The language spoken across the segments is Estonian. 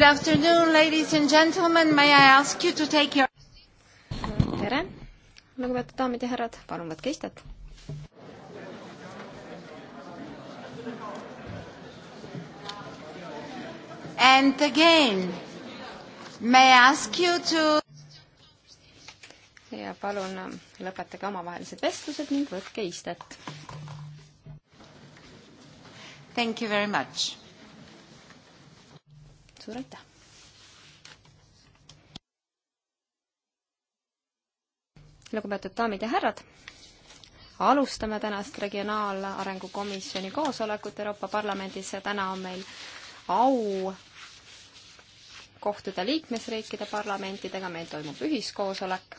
Good afternoon, ladies and gentlemen, may I ask you to take your tere, lugupeetud daamid ja härrad, palun võtke istet. And again, may I ask you to ja palun ähm, lõpetage omavahelised vestlused ning võtke istet. Thank you very much suur aitäh! lugupeetud daamid ja härrad, alustame tänast Regionaalarengu Komisjoni koosolekut Euroopa Parlamendis ja täna on meil au kohtuda liikmesriikide parlamentidega, meil toimub ühiskoosolek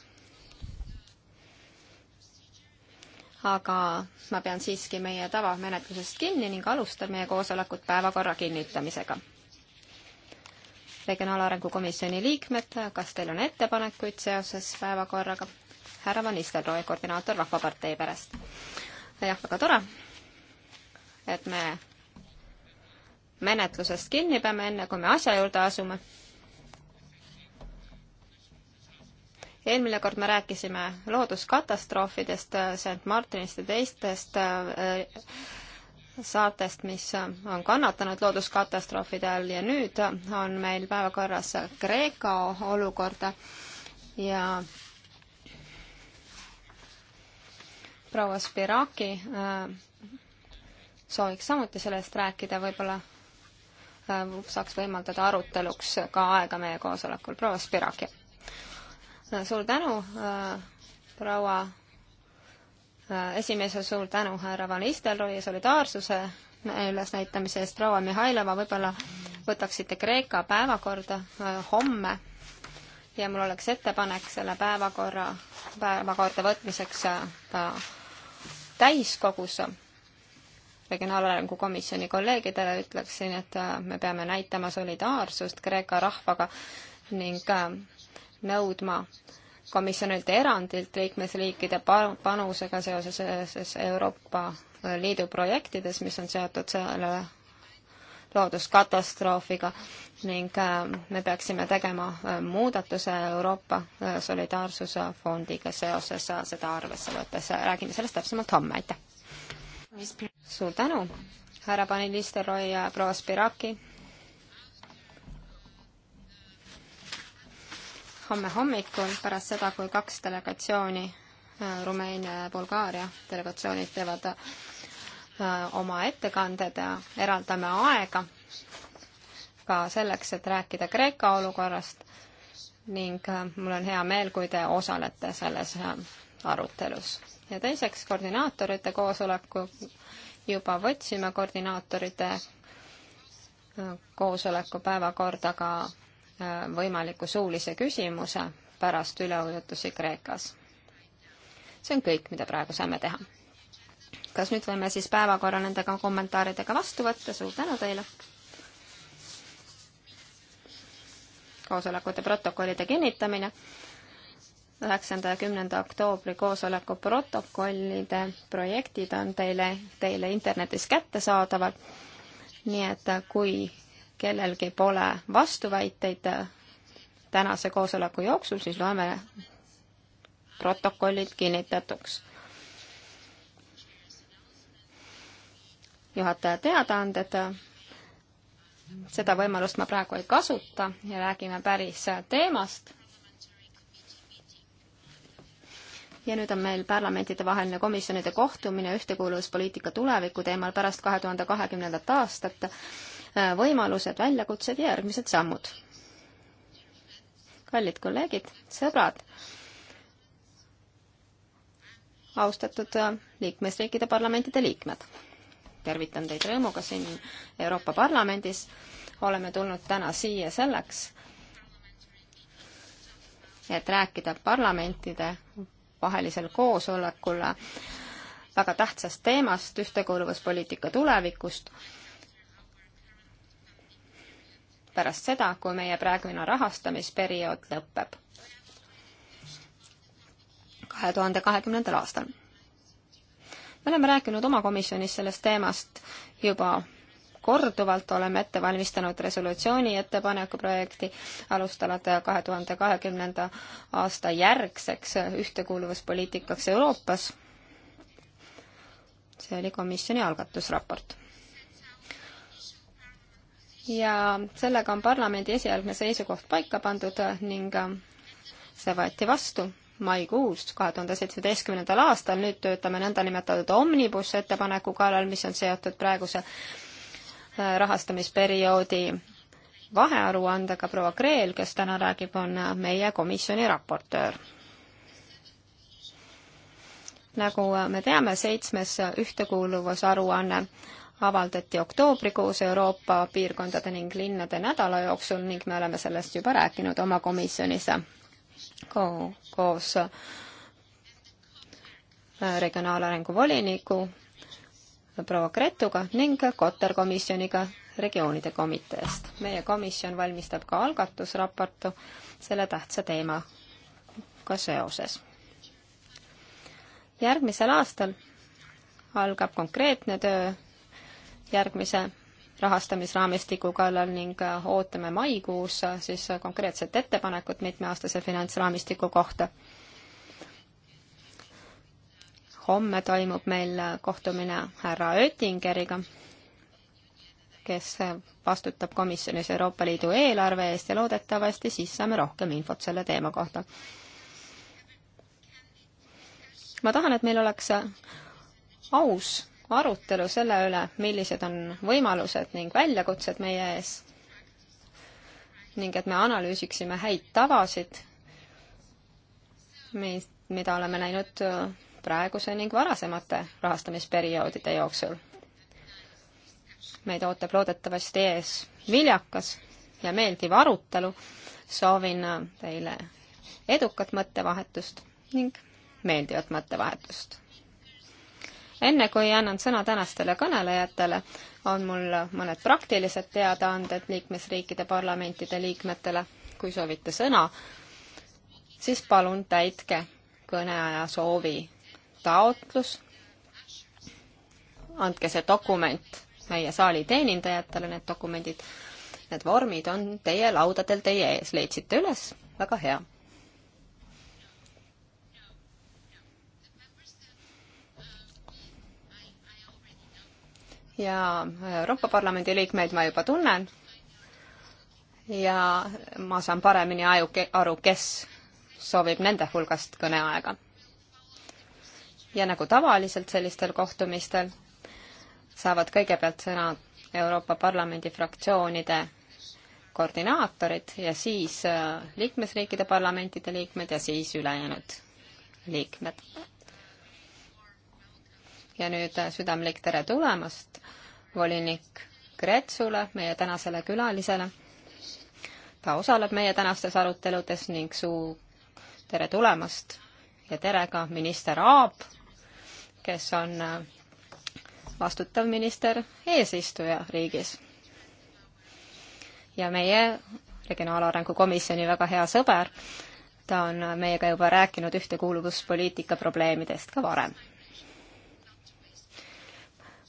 aga ma pean siiski meie tavamenetlusest kinni ning alustan meie koosolekut päevakorra kinnitamisega. Regionaalarengu Komisjoni liikmed, kas teil on ettepanekuid seoses päevakorraga? härra Van Nistelrooy, koordinaator Rahvapartei pärast. jah, väga tore, et me menetlusest kinni peame, enne kui me asja juurde asume. eelmine kord me rääkisime looduskatastroofidest, St Martinist ja teistest äh, saartest, mis on kannatanud looduskatastroofide all ja nüüd on meil päevakorras Kreeka olukord ja proua Spiraki äh, sooviks samuti sellest rääkida, võib-olla äh, saaks võimaldada aruteluks ka aega meie koosolekul. proua Spiraki. Äh, suur tänu, proua Äh, esimees ja suur tänu härra Van Nistelrooy ja solidaarsuse ülesnäitamise eest. proua Mihhailova, võib-olla võtaksite Kreeka päevakorda äh, homme ja mul oleks ettepanek selle päevakorra, päevakorda võtmiseks äh, täiskogus regionaalarengu komisjoni kolleegidele ütleksin, et me peame näitama solidaarsust Kreeka rahvaga ning nõudma äh, komisjonilt erandilt liikmesriikide panusega seoses siis Euroopa Liidu projektides, mis on seotud selle looduskatastroofiga ning äh, me peaksime tegema äh, muudatuse Euroopa äh, Solidaarsuse Fondiga seoses seda arvesse võttes. räägime sellest täpsemalt homme, aitäh! suur tänu, härra panelist Roy ja proua Spiraki! homme hommikul pärast seda, kui kaks delegatsiooni, äh, Rumeenia ja Bulgaaria delegatsioonid teevad äh, oma ettekanded ja eraldame aega ka selleks, et rääkida Kreeka olukorrast ning äh, mul on hea meel, kui te osalete selles arutelus. ja teiseks, koordinaatorite koosoleku juba võtsime koordinaatorite koosoleku päevakorda ka võimaliku suulise küsimuse pärast üleujutusi Kreekas. see on kõik, mida praegu saame teha. kas nüüd võime siis päevakorra nende kommentaaridega vastu võtta, suur tänu teile! koosolekute protokollide kinnitamine, üheksanda ja kümnenda oktoobri koosoleku protokollide projektid on teile, teile internetis kättesaadavad, nii et kui kellelgi pole vastuväiteid äh, tänase koosoleku jooksul, siis loeme protokollid kinnitatuks. juhataja teadaanded, seda võimalust ma praegu ei kasuta ja räägime päris teemast ja nüüd on meil parlamentidevaheline komisjonide kohtumine ühtekuuluvuspoliitika tuleviku teemal pärast kahe tuhande kahekümnendat aastat. Äh, võimalused, väljakutsed ja järgmised sammud. kallid kolleegid, sõbrad, austatud äh, liikmesriikide parlamentide liikmed, tervitan teid rõõmuga siin Euroopa Parlamendis, oleme tulnud täna siia selleks, et rääkida parlamentide vahelisel koosolekul väga tähtsast teemast, ühtekuuluvuspoliitika tulevikust pärast seda, kui meie praegune rahastamisperiood lõpeb kahe tuhande kahekümnendal aastal. me oleme rääkinud oma komisjonis sellest teemast juba korduvalt, oleme ette valmistanud resolutsiooni ettepaneku projekti, alustanud kahe tuhande kahekümnenda aasta järgseks ühtekuuluvuspoliitikaks Euroopas. see oli komisjoni algatusraport ja sellega on parlamendi esialgne seisukoht paika pandud ning äh, see võeti vastu maikuust kahe tuhande seitsmeteistkümnendal aastal, nüüd töötame nõndanimetatud omnibus ettepaneku kallal, mis on seotud praeguse äh, rahastamisperioodi vahearuandega proua Kreel, kes täna räägib, on äh, meie komisjoni raportöör. nagu me teame, seitsmes ühtekuuluvusaruanne avaldati oktoobrikuus Euroopa piirkondade ning linnade nädala jooksul ning me oleme sellest juba rääkinud oma komisjonis ko koos äh, regionaalarengu voliniku äh, proua Gretuga ning Kotter komisjoniga regioonide komiteest. meie komisjon valmistab ka algatusraportu selle tähtsa teemaga seoses. järgmisel aastal algab konkreetne töö järgmise rahastamisraamistiku kallal ning äh, ootame maikuus äh, siis äh, konkreetset ettepanekut mitmeaastase finantsraamistiku kohta. homme toimub meil kohtumine härra Oettingeriga, kes vastutab komisjonis Euroopa Liidu eelarve eest ja loodetavasti siis saame rohkem infot selle teema kohta. ma tahan, et meil oleks aus arutelu selle üle, millised on võimalused ning väljakutsed meie ees ning et me analüüsiksime häid tavasid, mida oleme näinud äh, praeguse ning varasemate rahastamisperioodide jooksul. meid ootab loodetavasti ees viljakas ja meeldiv arutelu, soovin äh, teile edukat mõttevahetust ning meeldivat mõttevahetust enne kui annan sõna tänastele kõnelejatele, on mul mõned praktilised teadaanded liikmesriikide parlamentide liikmetele. kui soovite sõna, siis palun täitke kõneaja soovi taotlus. andke see dokument meie saali teenindajatele, need dokumendid, need vormid on teie laudadel teie ees, leidsite üles, väga hea ja Euroopa Parlamendi liikmeid ma juba tunnen ja ma saan paremini aju-, aru, kes soovib nende hulgast kõneaega. ja nagu tavaliselt sellistel kohtumistel, saavad kõigepealt sõna Euroopa Parlamendi fraktsioonide koordinaatorid ja siis äh, liikmesriikide parlamentide liikmed ja siis ülejäänud liikmed ja nüüd äh, südamlik tere tulemast volinik Gretsule, meie tänasele külalisele. ta osaleb meie tänastes aruteludes ning suu tere tulemast ja tere ka minister Aab, kes on äh, vastutav minister eesistuja riigis. ja meie Regionaalarengu Komisjoni väga hea sõber, ta on meiega juba rääkinud ühtekuuluvuspoliitika probleemidest ka varem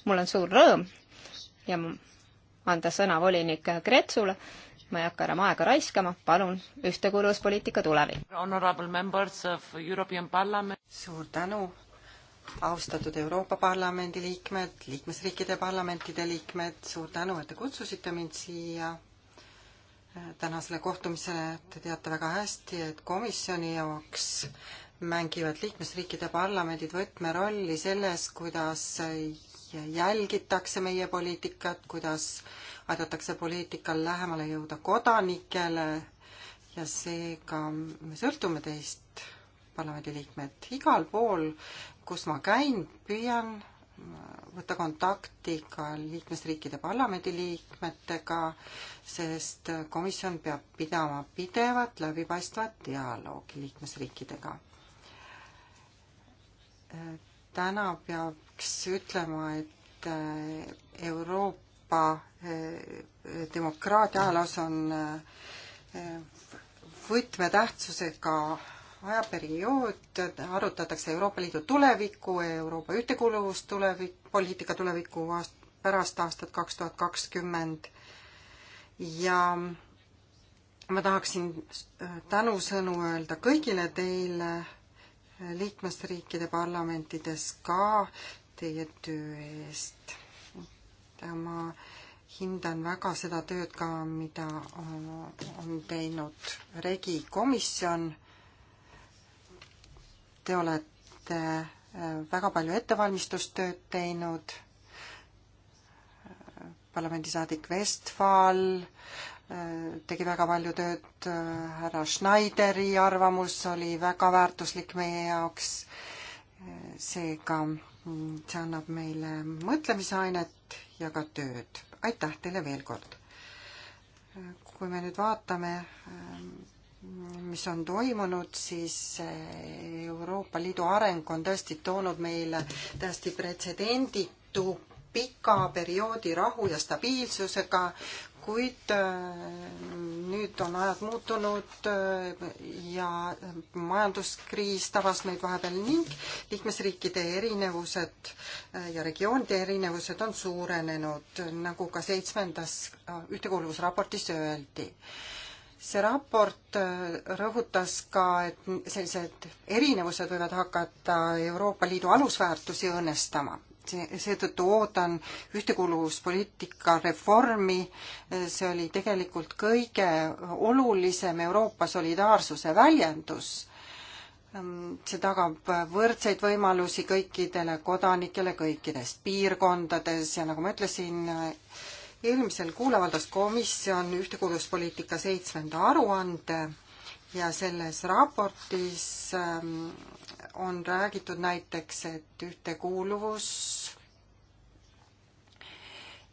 mul on suur rõõm ja anda sõna volinik Kretsule. ma ei hakka enam aega raiskama, palun, ühtekuuluvuspoliitika tulevik. suur tänu, austatud Euroopa Parlamendi liikmed, liikmesriikide parlamentide liikmed, suur tänu, et te kutsusite mind siia eh, tänasele kohtumisele. Te teate väga hästi, et komisjoni jaoks mängivad liikmesriikide parlamendid võtmerolli selles, kuidas ja jälgitakse meie poliitikat, kuidas aidatakse poliitikal lähemale jõuda kodanikele ja seega me sõltume teist, parlamendiliikmed, igal pool, kus ma käin, püüan võtta kontakti ka liikmesriikide parlamendiliikmetega, sest komisjon peab pidama pidevat läbipaistvat dialoogi liikmesriikidega. täna peab peaks ütlema, et äh, Euroopa äh, demokraatia ajaloos on äh, võtmetähtsusega ajaperiood, arutatakse Euroopa Liidu tulevikku, Euroopa ühtekuuluvustulevik, poliitika tulevikku aast-, pärast aastat kaks tuhat kakskümmend ja ma tahaksin tänusõnu öelda kõigile teile liikmesriikide parlamentides ka teie töö eest. ma hindan väga seda tööd ka, mida on teinud Regi komisjon. Te olete äh, väga palju ettevalmistustööd teinud. Äh, parlamendisaadik Vestfaal äh, tegi väga palju tööd, härra Schneideri arvamus oli väga väärtuslik meie jaoks. seega see annab meile mõtlemisainet ja ka tööd. aitäh teile veel kord! kui me nüüd vaatame, mis on toimunud, siis Euroopa Liidu areng on tõesti toonud meile täiesti pretsedenditu pika perioodi rahu ja stabiilsusega, kuid äh, nüüd on ajad muutunud äh, ja äh, majanduskriis tabas meid vahepeal ning liikmesriikide erinevused ja regioonide erinevused on suurenenud, nagu ka seitsmendas ühtekuuluvusraportis öeldi see raport rõhutas ka, et sellised erinevused võivad hakata Euroopa Liidu alusväärtusi õõnestama seetõttu ootan ühtekuuluvuspoliitika reformi, see oli tegelikult kõige olulisem Euroopa solidaarsuse väljendus see tagab võrdseid võimalusi kõikidele kodanikele kõikides piirkondades ja nagu ma ütlesin, eelmisel kuul avaldas komisjon ühtekuuluvuspoliitika seitsmenda aruande ja selles raportis ähm, on räägitud näiteks, et ühtekuuluvus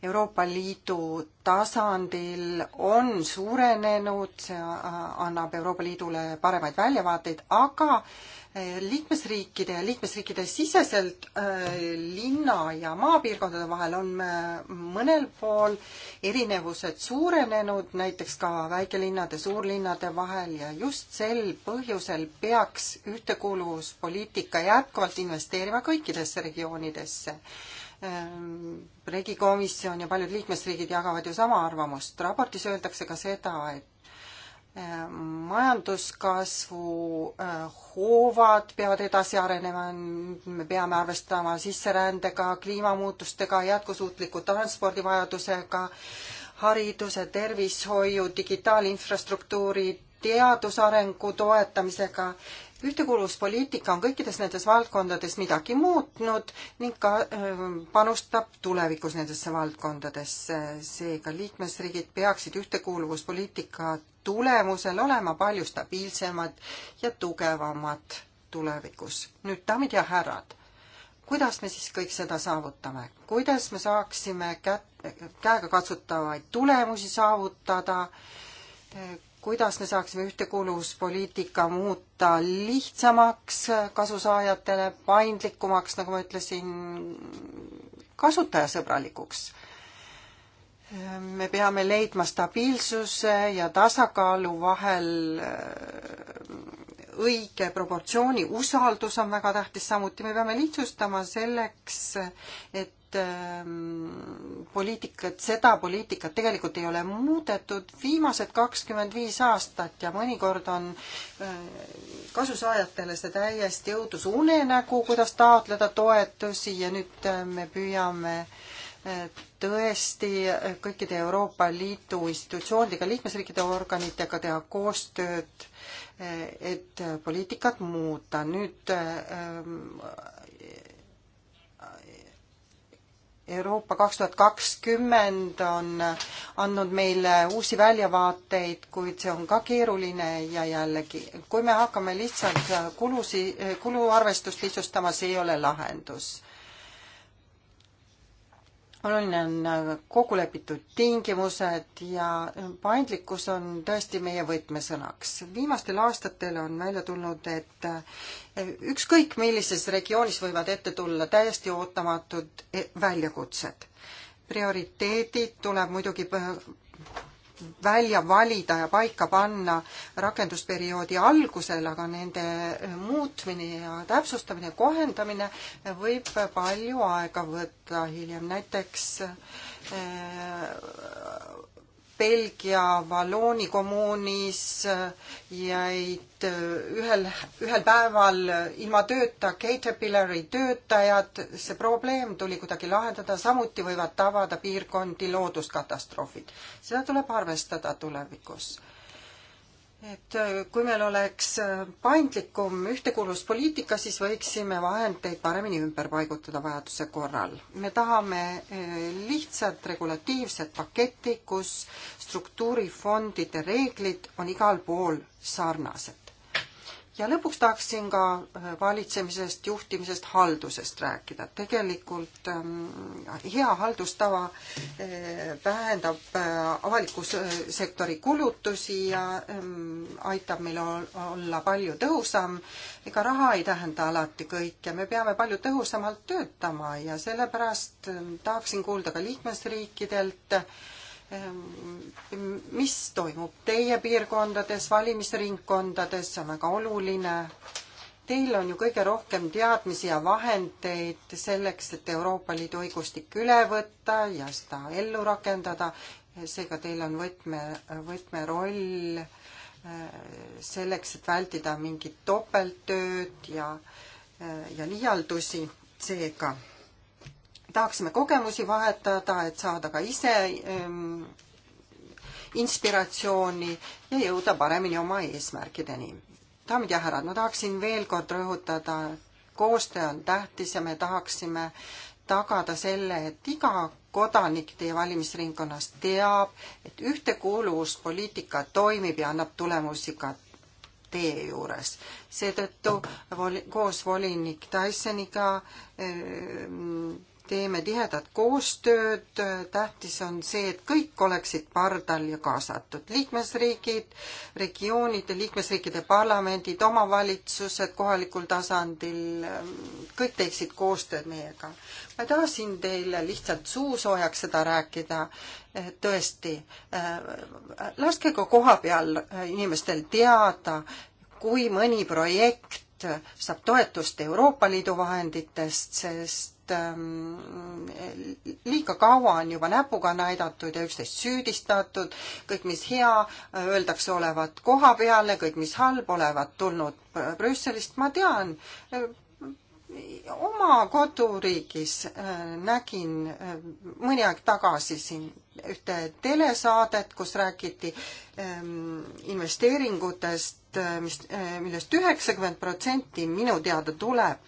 Euroopa Liidu tasandil on suurenenud, see äh, annab Euroopa Liidule paremaid väljavaateid, aga äh, liikmesriikide ja liikmesriikide siseselt äh, linna ja maapiirkondade vahel on mõnel pool erinevused suurenenud, näiteks ka väikelinnade, suurlinnade vahel ja just sel põhjusel peaks ühtekuuluvuspoliitika jätkuvalt investeerima kõikidesse regioonidesse Ehm, regikomisjon ja paljud liikmesriigid jagavad ju sama arvamust. raportis öeldakse ka seda, et ehm, majanduskasvu eh, hoovad peavad edasi arenema, me peame arvestama sisserändega, kliimamuutustega, jätkusuutliku transpordivajadusega, hariduse, tervishoiu, digitaalinfrastruktuuri, teadusarengu toetamisega ühtekuuluvuspoliitika on kõikides nendes valdkondades midagi muutnud ning ka äh, panustab tulevikus nendesse valdkondadesse. seega liikmesriigid peaksid ühtekuuluvuspoliitika tulemusel olema palju stabiilsemad ja tugevamad tulevikus. nüüd, daamid ja härrad, kuidas me siis kõik seda saavutame? kuidas me saaksime kätt, käegakatsutavaid tulemusi saavutada? Äh, kuidas me saaksime ühtekuuluvuspoliitika muuta lihtsamaks kasusaajatele, paindlikumaks, nagu ma ütlesin, kasutajasõbralikuks. me peame leidma stabiilsuse ja tasakaalu vahel äh, õige proportsiooni, usaldus on väga tähtis samuti, me peame lihtsustama selleks, et Ehm, poliitikat, seda poliitikat tegelikult ei ole muudetud viimased kakskümmend viis aastat ja mõnikord on ehm, kasusaajatele see täiesti õudus unenägu, kuidas taotleda toetusi ja nüüd ehm, me püüame e, tõesti e, kõikide Euroopa Liidu institutsioonidega, liikmesriikide organitega teha koostööd, e, et poliitikat muuta. nüüd Euroopa kaks tuhat kakskümmend on andnud meile uusi väljavaateid, kuid see on ka keeruline ja jällegi, kui me hakkame lihtsalt kulusi, kuluarvestust lihtsustama, see ei ole lahendus oluline on äh, kokkulepitud tingimused ja äh, paindlikkus on tõesti meie võtmesõnaks. viimastel aastatel on välja tulnud, et äh, ükskõik millises regioonis võivad ette tulla täiesti ootamatud eh, väljakutsed. prioriteedid tuleb muidugi välja valida ja paika panna rakendusperioodi algusel, aga nende muutmine ja täpsustamine, kohendamine võib palju aega võtta hiljem, näiteks eh, Belgia Valooni kommuunis jäid ühel, ühel päeval ilma tööta Caterpillari töötajad, see probleem tuli kuidagi lahendada, samuti võivad tabada piirkondi looduskatastroofid. seda tuleb arvestada tulevikus et äh, kui meil oleks äh, paindlikum ühtekuuluvuspoliitika, siis võiksime vahendeid paremini ümber paigutada vajaduse korral. me tahame äh, lihtsat regulatiivset paketti, kus struktuurifondide reeglid on igal pool sarnased ja lõpuks tahaksin ka äh, valitsemisest, juhtimisest, haldusest rääkida. tegelikult ähm, hea haldustava äh, vähendab äh, avaliku sektori kulutusi ja ähm, aitab meil olla palju tõhusam. ega raha ei tähenda alati kõike, me peame palju tõhusamalt töötama ja sellepärast ähm, tahaksin kuulda ka liikmesriikidelt, Ehm, mis toimub teie piirkondades, valimisringkondades, see on väga oluline. Teil on ju kõige rohkem teadmisi ja vahendeid selleks, et Euroopa Liidu õigustik üle võtta ja seda ellu rakendada. seega teil on võtme, võtmeroll eh, selleks, et vältida mingit topelttööd ja, eh, ja liialdusi. seega tahaksime kogemusi vahetada, et saada ka ise ähm, inspiratsiooni ja jõuda paremini oma eesmärkideni. daamid ja härrad, ma tahaksin veel kord rõhutada, koostöö on tähtis ja me tahaksime tagada selle, et iga kodanik teie valimisringkonnas teab, et ühtekuuluvuspoliitika toimib ja annab tulemusi ka tee juures. seetõttu voli, koos volinik Tysoniga ehm, teeme tihedat koostööd, tähtis on see, et kõik oleksid pardal ja kaasatud. liikmesriigid, regioonid, liikmesriikide parlamendid, omavalitsused kohalikul tasandil, kõik teeksid koostööd meiega. ma ei taha siin teile lihtsalt suusoojaks seda rääkida, tõesti, äh, laske ka koha peal inimestel teada, kui mõni projekt projekt saab toetust Euroopa Liidu vahenditest, sest ähm, liiga kaua on juba näpuga näidatud ja üksteist süüdistatud, kõik, mis hea, öeldakse olevat koha peale, kõik, mis halb, olevat tulnud Brüsselist, ma tean, oma koduriigis äh, nägin äh, mõni aeg tagasi siin ühte telesaadet, kus räägiti ähm, investeeringutest, äh, mis, millest üheksakümmend protsenti minu teada tuleb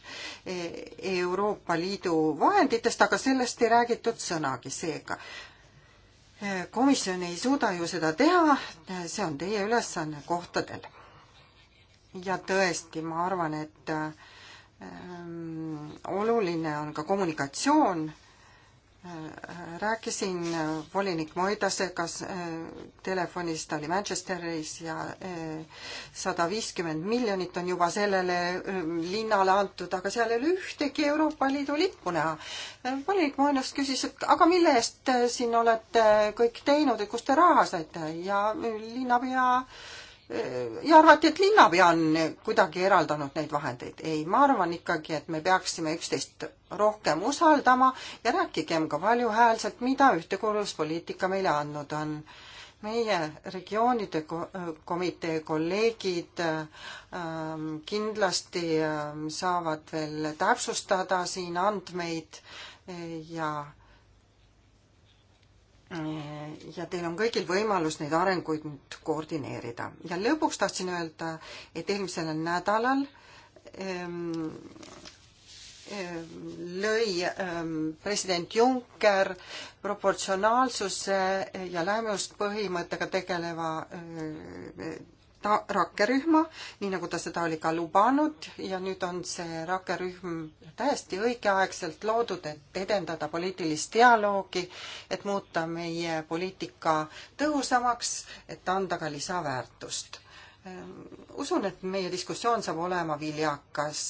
Euroopa Liidu vahenditest, aga sellest ei räägitud sõnagi, seega komisjon ei suuda ju seda teha, see on teie ülesanne kohtadel. ja tõesti, ma arvan, et äh, Ehm, oluline on ka kommunikatsioon. Äh, rääkisin äh, volinik Moidasega äh, telefonis, ta oli Manchesteris ja sada viiskümmend miljonit on juba sellele linnale antud, aga seal ei ole ühtegi Euroopa Liidu lippu näha. volinik Moidas küsis, et aga mille eest siin olete kõik teinud, et kust te raha saite ja linnapea ja ja arvati, et linnapea on kuidagi eraldanud neid vahendeid. ei, ma arvan ikkagi, et me peaksime üksteist rohkem usaldama ja rääkigem ka valjuhäälselt, mida ühtekuuluvuspoliitika meile andnud on. meie regioonide komitee kolleegid ähm, kindlasti ähm, saavad veel täpsustada siin andmeid ja Äh, ja teil on kõigil võimalus neid arenguid nüüd koordineerida. ja lõpuks tahtsin öelda, et eelmisel nädalal ähm, ähm lõi ähm, president Juncker proportsionaalsuse ja lähemuspõhimõttega tegeleva äh, ta-, rakkerühma, nii nagu ta seda oli ka lubanud ja nüüd on see rakkerühm täiesti õigeaegselt loodud, et edendada poliitilist dialoogi, et muuta meie poliitika tõhusamaks, et anda ka lisaväärtust. Usun, et meie diskussioon saab olema viljakas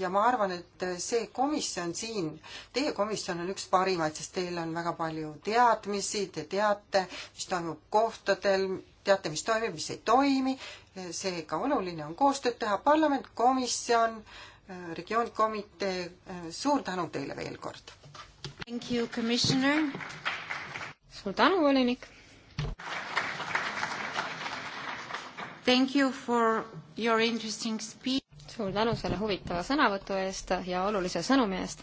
ja ma arvan, et see komisjon siin, teie komisjon on üks parimaid, sest teil on väga palju teadmisi, te teate, mis toimub kohtadel, teate, mis toimib, mis ei toimi, seega oluline on koostööd teha, parlament, komisjon, regioonkomitee, suur tänu teile veel kord! suur tänu, volinik! Thank you for your interesting speech. suur tänu selle huvitava sõnavõtu eest ja olulise sõnumi eest.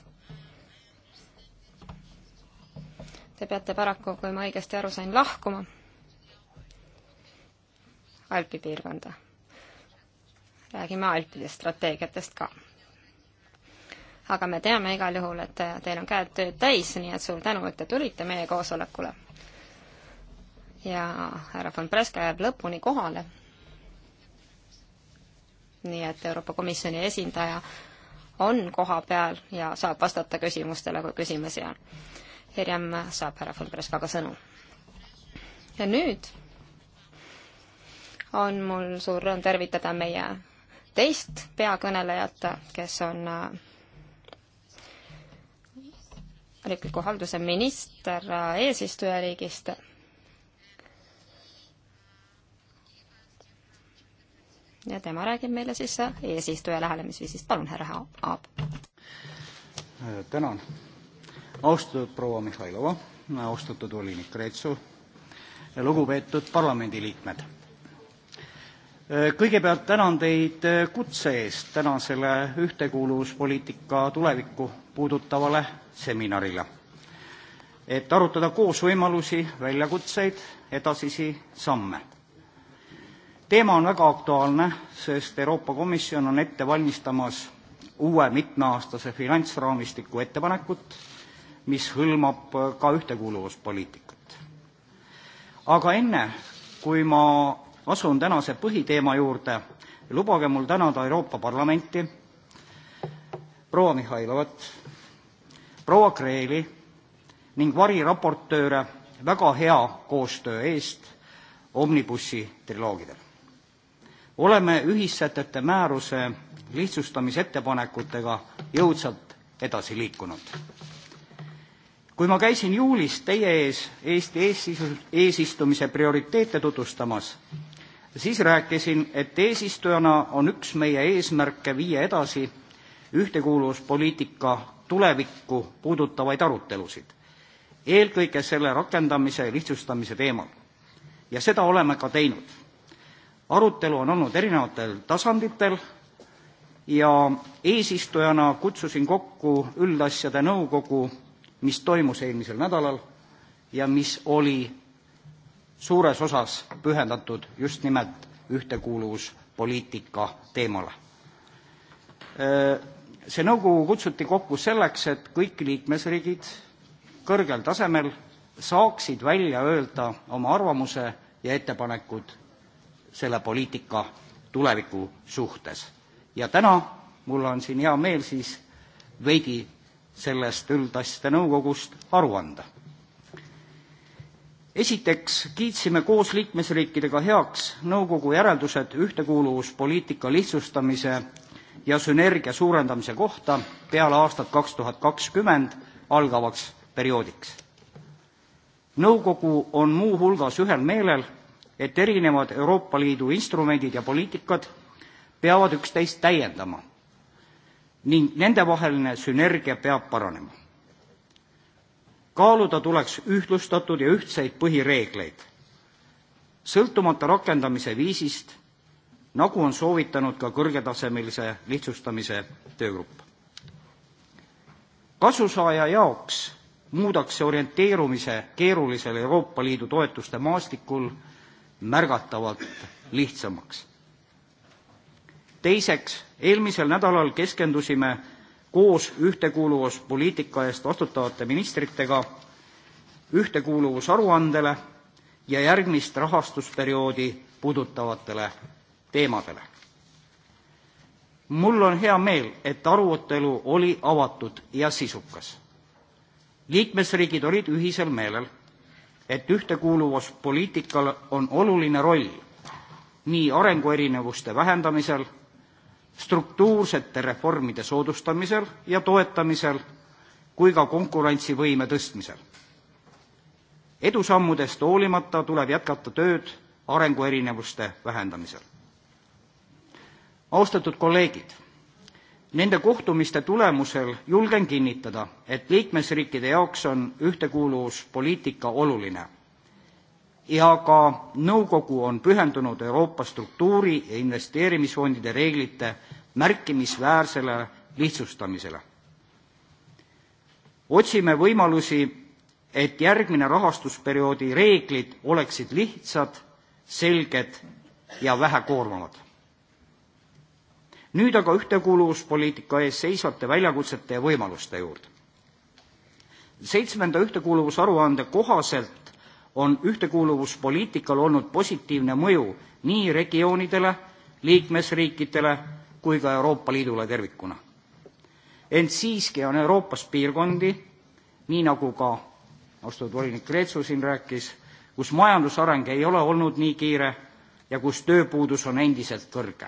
Te peate paraku, kui ma õigesti aru sain, lahkuma Alpi piirkonda. räägime Alpide strateegiatest ka. aga me teame igal juhul, et teil on käed tööd täis, nii et suur tänu, et te tulite meie koosolekule. ja härra von Preska jääb lõpuni kohale. nii et Euroopa Komisjoni esindaja on koha peal ja saab vastata küsimustele, kui küsimusi on. hiljem saab härra von Preskaga sõnu. ja nüüd on mul suur rõõm tervitada meie teist peakõnelejat, kes on äh, riikliku halduse minister äh, eesistujariigist. ja tema räägib meile siis äh, eesistuja lähenemisviisist, palun, härra Aab. tänan, austatud proua Mihhailova, austatud volinik Reetsu ja lugupeetud parlamendiliikmed Eh, kõigepealt tänan teid eh, kutse eest tänasele ühtekuuluvuspoliitika tulevikku puudutavale seminarile, et arutada koos võimalusi, väljakutseid, edasisi samme. teema on väga aktuaalne, sest Euroopa Komisjon on ette valmistamas uue mitmeaastase finantsraamistiku ettepanekut, mis hõlmab eh, ka ühtekuuluvuspoliitikat. aga enne, kui ma asun tänase põhiteema juurde ja lubage mul tänada Euroopa Parlamenti, proua Mihhailovat, proua Kreeli ning variraportööre väga hea koostöö eest Omnibussi triloogidel. oleme ühissätete määruse lihtsustamisettepanekutega jõudsalt edasi liikunud. kui ma käisin juulis teie ees Eesti eesistumise prioriteete tutvustamas, siis rääkisin, et eesistujana on üks meie eesmärke viia edasi ühtekuuluvuspoliitika tulevikku puudutavaid arutelusid, eelkõige selle rakendamise lihtsustamise teemal. ja seda oleme ka teinud. arutelu on olnud erinevatel tasanditel ja eesistujana kutsusin kokku üldasjade nõukogu, mis toimus eelmisel nädalal ja mis oli suures osas pühendatud just nimelt ühtekuuluvuspoliitika teemale. See nõukogu kutsuti kokku selleks, et kõik liikmesriigid kõrgel tasemel saaksid välja öelda oma arvamuse ja ettepanekud selle poliitika tuleviku suhtes. ja täna mul on siin hea meel siis veidi sellest üldasjade nõukogust aru anda esiteks kiitsime koos liikmesriikidega heaks nõukogu järeldused ühtekuuluvuspoliitika lihtsustamise ja sünergia suurendamise kohta peale aastat 2020 algavaks perioodiks. Nõukogu on muu hulgas ühel meelel, et erinevad Euroopa Liidu instrumendid ja poliitikad peavad üksteist täiendama ning nendevaheline sünergia peab paranema kaaluda tuleks ühtlustatud ja ühtseid põhireegleid, sõltumata rakendamise viisist, nagu on soovitanud ka kõrgetasemelise lihtsustamise töögrupp. kasusaaja jaoks muudaks see orienteerumise keerulisel Euroopa Liidu toetuste maastikul märgatavalt lihtsamaks. teiseks, eelmisel nädalal keskendusime koos ühtekuuluvuspoliitika eest vastutavate ministritega ühtekuuluvusaruandele ja järgmist rahastusperioodi puudutavatele teemadele. mul on hea meel, et arutelu oli avatud ja sisukas. liikmesriigid olid ühisel meelel, et ühtekuuluvuspoliitikal on oluline roll nii arenguerinevuste vähendamisel struktuursete reformide soodustamisel ja toetamisel kui ka konkurentsivõime tõstmisel. edusammudest hoolimata tuleb jätkata tööd arenguerinevuste vähendamisel. austatud kolleegid, nende kohtumiste tulemusel julgen kinnitada, et liikmesriikide jaoks on ühtekuuluvuspoliitika oluline ja ka nõukogu on pühendunud Euroopa struktuuri ja investeerimisfondide reeglite märkimisväärsele lihtsustamisele. otsime võimalusi, et järgmine rahastusperioodi reeglid oleksid lihtsad, selged ja vähekoormavad. nüüd aga ühtekuuluvuspoliitika ees seisvate väljakutsete ja võimaluste juurde. seitsmenda ühtekuuluvusaruande kohaselt on ühtekuuluvuspoliitikal olnud positiivne mõju nii regioonidele, liikmesriikidele kui ka Euroopa Liidule tervikuna. ent siiski on Euroopas piirkondi, nii nagu ka austatud volinik Kreetsu siin rääkis, kus majandusareng ei ole olnud nii kiire ja kus tööpuudus on endiselt kõrge.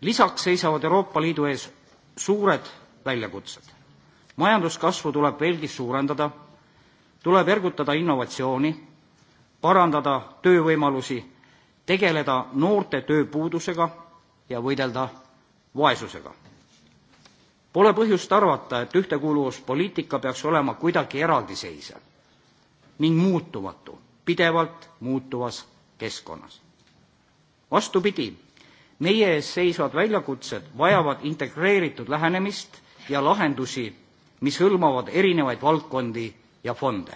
lisaks seisavad Euroopa Liidu ees suured väljakutsed. majanduskasvu tuleb veelgi suurendada tuleb ergutada innovatsiooni, parandada töövõimalusi, tegeleda noorte tööpuudusega ja võidelda vaesusega. Pole põhjust arvata, et ühtekuuluvuspoliitika peaks olema kuidagi eraldiseisev ning muutumatu, pidevalt muutuvas keskkonnas. vastupidi, meie ees seisvad väljakutsed vajavad integreeritud lähenemist ja lahendusi, mis hõlmavad erinevaid valdkondi ja fonde.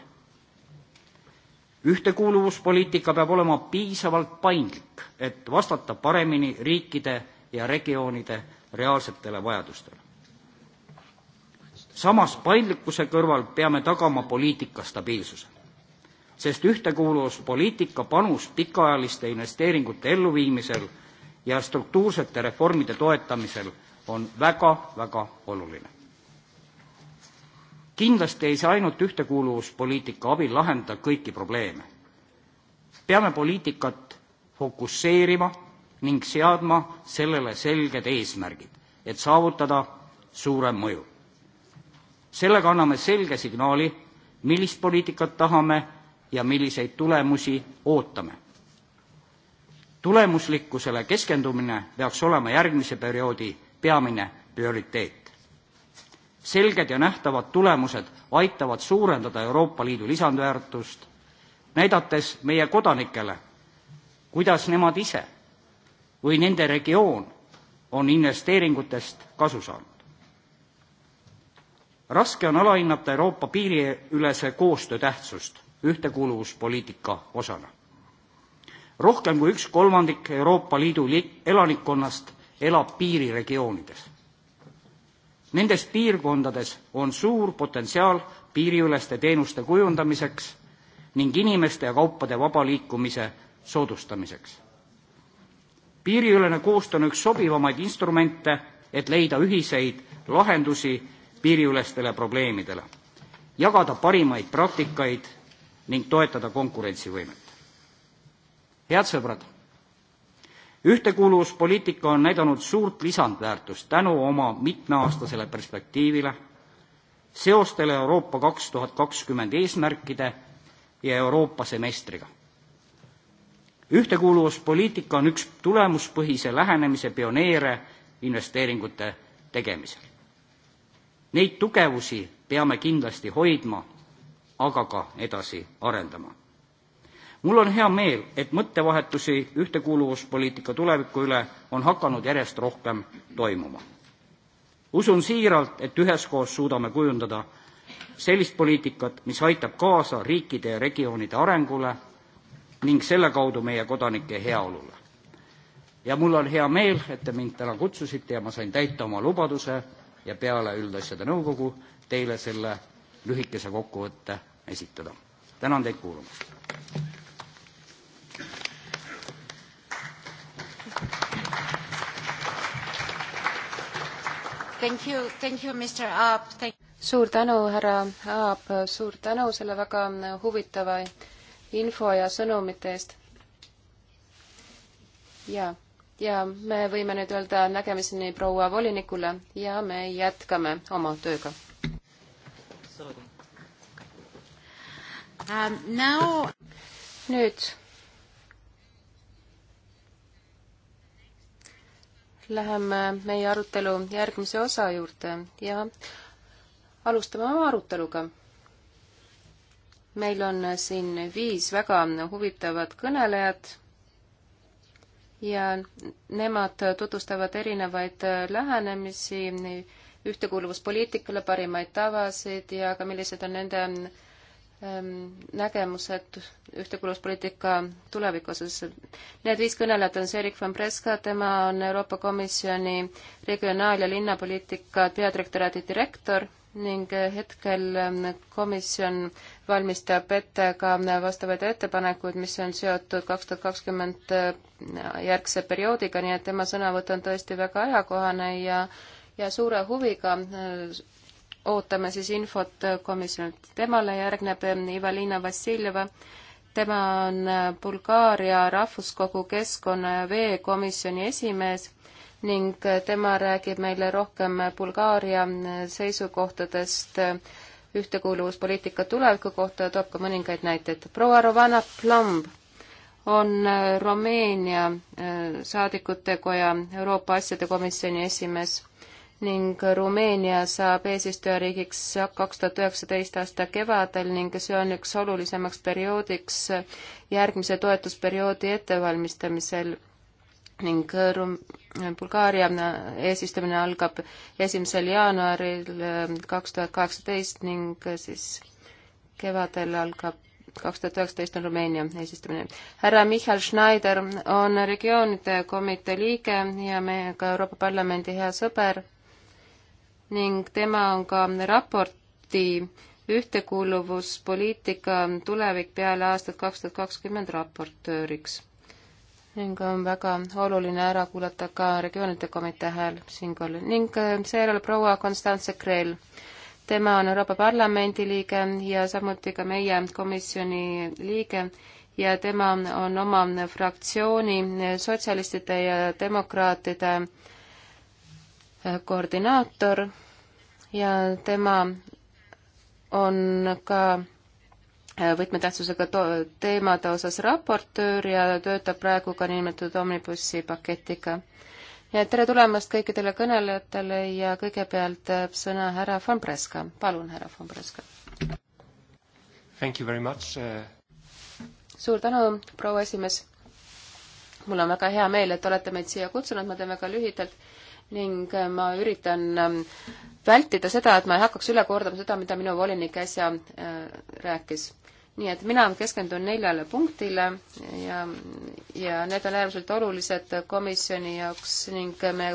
ühtekuuluvuspoliitika peab olema piisavalt paindlik, et vastata paremini riikide ja regioonide reaalsetele vajadustele. samas paindlikkuse kõrval peame tagama poliitika stabiilsuse, sest ühtekuuluvuspoliitika panus pikaajaliste investeeringute elluviimisel ja struktuursete reformide toetamisel on väga-väga oluline kindlasti ei saa ainult ühtekuuluvuspoliitika abil lahendada kõiki probleeme. peame poliitikat fokusseerima ning seadma sellele selged eesmärgid, et saavutada suurem mõju. sellega anname selge signaali, millist poliitikat tahame ja milliseid tulemusi ootame. tulemuslikkusele keskendumine peaks olema järgmise perioodi peamine prioriteet selged ja nähtavad tulemused aitavad suurendada Euroopa Liidu lisandväärtust, näidates meie kodanikele, kuidas nemad ise või nende regioon on investeeringutest kasu saanud. raske on alahinnata Euroopa piiriülese koostöö tähtsust ühtekuuluvuspoliitika osana. rohkem kui üks kolmandik Euroopa Liidu elanikkonnast elab piiriregioonides nendes piirkondades on suur potentsiaal piiriüleste teenuste kujundamiseks ning inimeste ja kaupade vaba liikumise soodustamiseks. piiriülene koostöö on üks sobivamaid instrumente, et leida ühiseid lahendusi piiriülestele probleemidele, jagada parimaid praktikaid ning toetada konkurentsivõimet. head sõbrad, ühtekuuluvuspoliitika on näidanud suurt lisandväärtust tänu oma mitmeaastasele perspektiivile seostele euroopa 2020 eesmärkide ja euroopa semestriga ühtekuuluvuspoliitika on üks tulemuspõhise lähenemise pioneere investeeringute tegemisel neid tugevusi peame kindlasti hoidma aga ka edasi arendama mul on hea meel, et mõttevahetusi ühtekuuluvuspoliitika tuleviku üle on hakanud järjest rohkem toimuma. usun siiralt, et üheskoos suudame kujundada sellist poliitikat, mis aitab kaasa riikide ja regioonide arengule ning selle kaudu meie kodanike heaolule. ja mul on hea meel, et te mind täna kutsusite ja ma sain täita oma lubaduse ja peale üldasjade nõukogu teile selle lühikese kokkuvõtte esitada. tänan teid kuulamast! Thank you, thank you, Mr Aab. suur tänu, härra Aab, suur tänu selle väga huvitava info ja sõnumite eest. ja, ja me võime nüüd öelda nägemiseni proua volinikule ja me jätkame oma tööga. Um, now... nüüd läheme meie arutelu järgmise osa juurde ja alustame oma aruteluga. meil on siin viis väga huvitavat kõnelejat ja nemad tutvustavad erinevaid lähenemisi ühtekuuluvuspoliitikale, parimaid tavasid ja ka millised on nende Ehm, nägemused ühtekuuluvuspoliitika tuleviku osas. Need viis kõnelejat on Serik van Preska, tema on Euroopa Komisjoni regionaal- ja linnapoliitika peadirektoraadi direktor ning hetkel ehm, komisjon valmistab ette ka vastavaid ettepanekuid, mis on seotud kaks tuhat kakskümmend ehm, järgse perioodiga, nii et tema sõnavõtt on tõesti väga ajakohane ja ja suure huviga ootame siis infot komisjonilt. temale järgneb ähm, Ivalina Vassiljeva, tema on äh, Bulgaaria Rahvuskogu Keskkonna ja Veekomisjoni esimees ning äh, tema räägib meile rohkem äh, Bulgaaria seisukohtadest ühtekuuluvuspoliitika tuleviku kohta ja toob ka mõningaid näiteid. proua Rovana Plomb on Rumeenia saadikute koja Euroopa asjade komisjoni esimees ning Rumeenia saab eesistujariigiks kaks tuhat üheksateist aasta kevadel ning see on üks olulisemaks perioodiks järgmise toetusperioodi ettevalmistamisel ning Rum-, Bulgaaria eesistumine algab esimesel jaanuaril äh, kaks tuhat kaheksateist ning äh, siis kevadel algab kaks tuhat üheksateist on Rumeenia eesistumine. härra Michal Schneider on regioonide komitee liige ja meiega Euroopa Parlamendi hea sõber ning tema on ka raporti ühtekuuluvuspoliitika tulevik peale aastat kaks tuhat kakskümmend raportööriks. ning on väga oluline ära kuulata ka regioonide komitee hääl siinkohal ning äh, seejärel proua Konstantse Kreel. tema on Euroopa Parlamendi liige ja samuti ka meie komisjoni liige ja tema on oma fraktsiooni sotsialistide ja demokraatide äh, koordinaator ja tema on ka äh, võtmetähtsusega teemade osas raportöör ja töötab praegu ka niinimetatud omnibussi paketiga. ja tere tulemast kõikidele kõnelejatele ja kõigepealt äh, sõna härra von Preska. palun, härra von Preska. Thank you very much uh.... suur tänu, proua esimees. mul on väga hea meel, et olete meid siia kutsunud, ma teen väga lühidalt ning äh, ma üritan ähm, vältida seda, et ma ei hakkaks üle kordama seda, mida minu volinik äsja äh, rääkis. nii et mina keskendun neljale punktile ja, ja need on äärmiselt olulised komisjoni jaoks ning me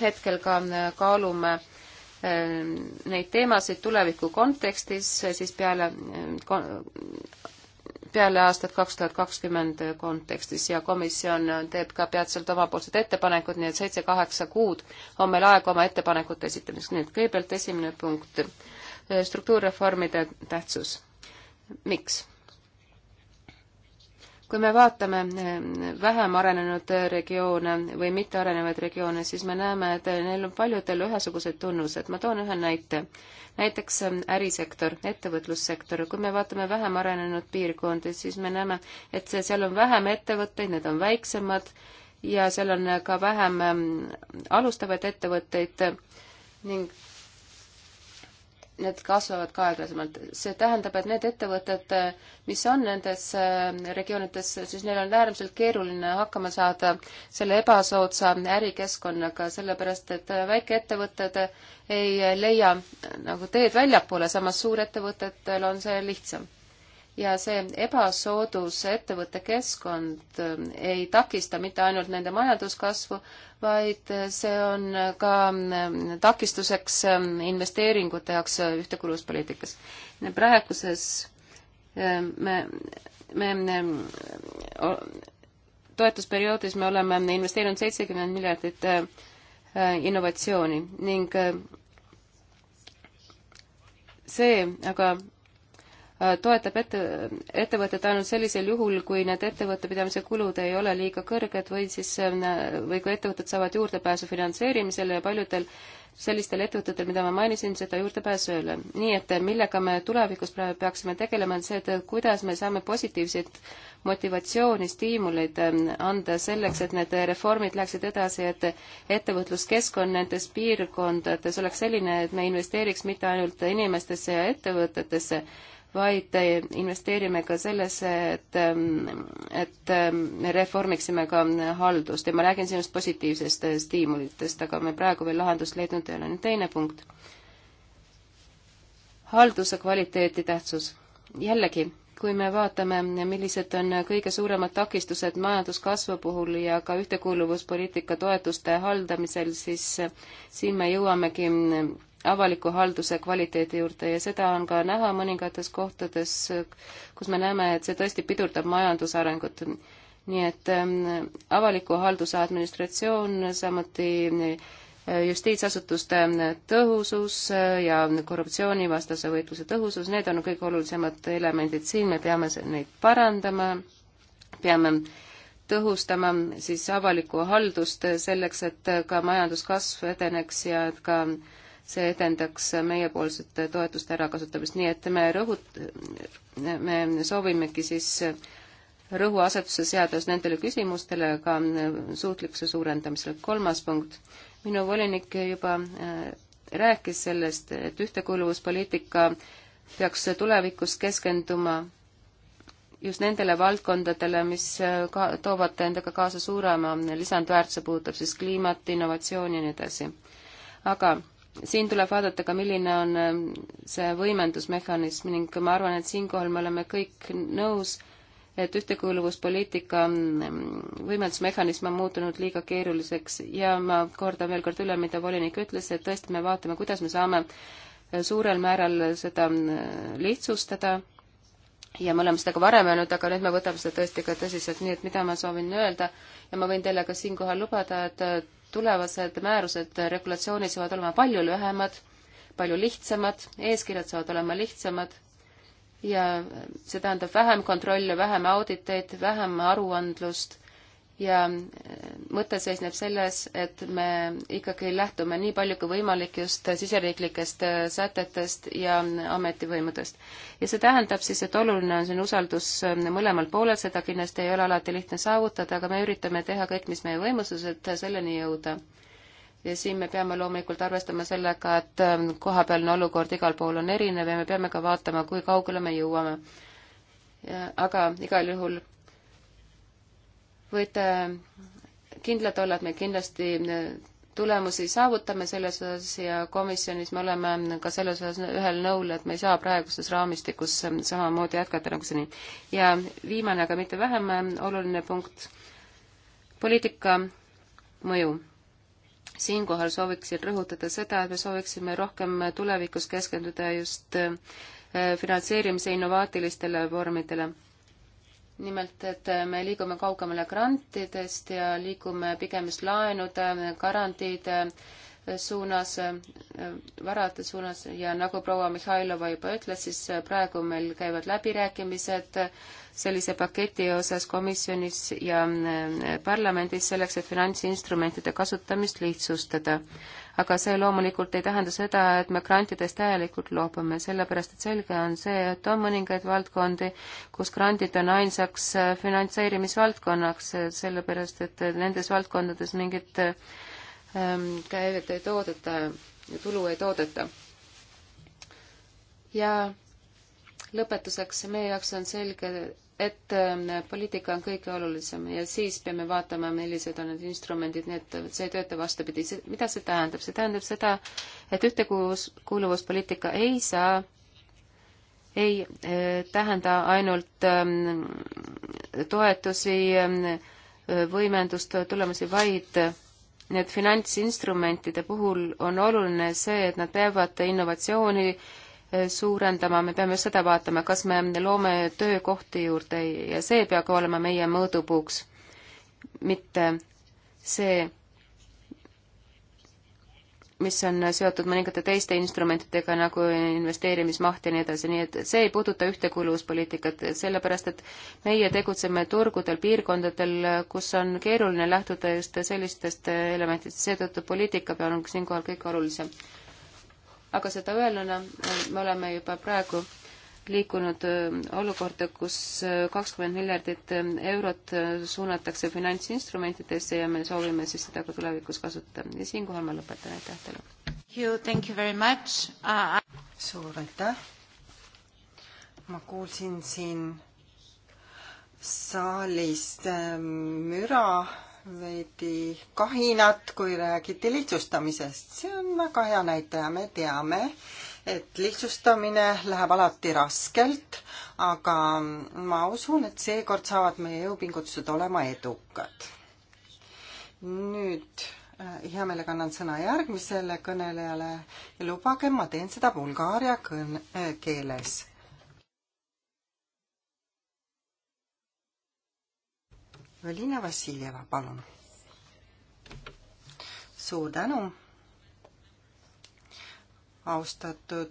hetkel ka äh, kaalume neid teemasid tuleviku kontekstis, siis peale peale aastat kaks tuhat kakskümmend kontekstis ja komisjon teeb ka peatselt omapoolsed ettepanekud, nii et seitse-kaheksa kuud on meil aega oma ettepanekute esitamiseks. nüüd kõigepealt esimene punkt, struktuurreformide tähtsus. miks? kui me vaatame eh, vähem arenenud eh, regioone või mittearenevaid regioone, siis me näeme, et neil on paljudel ühesugused tunnused. ma toon ühe näite. näiteks eh, ärisektor, ettevõtlussektor. kui me vaatame vähem arenenud piirkondi, siis me näeme, et see, seal on vähem ettevõtteid, need on väiksemad ja seal on ka vähem alustavaid ettevõtteid ning need kasvavad ka aeglasemalt. see tähendab, et need ettevõtted, mis on nendes äh, regioonides, siis neil on äärmiselt keeruline hakkama saada selle ebasoodsa ärikeskkonnaga, sellepärast et äh, väikeettevõtted ei leia äh, nagu teed väljapoole, samas suurettevõtetel on see lihtsam ja see ebasoodus ettevõtte keskkond ähm, ei takista mitte ainult nende majanduskasvu, vaid äh, see on ka ähm, takistuseks ähm, investeeringute jaoks äh, ühtekuuluvuspoliitikas. praeguses me, me, me toetusperioodis me oleme investeerinud seitsekümmend miljardit äh, innovatsiooni ning see aga Äh, toetab ette, ettevõtet ainult sellisel juhul, kui need ettevõttepidamise kulud ei ole liiga kõrged või siis, äh, või kui ettevõtted saavad juurdepääsu finantseerimisele ja paljudel sellistel ettevõtetel, mida ma mainisin, seda juurdepääsu ei ole. nii et äh, millega me tulevikus praegu peaksime tegelema, on see, et kuidas me saame positiivseid motivatsiooni, stiimuleid anda selleks, et need reformid läheksid edasi, et ettevõtluskeskkond nendes piirkondades oleks selline, et me investeeriks mitte ainult inimestesse ja ettevõtetesse, vaid investeerime ka sellesse, et, et me reformiksime ka haldust ja ma räägin siin just positiivsest stiimulitest, aga me praegu veel lahendust leidnud ei ole. nüüd teine punkt. halduse kvaliteeti tähtsus. jällegi, kui me vaatame, millised on kõige suuremad takistused majanduskasvu puhul ja ka ühtekuuluvuspoliitika toetuste haldamisel, siis siin me jõuamegi avaliku halduse kvaliteedi juurde ja seda on ka näha mõningates kohtades, kus me näeme, et see tõesti pidurdab majandusarengut. nii et ähm, avaliku halduse administratsioon, samuti äh, justiitsasutuste äh, tõhusus äh, ja korruptsioonivastase võitluse tõhusus, need on kõige olulisemad elemendid siin, me peame neid parandama, peame tõhustama siis avalikku haldust selleks, et ka majanduskasv edeneks ja et ka äh, see edendaks meiepoolsete toetuste ärakasutamist, nii et me rõhut-, me soovimegi siis rõhuasetuse seadus nendele küsimustele ka suutlikkuse suurendamisele. kolmas punkt, minu volinik juba äh, rääkis sellest, et ühtekuuluvuspoliitika peaks tulevikus keskenduma just nendele valdkondadele, mis äh, ka toovad endaga kaasa suurema lisandväärtuse, puudutab siis kliimat, innovatsiooni ja nii edasi. aga siin tuleb vaadata ka, milline on ähm, see võimendusmehhanism ning ma arvan, et siinkohal me oleme kõik nõus, et ühtekuuluvuspoliitika ähm, võimendusmehhanism on muutunud liiga keeruliseks ja ma kordan veel kord üle, mida volinik ütles, et tõesti me vaatame, kuidas me saame äh, suurel määral seda ähm, lihtsustada ja me oleme seda ka varem öelnud, aga nüüd me võtame seda tõesti ka tõsiselt, nii et mida ma soovin öelda ja ma võin teile ka siinkohal lubada, et äh, tulevased määrused, regulatsioonid saavad olema palju lühemad, palju lihtsamad, eeskirjad saavad olema lihtsamad ja see tähendab vähem kontrolle, vähem auditeid, vähem aruandlust ja eh, mõte seisneb selles, et me ikkagi lähtume nii palju kui võimalik just siseriiklikest eh, sätetest ja ametivõimudest. ja see tähendab siis, et oluline on siin usaldus eh, mõlemal poolel, seda kindlasti ei ole alati lihtne saavutada, aga me üritame teha kõik, mis meie võimuses, et selleni jõuda. ja siin me peame loomulikult arvestama sellega, et kohapealne olukord igal pool on erinev ja me peame ka vaatama, kui kaugele me jõuame. aga igal juhul võite kindlad olla, et me kindlasti äh, tulemusi saavutame selles osas ja komisjonis me oleme ka selles osas ühel nõul, et me ei saa praeguses raamistikus äh, samamoodi jätkata nagu seni. ja viimane, aga mitte vähem äh, oluline punkt, poliitika mõju. siinkohal sooviksin rõhutada seda, et me sooviksime rohkem tulevikus keskenduda just finantseerimise innovaatilistele vormidele nimelt, et me liigume kaugemale grantidest ja liigume pigem just laenude, garantiide äh, suunas, varade suunas ja nagu proua Mihhailova juba ütles, siis praegu meil käivad läbirääkimised sellise paketi osas komisjonis ja eh, parlamendis selleks, et finantsinstrumentide kasutamist lihtsustada. aga see loomulikult ei tähenda seda, et me grantidest täielikult loobume, sellepärast et selge on see, et on mõningaid valdkondi, kus grandid on ainsaks eh, finantseerimisvaldkonnaks, eh, sellepärast et nendes valdkondades mingit Ähm, käivet ei toodeta ja tulu ei toodeta. ja lõpetuseks, meie jaoks on selge, et ähm, poliitika on kõige olulisem ja siis peame vaatama, millised on need instrumendid, nii et see ei tööta vastupidi. mida see tähendab? see tähendab seda, et ühtekuuluvuspoliitika ei saa ei äh, tähenda ainult ähm, toetusi, võimendust, tulemusi, vaid et finantsinstrumentide puhul on oluline see, et nad peavad innovatsiooni eh, suurendama, me peame just seda vaatama, kas me loome töökohti juurde ja see peab olema meie mõõdupuuks, mitte see, mis on seotud mõningate teiste instrumentidega nagu investeerimismaht ja nii edasi, nii et see ei puuduta ühtekuuluvuspoliitikat, sellepärast et meie tegutseme turgudel, piirkondadel, kus on keeruline lähtuda just sellistest elementidest, seetõttu poliitika peal on siinkohal kõige olulisem. aga seda öelnuna me oleme juba praegu liikunud äh, olukorda, kus äh, kakskümmend miljardit äh, eurot suunatakse finantsinstrumentidesse ja me soovime siis seda ka tulevikus kasutada. ja siinkohal ma lõpetan, aitäh teile! Uh, suur aitäh! ma kuulsin siin saalist ähm, müra veidi kahinat, kui räägiti lihtsustamisest. see on väga hea näitaja, me teame, et lihtsustamine läheb alati raskelt, aga ma usun, et seekord saavad meie jõupingutused olema edukad. nüüd äh, hea meelega annan sõna järgmisele kõnelejale ja lubage, ma teen seda bulgaaria kõne, äh, keeles Valina Vassiljeva, palun. suur tänu austatud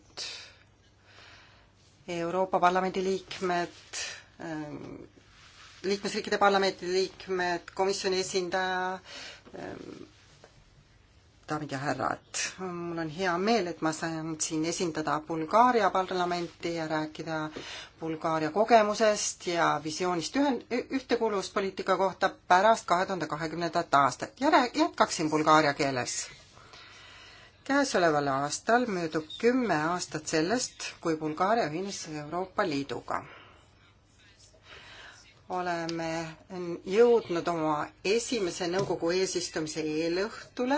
Euroopa Parlamendi liikmed, ähm, liikmesriikide parlamendi liikmed, komisjoni esindaja, ähm, daamid ja härrad, mul on hea meel, et ma saan siin esindada Bulgaaria parlamenti ja rääkida Bulgaaria kogemusest ja visioonist ühen-, ühtekuuluvuspoliitika kohta pärast kahe tuhande kahekümnendat aastat ja rää-, jätkaksin bulgaaria keeles käesoleval aastal möödub kümme aastat sellest, kui Bulgaaria ühines Euroopa Liiduga. oleme jõudnud oma esimese nõukogu eesistumise eelõhtule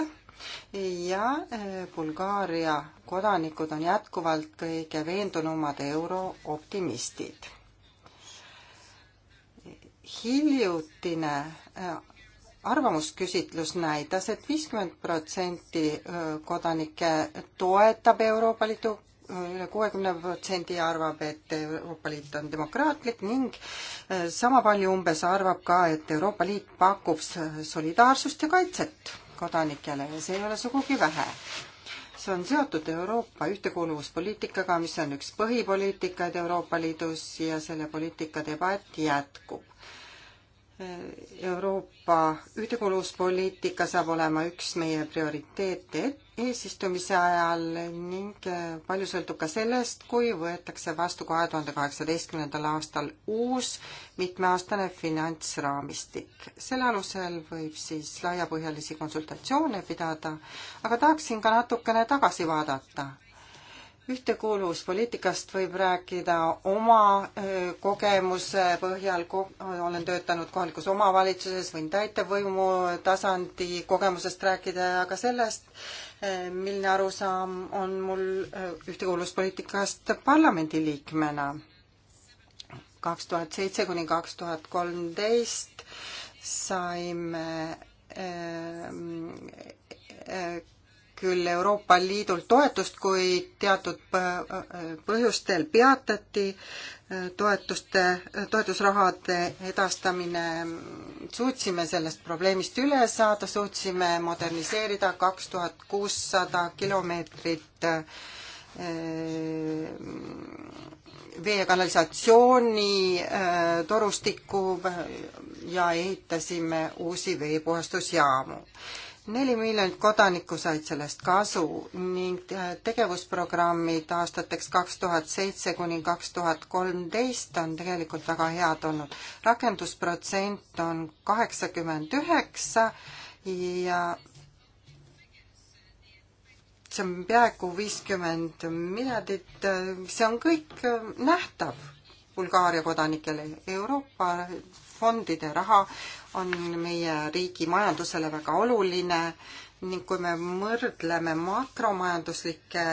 ja eh, Bulgaaria kodanikud on jätkuvalt kõige veendunumad eurooptimistid. hiljutine eh, arvamusküsitlus näitas et, et viiskümmend protsenti kodanikke toetab Euroopa Liidu üle kuuekümne protsendi arvab, et Euroopa Liit on demokraatlik ning sama palju umbes arvab ka, et Euroopa Liit pakub solidaarsust ja kaitset kodanikele ja see ei ole sugugi vähe. see on seotud Euroopa ühtekuuluvuspoliitikaga, mis on üks põhipoliitikaid Euroopa Liidus ja selle poliitika debatt jätkub Euroopa ühtekuuluvuspoliitika saab olema üks meie prioriteete eesistumise ajal ning äh, palju sõltub ka sellest, kui võetakse vastu kahe tuhande kaheksateistkümnendal aastal uus mitmeaastane finantsraamistik. selle alusel võib siis laiapõhjalisi konsultatsioone pidada, aga tahaksin ka natukene tagasi vaadata ühtekuuluvuspoliitikast võib rääkida oma kogemuse põhjal, olen töötanud kohalikus omavalitsuses, võin täitevvõimu tasandi kogemusest rääkida ja ka sellest, milline arusaam on mul ühtekuuluvuspoliitikast parlamendiliikmena. kaks tuhat seitse kuni kaks tuhat kolmteist saime küll Euroopa Liidult toetust, kuid teatud äh, põhjustel peatati äh, toetuste, toetusrahade edastamine. suutsime sellest probleemist üle saada, suutsime moderniseerida kaks tuhat kuussada kilomeetrit äh, vee- ja kanalisatsiooni torustikku ja ehitasime uusi veepuhastusjaamu neli miljonit kodanikku said sellest kasu ning eh, tegevusprogrammid aastateks kaks tuhat seitse kuni kaks tuhat kolmteist on tegelikult väga head olnud. rakendusprotsent on kaheksakümmend üheksa ja see on peaaegu viiskümmend miljardit, see on kõik eh, nähtav Bulgaaria kodanikele. Euroopa fondide raha on meie riigi majandusele väga oluline ning kui me mõrdleme makromajanduslikke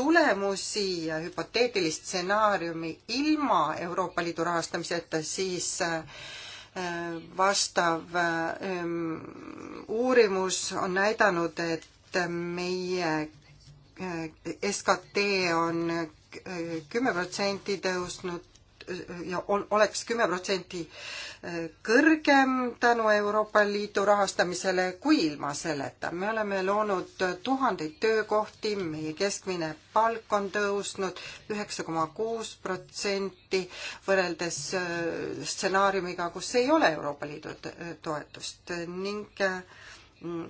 tulemusi ja hüpoteetilist stsenaariumi ilma Euroopa Liidu rahastamiseta, siis äh, vastav ähm, uurimus on näidanud, et meie äh, SKT on äh, kümme protsenti tõusnud ja oleks kümme protsenti äh, kõrgem tänu Euroopa Liidu rahastamisele kui ilma selleta. me oleme loonud tuhandeid töökohti, meie keskmine palk on tõusnud üheksa koma kuus protsenti võrreldes äh, stsenaariumiga, kus ei ole Euroopa Liidu toetust ning äh,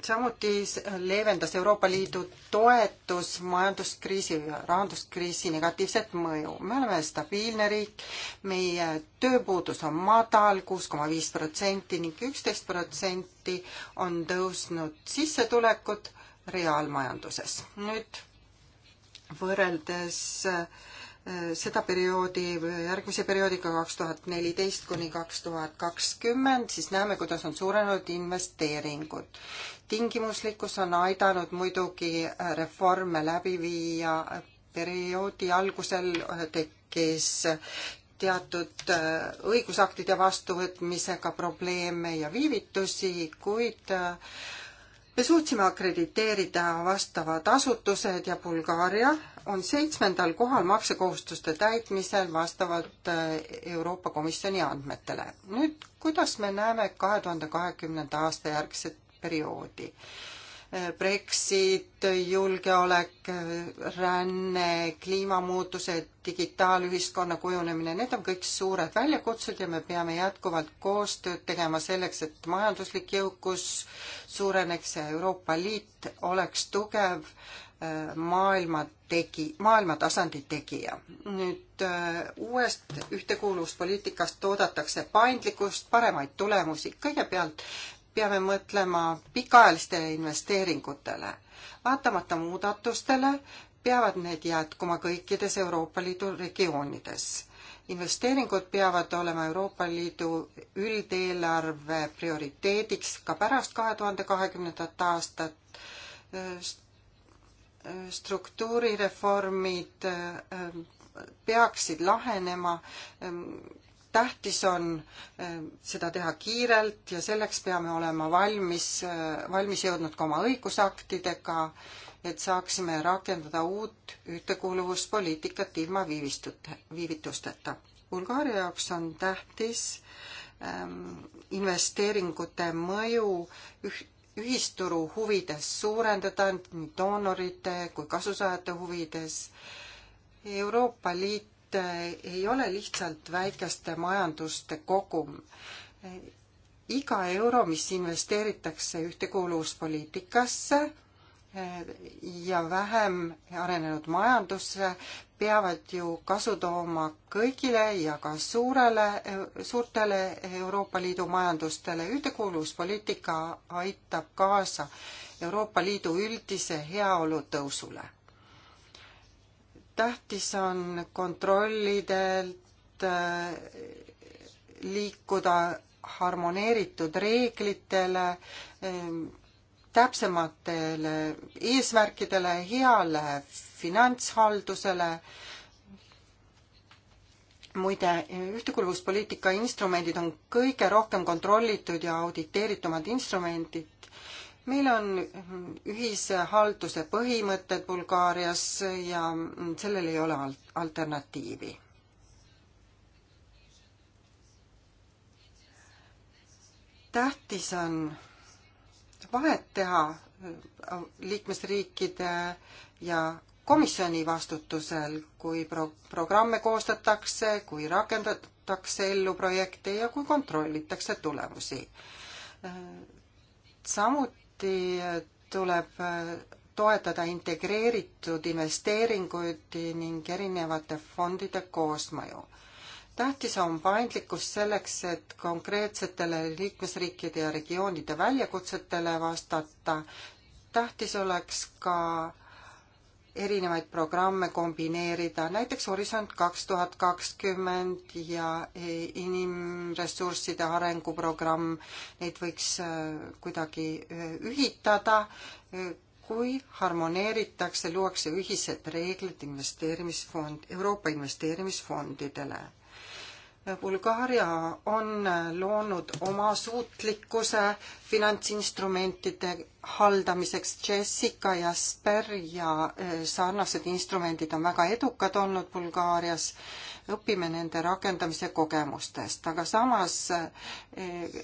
samuti leevendas Euroopa Liidu toetus majanduskriisi, rahanduskriisi negatiivset mõju. me oleme stabiilne riik, meie tööpuudus on madal, kuus koma viis protsenti ning üksteist protsenti on tõusnud sissetulekud reaalmajanduses. nüüd võrreldes Äh, seda perioodi, järgmise perioodiga kaks tuhat neliteist kuni kaks tuhat kakskümmend, siis näeme, kuidas on suurenenud investeeringud. tingimuslikkus on aidanud muidugi reforme läbi viia, perioodi algusel tekkis teatud äh, õigusaktide vastuvõtmisega probleeme ja viivitusi, kuid äh, me suutsime akrediteerida vastavad asutused ja Bulgaaria on seitsmendal kohal maksekohustuste täitmisel vastavalt äh, Euroopa Komisjoni andmetele. nüüd, kuidas me näeme kahe tuhande kahekümnenda aasta järgset perioodi? Brexit, julgeolek, ränne, kliimamuutused, digitaalühiskonna kujunemine, need on kõik suured väljakutsed ja me peame jätkuvalt koostööd tegema selleks, et majanduslik jõukus suureneks ja Euroopa Liit oleks tugev äh, maailma tegi, maailmatasandi tegija. nüüd äh, uuest ühtekuuluvuspoliitikast oodatakse paindlikkust, paremaid tulemusi. kõigepealt peame mõtlema pikaajalistele investeeringutele. vaatamata muudatustele peavad need jätkuma kõikides Euroopa Liidu regioonides. investeeringud peavad olema Euroopa Liidu üldeelarve prioriteediks ka pärast kahe tuhande kahekümnendat aastat struktuurireformid ehm, peaksid lahenema ehm, tähtis on eh, seda teha kiirelt ja selleks peame olema valmis, eh, valmis jõudnud ka oma õigusaktidega, et saaksime rakendada uut ühtekuuluvuspoliitikat ilma viivistute, viivitusteta. Bulgaaria jaoks on tähtis ehm, investeeringute mõju üh-, ühisturu huvides suurendada nii doonorite kui kasusaajate huvides. Euroopa Liit Eh, ei ole lihtsalt väikeste majanduste kogum. iga euro, mis investeeritakse ühtekuuluvuspoliitikasse eh, ja vähem arenenud majandusse, peavad ju kasu tooma kõigile ja ka suurele, suurtele Euroopa Liidu majandustele. ühtekuuluvuspoliitika aitab kaasa Euroopa Liidu üldise heaolu tõusule tähtis on kontrollidelt äh, liikuda harmoneeritud reeglitele, ähm, täpsematele eesmärkidele, heale finantshaldusele. muide, ühtekuuluvuspoliitika instrumendid on kõige rohkem kontrollitud ja auditeeritumad instrumendid meil on ühise halduse põhimõtted Bulgaarias ja sellel ei ole alternatiivi. tähtis on vahet teha liikmesriikide ja komisjoni vastutusel, kui pro-, programme koostatakse, kui rakendatakse ellu projekte ja kui kontrollitakse tulemusi. samuti samuti tuleb äh, toetada integreeritud investeeringuid ning erinevate fondide koosmõju. tähtis on paindlikkus selleks, et konkreetsetele liikmesriikide ja regioonide väljakutsetele vastata. tähtis oleks ka erinevaid programme kombineerida, näiteks Horisont kaks tuhat kakskümmend ja e, inimressursside arenguprogramm, neid võiks e, kuidagi e, ühitada, kui harmoneeritakse, luuakse ühised reeglid investeerimisfond, Euroopa investeerimisfondidele Bulgaaria on loonud oma suutlikkuse finantsinstrumentide haldamiseks. Jessica Jasper ja eh, sarnased instrumendid on väga edukad olnud Bulgaarias. õpime nende rakendamise kogemustest, aga samas eh,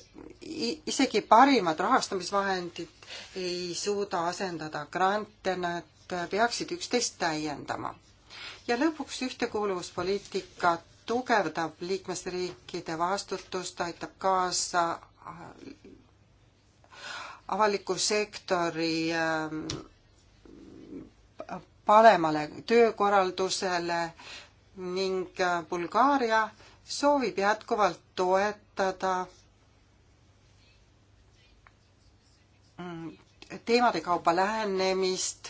isegi parimad rahastamisvahendid ei suuda asendada grante, nad peaksid üksteist täiendama. ja lõpuks ühtekuuluvuspoliitikat tugevdab liikmesriikide vastutust, aitab kaasa äh, avaliku sektori äh, paremale töökorraldusele ning äh, Bulgaaria soovib jätkuvalt toetada mm, teemade kaupa lähenemist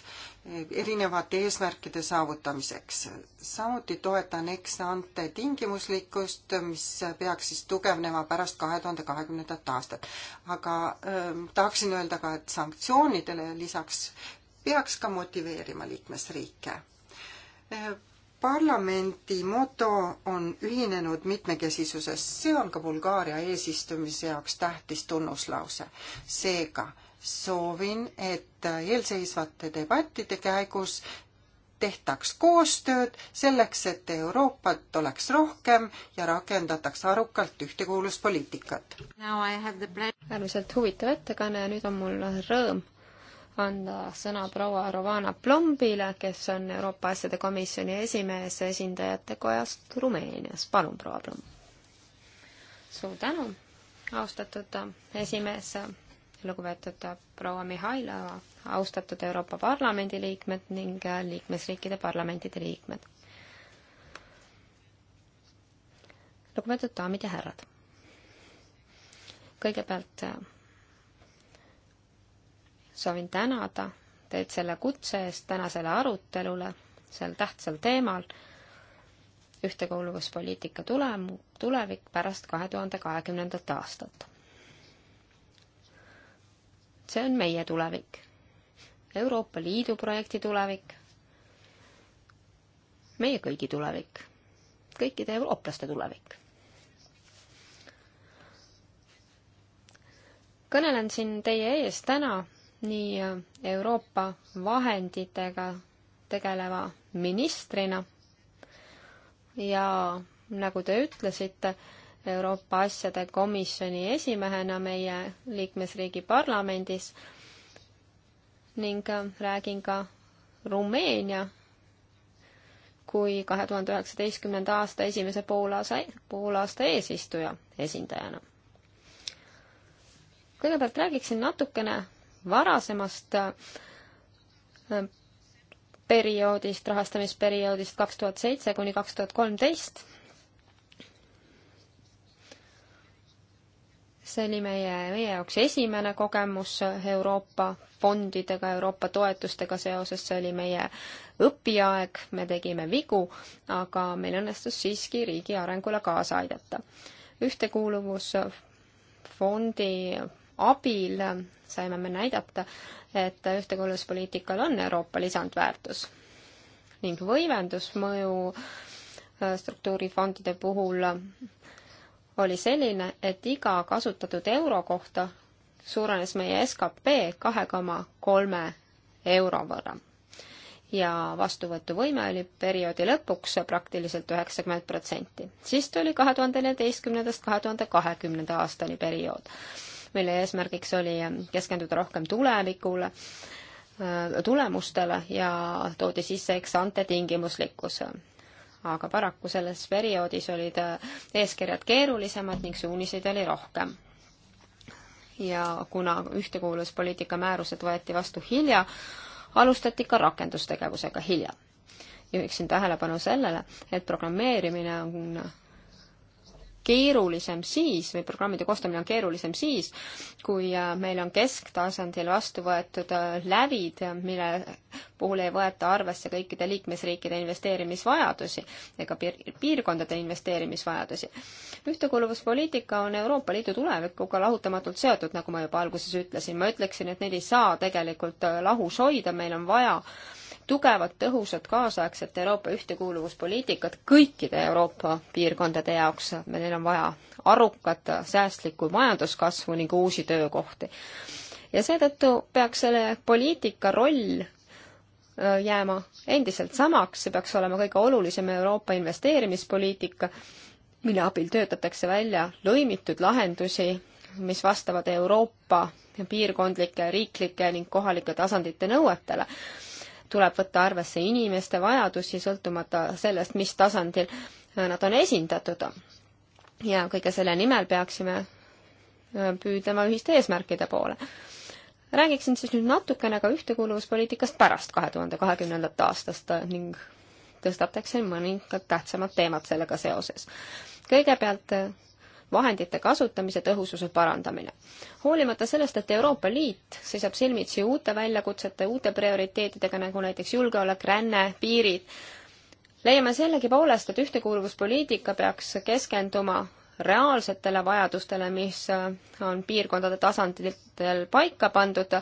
erinevate eesmärkide saavutamiseks. samuti toetan ex-ante tingimuslikkust, mis peaks siis tugevnema pärast kahe tuhande kahekümnendat aastat. aga ähm, tahaksin öelda ka, et sanktsioonidele lisaks peaks ka motiveerima liikmesriike äh, parlamendi moto on ühinenud mitmekesisuses, see on ka Bulgaaria eesistumise jaoks tähtis tunnuslause. seega soovin, et eelseisvate debattide käigus tehtaks koostööd selleks, et Euroopat oleks rohkem ja rakendataks arukalt ühtekuuluvuspoliitikat. äärmiselt huvitav ettekanne ja nüüd on mul rõõm anda sõna proua Rovana Plombile, kes on Euroopa Asjade Komisjoni esimees esindajate kojast Rumeenias. palun, proua Plomb! suur tänu, austatud esimees lugupeetud proua Mihhailova, austatud Euroopa Parlamendi liikmed ning liikmesriikide parlamentide liikmed. lugupeetud daamid ja härrad. kõigepealt äh, soovin tänada teid selle kutse eest tänasele arutelule sel tähtsal teemal ühtekuuluvuspoliitika tulem-, tulevik pärast kahe tuhande kahekümnendat aastat see on meie tulevik. Euroopa Liidu projekti tulevik, meie kõigi tulevik, kõikide eurooplaste tulevik. kõnelen siin teie ees täna nii Euroopa vahenditega tegeleva ministrina ja nagu te ütlesite, Euroopa asjade komisjoni esimehena meie liikmesriigi parlamendis ning räägin ka Rumeenia kui kahe tuhande üheksateistkümnenda aasta esimese poolaasta, poolaasta eesistuja esindajana. kõigepealt räägiksin natukene varasemast äh, perioodist, rahastamisperioodist kaks tuhat seitse kuni kaks tuhat kolmteist see oli meie, meie jaoks esimene kogemus Euroopa fondidega, Euroopa toetustega seoses, see oli meie õpiaeg, me tegime vigu, aga meil õnnestus siiski riigi arengule kaasa aidata. ühtekuuluvusfondi abil saime me näidata, et ühtekuuluvuspoliitikal on Euroopa lisandväärtus ning võimendusmõju äh, struktuurifondide puhul oli selline, et iga kasutatud euro kohta suurenes meie skp kahe koma kolme euro võrra. ja vastuvõtuvõime oli perioodi lõpuks praktiliselt üheksakümmend protsenti. siis tuli kahe tuhande neljateistkümnendast kahe tuhande kahekümnenda aastani periood, mille eesmärgiks oli keskenduda rohkem tulevikule, äh, tulemustele ja toodi sisse eksante tingimuslikkus aga paraku selles perioodis olid äh, eeskirjad keerulisemad ning suuniseid oli rohkem. ja kuna ühtekuuluvuspoliitika määrused võeti vastu hilja, alustati ka rakendustegevusega hilja. juhiksin tähelepanu sellele, et programmeerimine on keerulisem siis või programmide koostamine on keerulisem siis, kui äh, meil on kesktasandil vastu võetud äh, lävid, mille puhul ei võeta arvesse kõikide liikmesriikide investeerimisvajadusi ega piir-, piirkondade investeerimisvajadusi. ühtekuuluvuspoliitika on Euroopa Liidu tulevikuga lahutamatult seotud, nagu ma juba alguses ütlesin. ma ütleksin, et neid ei saa tegelikult äh, lahus hoida, meil on vaja äh, tugevat, tõhusat, kaasaegset Euroopa ühtekuuluvuspoliitikat kõikide Euroopa piirkondade jaoks. meil on vaja arukat, säästlikku majanduskasvu ning uusi töökohti. ja seetõttu peaks selle poliitika roll äh, jääma endiselt samaks, see peaks olema kõige olulisem Euroopa investeerimispoliitika, mille abil töötatakse välja lõimitud lahendusi, mis vastavad Euroopa piirkondlike, riiklike ning kohalike tasandite nõuetele tuleb võtta arvesse inimeste vajadusi, sõltumata sellest, mis tasandil äh, nad on esindatud. ja kõige selle nimel peaksime äh, püüdlema ühiste eesmärkide poole. räägiksin siis nüüd natukene ka ühtekuuluvuspoliitikast pärast kahe tuhande kahekümnendat aastast äh, ning tõstataksin mõningad tähtsamad teemad sellega seoses. kõigepealt vahendite kasutamise tõhususe parandamine. hoolimata sellest, et Euroopa Liit seisab silmitsi uute väljakutsete, uute prioriteetidega, nagu näiteks julgeolek, ränne, piirid, leiame sellegipoolest, et ühtekuuluvuspoliitika peaks keskenduma reaalsetele vajadustele, mis äh, on piirkondade tasanditel paika pandud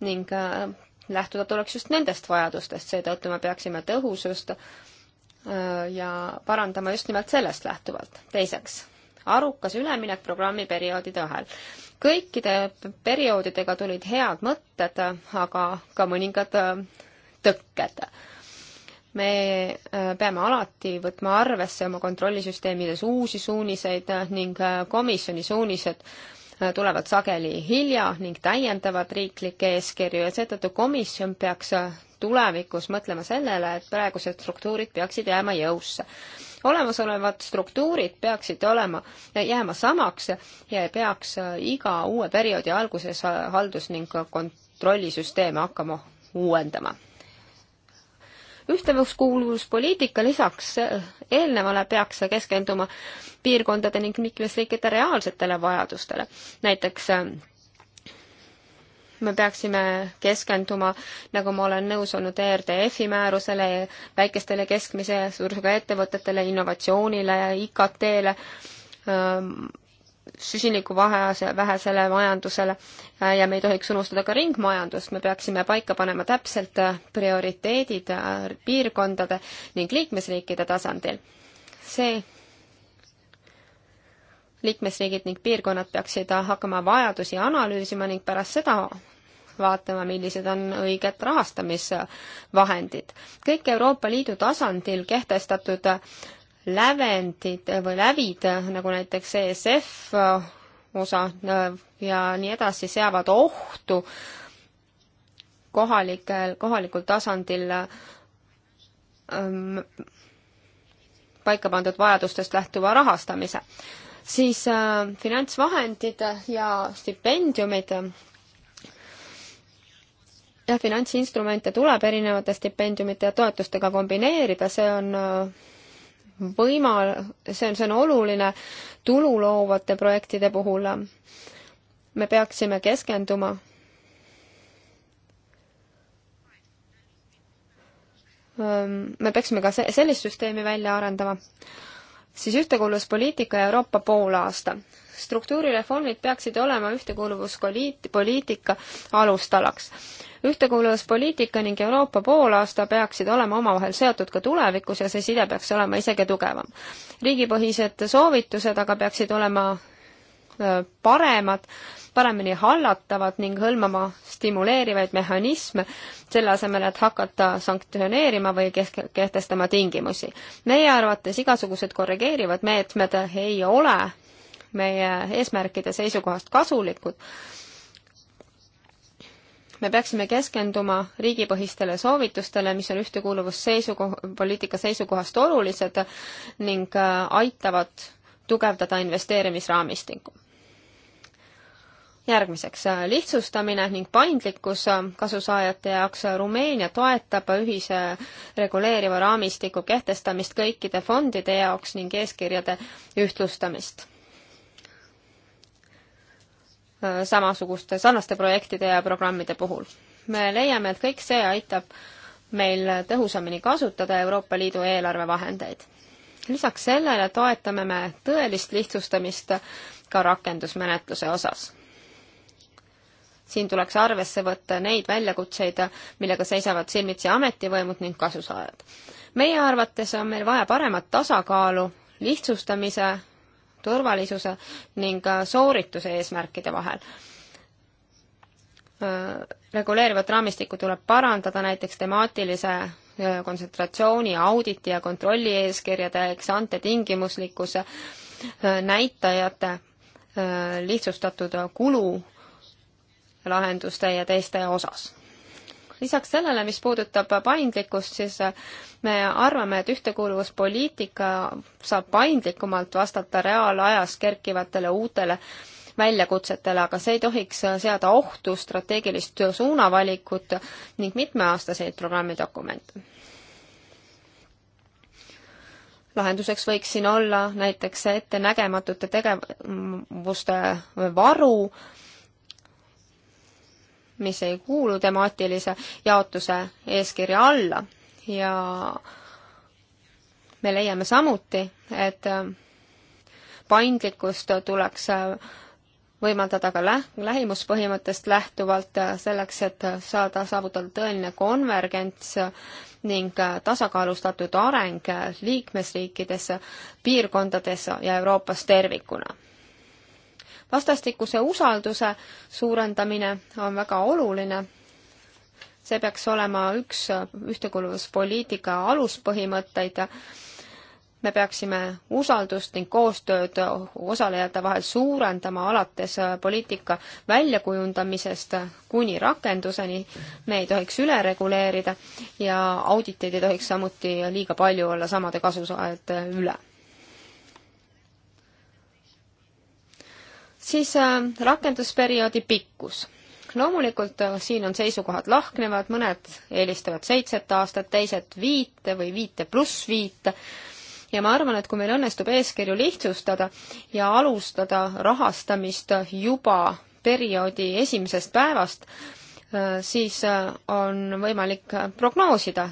ning äh, lähtuda tuleks just nendest vajadustest, seetõttu me peaksime tõhusust äh, ja parandama just nimelt sellest lähtuvalt. teiseks, arukas üleminek programmi perioodide vahel. kõikide perioodidega tulid head mõtted, aga ka mõningad äh, tõkked. me äh, peame alati võtma arvesse oma kontrollisüsteemides uusi suuniseid ning äh, komisjoni suunised tulevad sageli hilja ning täiendavad riiklikke eeskirju ja seetõttu komisjon peaks tulevikus mõtlema sellele, et praegused struktuurid peaksid jääma jõusse olemasolevad struktuurid peaksid olema, jääma samaks ja ei peaks iga uue perioodi alguses haldus- ning kontrollisüsteeme hakkama uuendama ühtekuuluvuspoliitika lisaks eelnevale peaks keskenduma piirkondade ning liikmesriikide reaalsetele vajadustele. näiteks me peaksime keskenduma, nagu ma olen nõus olnud ERDF-i määrusele, väikestele keskmise suurusega ettevõtetele, innovatsioonile ja IKT-le, ähm, süsiniku vahe, vähesele majandusele ja me ei tohiks unustada ka ringmajandust, me peaksime paika panema täpselt äh, prioriteedid äh, piirkondade ning liikmesriikide tasandil. see liikmesriigid ning piirkonnad peaksid hakkama vajadusi analüüsima ning pärast seda vaatama, millised on õiged rahastamisvahendid. kõik Euroopa Liidu tasandil kehtestatud lävendid või lävid, nagu näiteks ESF osa ja nii edasi, seavad ohtu kohalikel, kohalikul tasandil ähm, paika pandud vajadustest lähtuva rahastamise siis äh, finantsvahendid ja stipendiumid jah, finantsinstrumente tuleb erinevate stipendiumite ja toetustega kombineerida, see on äh, võima-, see on, see on oluline tulu loovate projektide puhul. me peaksime keskenduma me peaksime ka sellist süsteemi välja arendama siis ühtekuuluvuspoliitika ja Euroopa poolaasta. struktuurireformid peaksid olema ühtekuuluvuspoliitika alustalaks. ühtekuuluvuspoliitika ning Euroopa poolaasta peaksid olema omavahel seotud ka tulevikus ja see side peaks olema isegi tugevam. riigipõhised soovitused aga peaksid olema Äh, paremad, paremini hallatavad ning hõlmama stimuleerivaid mehhanisme, selle asemel, et hakata sanktsioneerima või kehtestama tingimusi. meie arvates igasugused korrigeerivad meetmed ei ole meie eesmärkide seisukohast kasulikud. me peaksime keskenduma riigipõhistele soovitustele, mis on ühtekuuluvusseisukoha, seisukohast olulised ning äh, aitavad tugevdada investeerimisraamistikku järgmiseks, äh, lihtsustamine ning paindlikkus äh, kasusaajate jaoks. Äh, Rumeenia toetab ühise reguleeriva raamistiku kehtestamist kõikide fondide jaoks ning eeskirjade ühtlustamist. samasuguste sarnaste projektide ja programmide puhul. me leiame, et kõik see aitab meil tõhusamini kasutada Euroopa Liidu eelarvevahendeid. lisaks sellele toetame me tõelist lihtsustamist ka rakendusmenetluse osas siin tuleks arvesse võtta neid väljakutseid, millega seisavad silmitsi ametivõimud ning kasusaajad. meie arvates on meil vaja paremat tasakaalu lihtsustamise, turvalisuse ning äh, soorituse eesmärkide vahel. Äh, reguleerivat raamistikku tuleb parandada näiteks temaatilise äh, kontsentratsiooni, auditi ja kontrolli eeskirjade eksante tingimuslikkuse näitajate lihtsustatud kulu lahenduste ja teiste osas. lisaks sellele, mis puudutab paindlikkust, siis me arvame, et ühtekuuluvuspoliitika saab paindlikumalt vastata reaalajas kerkivatele uutele väljakutsetele, aga see ei tohiks seada ohtu strateegilist suunavalikut ning mitmeaastaseid programmidokumente. lahenduseks võiks siin olla näiteks ettenägematute tegevuste varu, mis ei kuulu temaatilise jaotuse eeskirja alla ja me leiame samuti, et äh, paindlikkust tuleks äh, võimaldada ka läh-, lähimuspõhimõttest lähtuvalt äh, selleks, et saada, saavutada tõeline konvergents ning tasakaalustatud areng liikmesriikides, piirkondades ja Euroopas tervikuna vastastikuse usalduse suurendamine on väga oluline. see peaks olema üks ühtekuuluvuspoliitika aluspõhimõtteid me peaksime usaldust ning koostööd osalejate vahel suurendama alates poliitika väljakujundamisest kuni rakenduseni. me ei tohiks üle reguleerida ja auditeid ei tohiks samuti liiga palju olla samade kasusaajate üle. siis äh, rakendusperioodi pikkus. loomulikult äh, siin on seisukohad lahknevad, mõned eelistavad seitset aastat, teised viite või viite pluss viite ja ma arvan, et kui meil õnnestub eeskirju lihtsustada ja alustada rahastamist juba perioodi esimesest päevast, äh, siis on võimalik prognoosida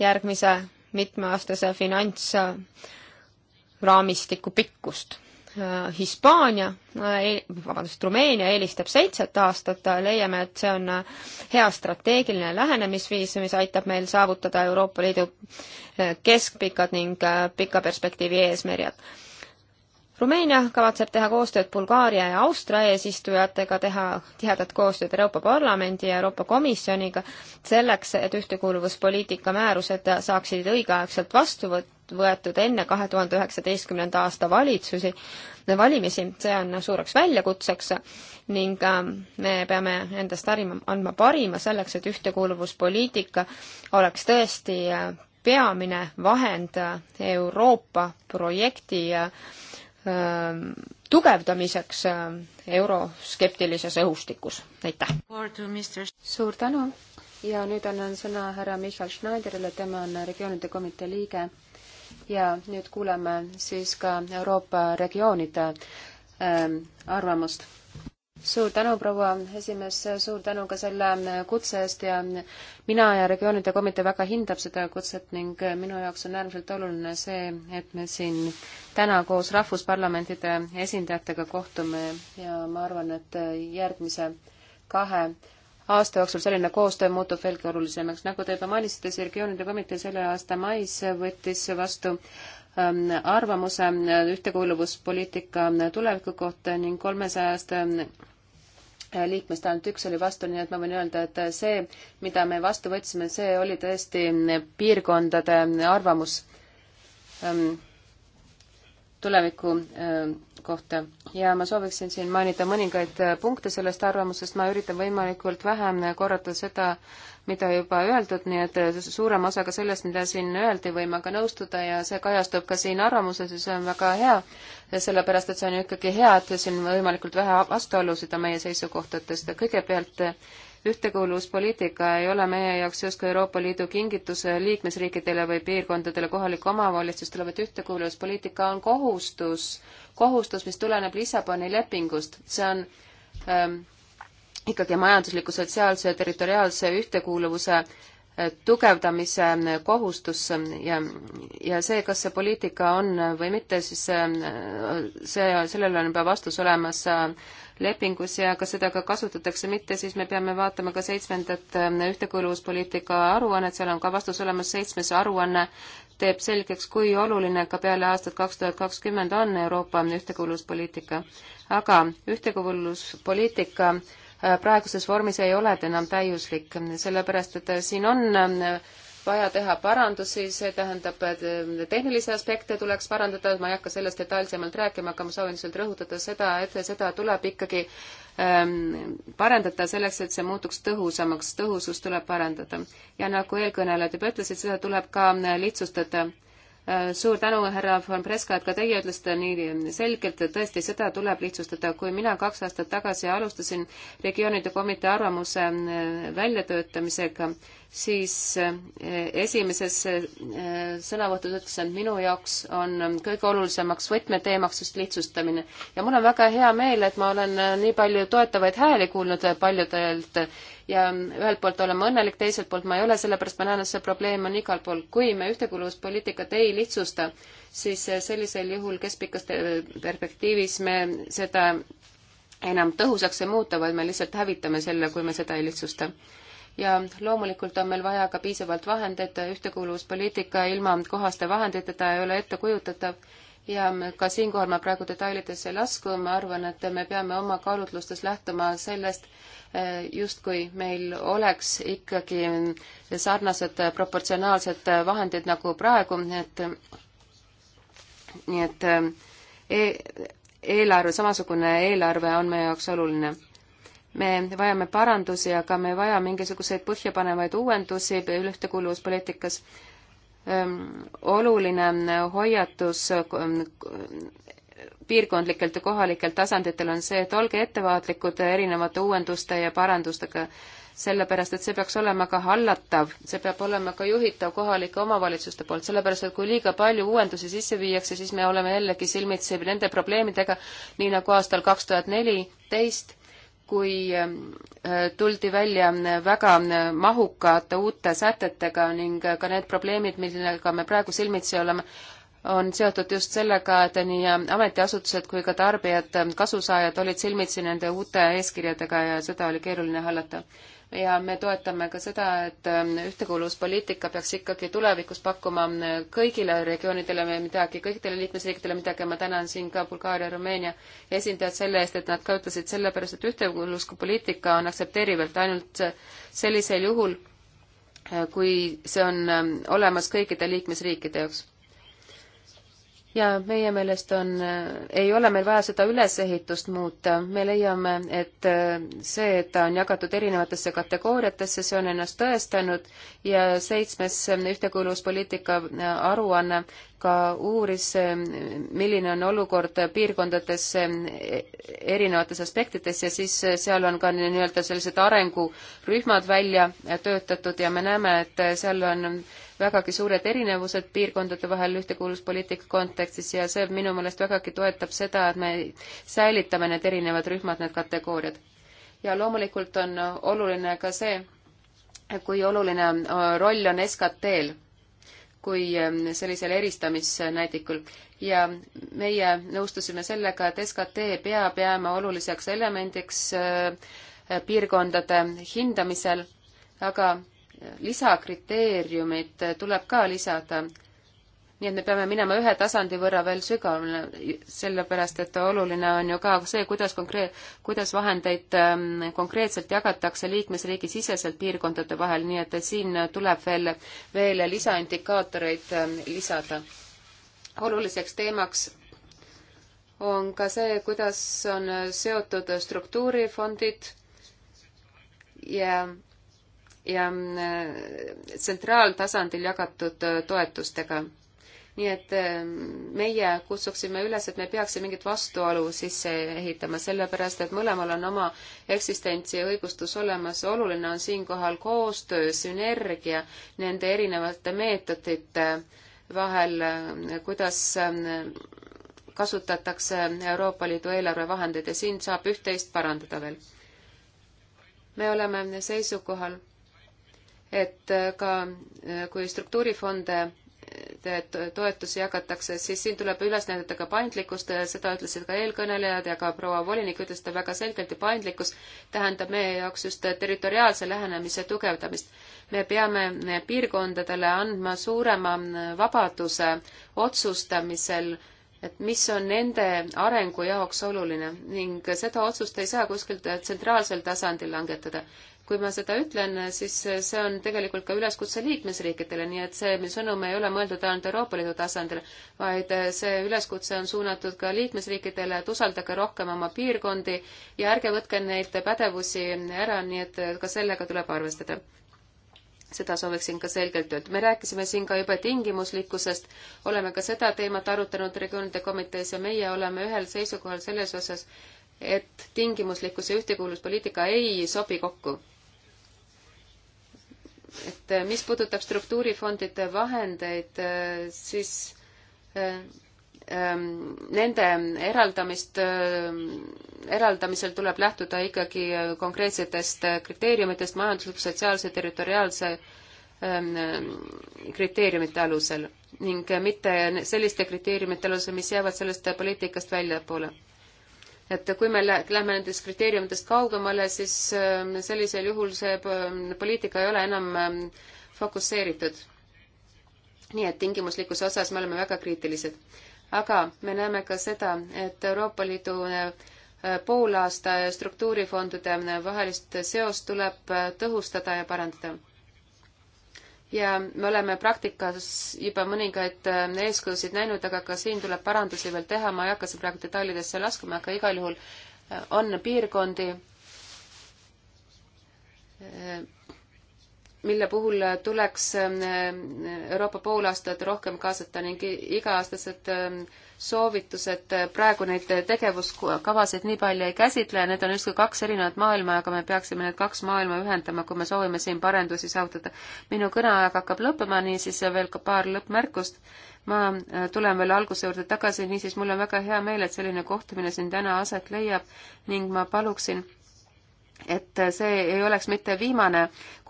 järgmise mitmeaastase finantsraamistiku pikkust Äh, Hispaania, äh, vabandust, Rumeenia eelistab seitset aastat, leiame, et see on äh, hea strateegiline lähenemisviis, mis aitab meil saavutada Euroopa Liidu keskpikad ning pika perspektiivi eesmärjad. Rumeenia kavatseb teha koostööd Bulgaaria ja Austria eesistujatega, teha tihedat koostööd Euroopa Parlamendi ja Euroopa Komisjoniga selleks, et ühtekuuluvuspoliitika määrused saaksid õigeaegselt vastu võt-, võetud enne kahe tuhande üheksateistkümnenda aasta valitsusi, valimisi, see on suureks väljakutseks ning ähm, me peame endast harima, andma parima selleks, et ühtekuuluvuspoliitika oleks tõesti äh, peamine vahend äh, Euroopa projekti äh, ähm, tugevdamiseks euroskeptilises õhustikus. aitäh! suur tänu ja nüüd annan sõna härra Michal Schneiderile, tema on regioonide komitee liige ja nüüd kuuleme siis ka Euroopa regioonide ähm, arvamust. suur tänu, proua esimees, suur tänu ka selle äh, kutse eest ja mina ja regioonide komitee väga hindab seda kutset ning äh, minu jaoks on äärmiselt oluline see, et me siin täna koos rahvusparlamentide esindajatega kohtume ja ma arvan, et äh, järgmise kahe aasta jooksul selline koostöö muutub veelgi olulisemaks. nagu te juba mainisite, siis regioonide komitee selle aasta mais võttis vastu ähm, arvamuse äh, ühtekuuluvuspoliitika äh, tuleviku kohta ning kolmesajast äh, liikmest ainult üks oli vastu, nii et ma võin öelda, et see, mida me vastu võtsime, see oli tõesti piirkondade arvamus ähm, tuleviku äh, kohta ja ma sooviksin siin mainida mõningaid äh, punkte sellest arvamusest, ma üritan võimalikult vähem korrata seda, mida juba öeldud, nii et äh, suurema osaga sellest, mida siin öeldi, võime ka nõustuda ja see kajastub ka siin arvamuses ja see on väga hea, sellepärast et see on ju ikkagi hea, et siin võimalikult vähe vastuolusid on meie seisukohtadest ja kõigepealt ühtekuuluvuspoliitika ei ole meie jaoks justkui Euroopa Liidu kingitus liikmesriikidele või piirkondadele, kohalike omavalitsustele, vaid ühtekuuluvuspoliitika on kohustus, kohustus, mis tuleneb Lissaboni lepingust, see on ähm, ikkagi majandusliku, sotsiaalse ja territoriaalse ühtekuuluvuse äh, tugevdamise kohustus ja, ja see, kas see poliitika on või mitte, siis see, sellele on juba vastus olemas lepingus ja kas seda ka kasutatakse, mitte, siis me peame vaatama ka seitsmendat äh, ühtekuuluvuspoliitika aruannet, seal on ka vastus olemas, seitsmes aruanne teeb selgeks, kui oluline ka peale aastat kaks tuhat kakskümmend on Euroopa ühtekuuluvuspoliitika. aga ühtekuuluvuspoliitika äh, Äh, praeguses vormis ei ole ta enam täiuslik, sellepärast et äh, siin on äh, vaja teha parandusi, see tähendab, et tehnilisi aspekte tuleks parandada, ma ei hakka sellest detailsemalt rääkima, aga ma soovin lihtsalt rõhutada seda, et seda tuleb ikkagi ähm, parandada selleks, et see muutuks tõhusamaks, tõhusust tuleb parandada. ja nagu eelkõnelejad juba ütlesid, seda tuleb ka lihtsustada Äh, suur tänu, härra von Preska, et ka teie ütlesite nii selgelt, et tõesti seda tuleb lihtsustada. kui mina kaks aastat tagasi alustasin regioonide komitee arvamuse äh, väljatöötamisega, siis äh, esimeses sõnavõtus ütlesin, et minu jaoks on kõige olulisemaks võtmeteemaks just lihtsustamine. ja mul on väga hea meel, et ma olen nii palju toetavaid hääli kuulnud paljudelt ja ühelt poolt olema õnnelik, teiselt poolt ma ei ole, sellepärast ma näen, et see probleem on igal pool. kui me ühtekuuluvuspoliitikat ei lihtsusta, siis sellisel juhul keskpikas perspektiivis me seda enam tõhusaks ei muuta, vaid me lihtsalt hävitame selle, kui me seda ei lihtsusta. ja loomulikult on meil vaja ka piisavalt vahendeid, ühtekuuluvuspoliitika ilma kohaste vahenditeta ei ole ettekujutatav ja ka siinkohal ma praegu detailidesse ei lasku, ma arvan, et me peame oma kaalutlustes lähtuma sellest, eh, justkui meil oleks ikkagi sarnased proportsionaalsed vahendid nagu praegu, nii et, nii et eh, e eelarve, samasugune eelarve on meie jaoks oluline me vajame parandusi, aga me ei vaja mingisuguseid põhjapanevaid uuendusi ühtekuuluvuspoliitikas. Ehm, oluline hoiatus ehm, piirkondlikelt ja kohalikelt tasanditel on see, et olge ettevaatlikud erinevate uuenduste ja parandustega, sellepärast et see peaks olema ka hallatav, see peab olema ka juhitav kohalike omavalitsuste poolt, sellepärast et kui liiga palju uuendusi sisse viiakse, siis me oleme jällegi silmitsi nende probleemidega, nii nagu aastal kaks tuhat neliteist kui ähm, äh, tuldi välja äh, väga äh, mahukate uute sätetega ning ka need probleemid, millega me praegu silmitsi oleme, on seotud just sellega, et nii ametiasutused kui ka tarbijad, kasusaajad olid silmitsi nende uute eeskirjadega ja seda oli keeruline hallata ja me toetame ka seda, et ähm, ühtekuuluvuspoliitika peaks ikkagi tulevikus pakkuma äh, kõigile regioonidele midagi, kõikidele liikmesriikidele midagi, ma tänan siin ka Bulgaaria, Rumeenia esindajad selle eest, et nad ka ütlesid sellepärast, et ühtekuuluvuspoliitika on aktsepteeriv, et ainult äh, sellisel juhul, äh, kui see on ähm, olemas kõikide liikmesriikide jaoks ja meie meelest on, äh, ei ole meil vaja seda ülesehitust muuta, me leiame, et äh, see, et ta on jagatud erinevatesse kategooriatesse, see on ennast tõestanud ja seitsmes äh, ühtekuuluvuspoliitika aruanne ka uuris, milline on olukord piirkondades erinevates aspektides ja siis seal on ka nii-öelda sellised arengurühmad välja töötatud ja me näeme, et seal on vägagi suured erinevused piirkondade vahel ühtekuuluvuspoliitika kontekstis ja see minu meelest vägagi toetab seda, et me säilitame need erinevad rühmad, need kategooriad. ja loomulikult on oluline ka see, kui oluline roll on SKT-l kui ähm, sellisel eristamisnäidikul ja meie nõustusime sellega, et SKT peab jääma oluliseks elemendiks äh, piirkondade hindamisel, aga lisakriteeriumid tuleb ka lisada. nii et me peame minema ühe tasandi võrra veel sügavamale, sellepärast et oluline on ju ka see, kuidas konkreet-, kuidas vahendeid ähm, konkreetselt jagatakse liikmesriigi siseselt piirkondade vahel, nii et, et siin tuleb veel, veel lisaindikaatoreid ähm, lisada. oluliseks teemaks on ka see, kuidas on seotud struktuurifondid ja yeah ja äh, tsentraaltasandil jagatud äh, toetustega. nii et äh, meie kutsuksime üles, et me peaks siin mingit vastuolu sisse ehitama, sellepärast et mõlemal on oma eksistentsi ja õigustus olemas. oluline on siinkohal koostöö, sünergia nende erinevate meetodite vahel, kuidas kasutatakse Euroopa Liidu eelarvevahendeid ja siin saab üht-teist parandada veel. me oleme seisukohal et äh, ka äh, kui struktuurifonde äh, toetusi jagatakse, siis siin tuleb üles näidata ka paindlikkust, seda ütlesid ka eelkõnelejad ja ka proua volinik ütles seda väga selgelt ja paindlikkus tähendab meie jaoks just territoriaalse lähenemise tugevdamist. me peame piirkondadele andma suurema vabaduse otsustamisel, et mis on nende arengu jaoks oluline ning seda otsust ei saa kuskil tsentraalsel tasandil langetada kui ma seda ütlen, siis see on tegelikult ka üleskutse liikmesriikidele, nii et see sõnum ei ole mõeldud ainult Euroopa Liidu tasandil, vaid see üleskutse on suunatud ka liikmesriikidele, et usaldage rohkem oma piirkondi ja ärge võtke neid pädevusi ära, nii et ka sellega tuleb arvestada seda sooviksin ka selgelt öelda. me rääkisime siin ka juba tingimuslikkusest, oleme ka seda teemat arutanud regioonide komitees ja meie oleme ühel seisukohal selles osas, et tingimuslikkus ja ühtekuuluvuspoliitika ei sobi kokku et mis puudutab struktuurifondide vahendeid, siis ähm, nende eraldamist, ähm, eraldamisel tuleb lähtuda ikkagi konkreetsetest kriteeriumitest majandusliku, sotsiaalse, territoriaalse ähm, kriteeriumite alusel ning mitte selliste kriteeriumite alusel, mis jäävad sellest poliitikast väljapoole et kui me lähme nendest kriteeriumidest kaugemale, siis ähm, sellisel juhul see ähm, poliitika ei ole enam ähm, fokusseeritud. nii et tingimuslikkuse osas me oleme väga kriitilised. aga me näeme ka seda, et Euroopa Liidu äh, poolaasta struktuurifondide äh, vahelist seost tuleb äh, tõhustada ja parandada ja me oleme praktikas juba mõningaid äh, eeskujusid näinud, aga ka siin tuleb parandusi veel teha, ma ei hakka siin praegu detailidesse laskuma, aga igal juhul äh, on piirkondi, äh, mille puhul tuleks Euroopa poolaastat rohkem kaasata ning iga-aastased soovitused praegu neid tegevuskavasid nii palju ei käsitle, need on justkui kaks erinevat maailma, aga me peaksime need kaks maailma ühendama, kui me soovime siin parendusi saavutada. minu kõneaeg hakkab lõppema, niisiis veel ka paar lõppmärkust. ma äh, tulen veel alguse juurde tagasi, niisiis mul on väga hea meel, et selline kohtumine siin täna aset leiab ning ma paluksin et see ei oleks mitte viimane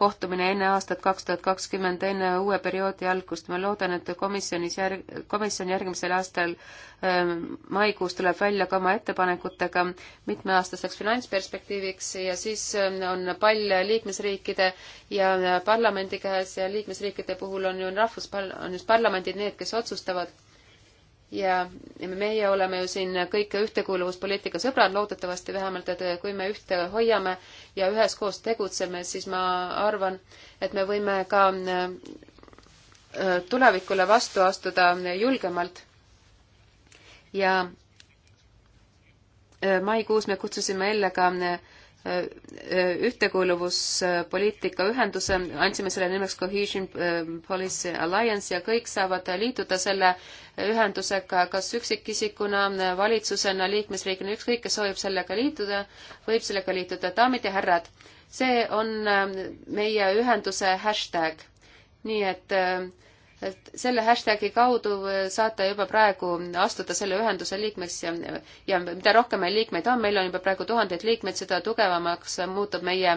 kohtumine enne aastat kaks tuhat kakskümmend, enne uue perioodi algust. ma loodan, et komisjonis järg-, komisjon järgmisel aastal ähm, maikuus tuleb välja ka oma ettepanekutega mitmeaastaseks finantsperspektiiviks ja siis ähm, on pall liikmesriikide ja parlamendi käes ja liikmesriikide puhul on ju rahvuspar-, on just parlamendid need, kes otsustavad ja meie oleme ju siin kõik ühtekuuluvuspoliitika sõbrad, loodetavasti vähemalt, et kui me ühte hoiame ja üheskoos tegutseme, siis ma arvan, et me võime ka äh, tulevikule vastu astuda julgemalt. ja äh, maikuus me kutsusime ellu ka äh, ühtekuuluvuspoliitika ühenduse, andsime selle nimeks Cohesion äh, Policy Alliance ja kõik saavad liituda selle ühendusega kas üksikisikuna, valitsusena, liikmesriigina, ükskõik, kes soovib sellega liituda, võib sellega liituda. daamid ja härrad, see on äh, meie ühenduse hashtag. nii et äh, et selle hashtagi kaudu saate juba praegu astuda selle ühenduse liikmeks ja, ja mida rohkem meil liikmeid on, meil on juba praegu tuhandeid liikmeid, seda tugevamaks muutub meie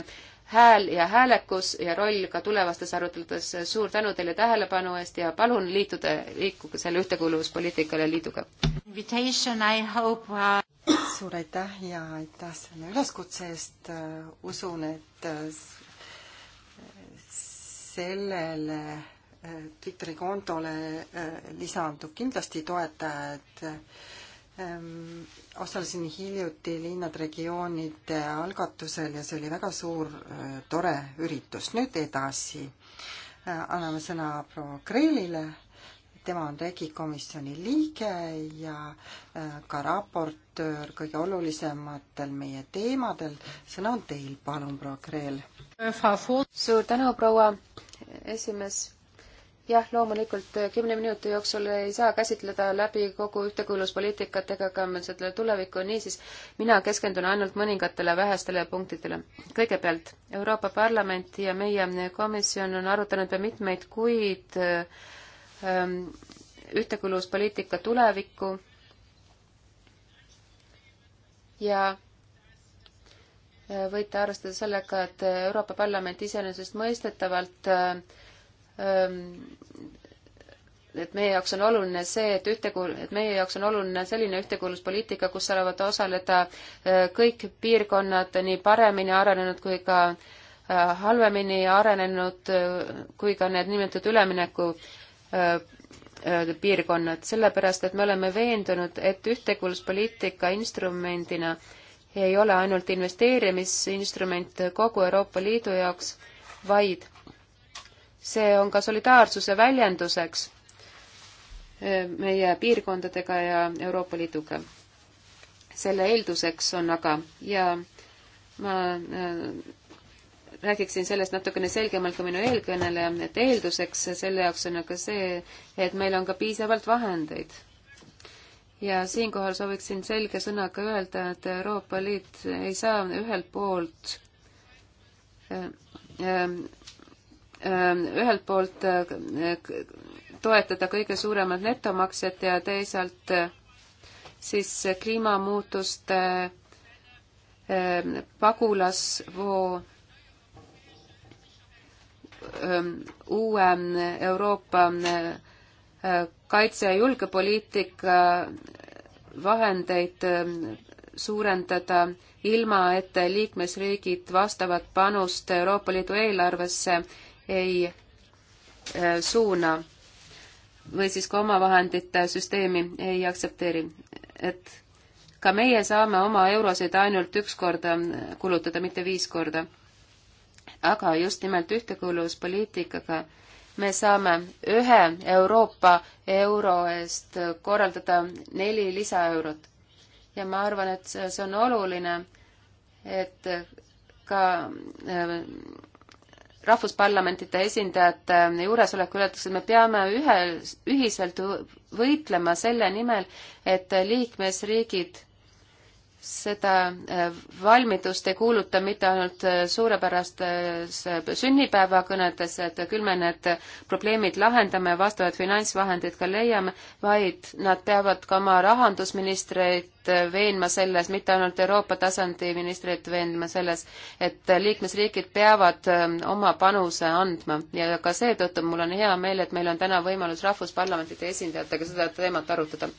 hääl ja häälekus ja roll ka tulevastes aruteludes. suur tänu teile tähelepanu eest ja palun liituda, liikuge selle ühtekuuluvuspoliitikale liiduga. Uh, suur aitäh ja aitäh selle üleskutse eest. usun, et äh, sellele Twitteri kontole äh, lisandub kindlasti toetajad. Ähm, osalesin hiljuti linnad regioonide algatusel ja see oli väga suur äh, tore üritus. nüüd edasi äh, anname sõna proua Kreelile. tema on regikomisjoni liige ja ka raportöör kõige olulisematel meie teemadel. sõna on teil, palun, proua Kreel. suur tänu, proua esimees jah, loomulikult äh, kümne minuti jooksul ei saa käsitleda läbi kogu ühtekuuluvuspoliitikat ega ka selle tulevikku, niisiis mina keskendun ainult mõningatele vähestele punktidele. kõigepealt, Euroopa Parlament ja meie komisjon on arutanud juba mitmeid kuid äh, ähm, ühtekuuluvuspoliitika tulevikku ja äh, võite arvestada sellega, et Euroopa Parlament iseenesestmõistetavalt äh, Ehm, et meie jaoks on oluline see, et ühtekuul-, et meie jaoks on oluline selline ühtekuuluvuspoliitika, kus saavad osaleda ehm, kõik piirkonnad, nii paremini arenenud kui ka ehm, halvemini arenenud, kui ka need nimetatud ülemineku piirkonnad, sellepärast et me oleme veendunud, et ühtekuuluvuspoliitika instrumendina ei ole ainult investeerimisinstrument kogu Euroopa Liidu jaoks, vaid see on ka solidaarsuse väljenduseks e, meie piirkondadega ja Euroopa Liiduga. selle eelduseks on aga ja ma e, räägiksin sellest natukene selgemalt kui minu eelkõneleja, et eelduseks selle jaoks on aga see, et meil on ka piisavalt vahendeid. ja siinkohal sooviksin selge sõnaga öelda, et Euroopa Liit ei saa ühelt poolt e, Ähm, ühelt poolt äh, toetada kõige suuremat netomaksjat ja teisalt äh, siis kliimamuutuste ähm, pagulasvoo ähm, uue Euroopa äh, kaitse- ja julgepoliitika vahendeid suurendada, ilma et liikmesriigid vastavat panust Euroopa Liidu eelarvesse ei äh, suuna või siis ka omavahendite süsteemi ei aktsepteeri. et ka meie saame oma eurosid ainult üks korda kulutada, mitte viis korda. aga just nimelt ühtekuuluvuspoliitikaga me saame ühe Euroopa euro eest korraldada neli lisaeurot. ja ma arvan, et see on oluline, et ka äh, rahvusparlamentide esindajate juuresoleku ületaks, et me peame ühe, ühiselt võitlema selle nimel, et liikmesriigid seda äh, valmidust ei kuuluta mitte ainult äh, suurepärastes äh, sünnipäevakõnedes, et küll me need probleemid lahendame, vastavad finantsvahendid ka leiame, vaid nad peavad ka oma rahandusministreid veenma selles, mitte ainult Euroopa tasandi ministreid veenma selles, et liikmesriigid peavad ähm, oma panuse andma ja ka seetõttu mul on hea meel, et meil on täna võimalus rahvusparlamentide esindajatega seda teemat arutada.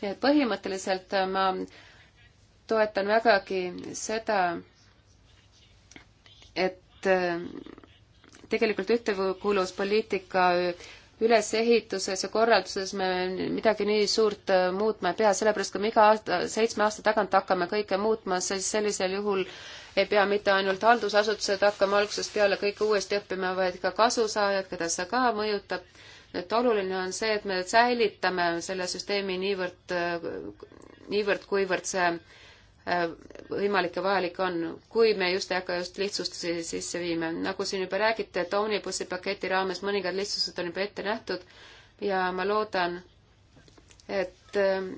nii et põhimõtteliselt ma toetan vägagi seda, et äh, tegelikult ühtekuuluvuspoliitika ülesehituses ja korralduses me midagi nii suurt äh, muutma ei pea, sellepärast kui me iga aasta, seitsme aasta tagant hakkame kõike muutma, siis sellisel juhul ei pea mitte ainult haldusasutused hakkama algusest peale kõike uuesti õppima, vaid ka kasusaajad, keda see ka mõjutab. et oluline on see, et me säilitame selle süsteemi niivõrd, äh, niivõrd, kuivõrd see võimalik ja vajalik on, kui me just ei hakka just lihtsustusi sisse viima. nagu siin juba räägite, et Omnibussi paketi raames mõningad lihtsustused on juba ette nähtud ja ma loodan, et ähm,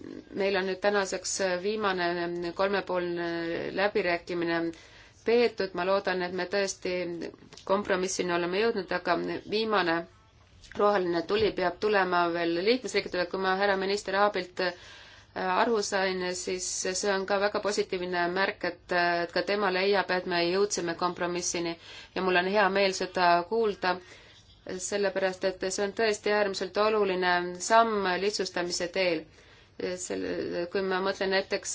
meil on nüüd tänaseks äh, viimane ähm, kolmepoolne läbirääkimine peetud, ma loodan, et me tõesti kompromissini oleme jõudnud, aga viimane roheline tuli peab tulema veel liikmesriikidele, kui ma härra minister Aabilt äh, aru sain, siis see on ka väga positiivne märk, et, et ka tema leiab, et me jõudsime kompromissini ja mul on hea meel seda kuulda, sellepärast et see on tõesti äärmiselt oluline samm lihtsustamise teel. selle, kui ma mõtlen näiteks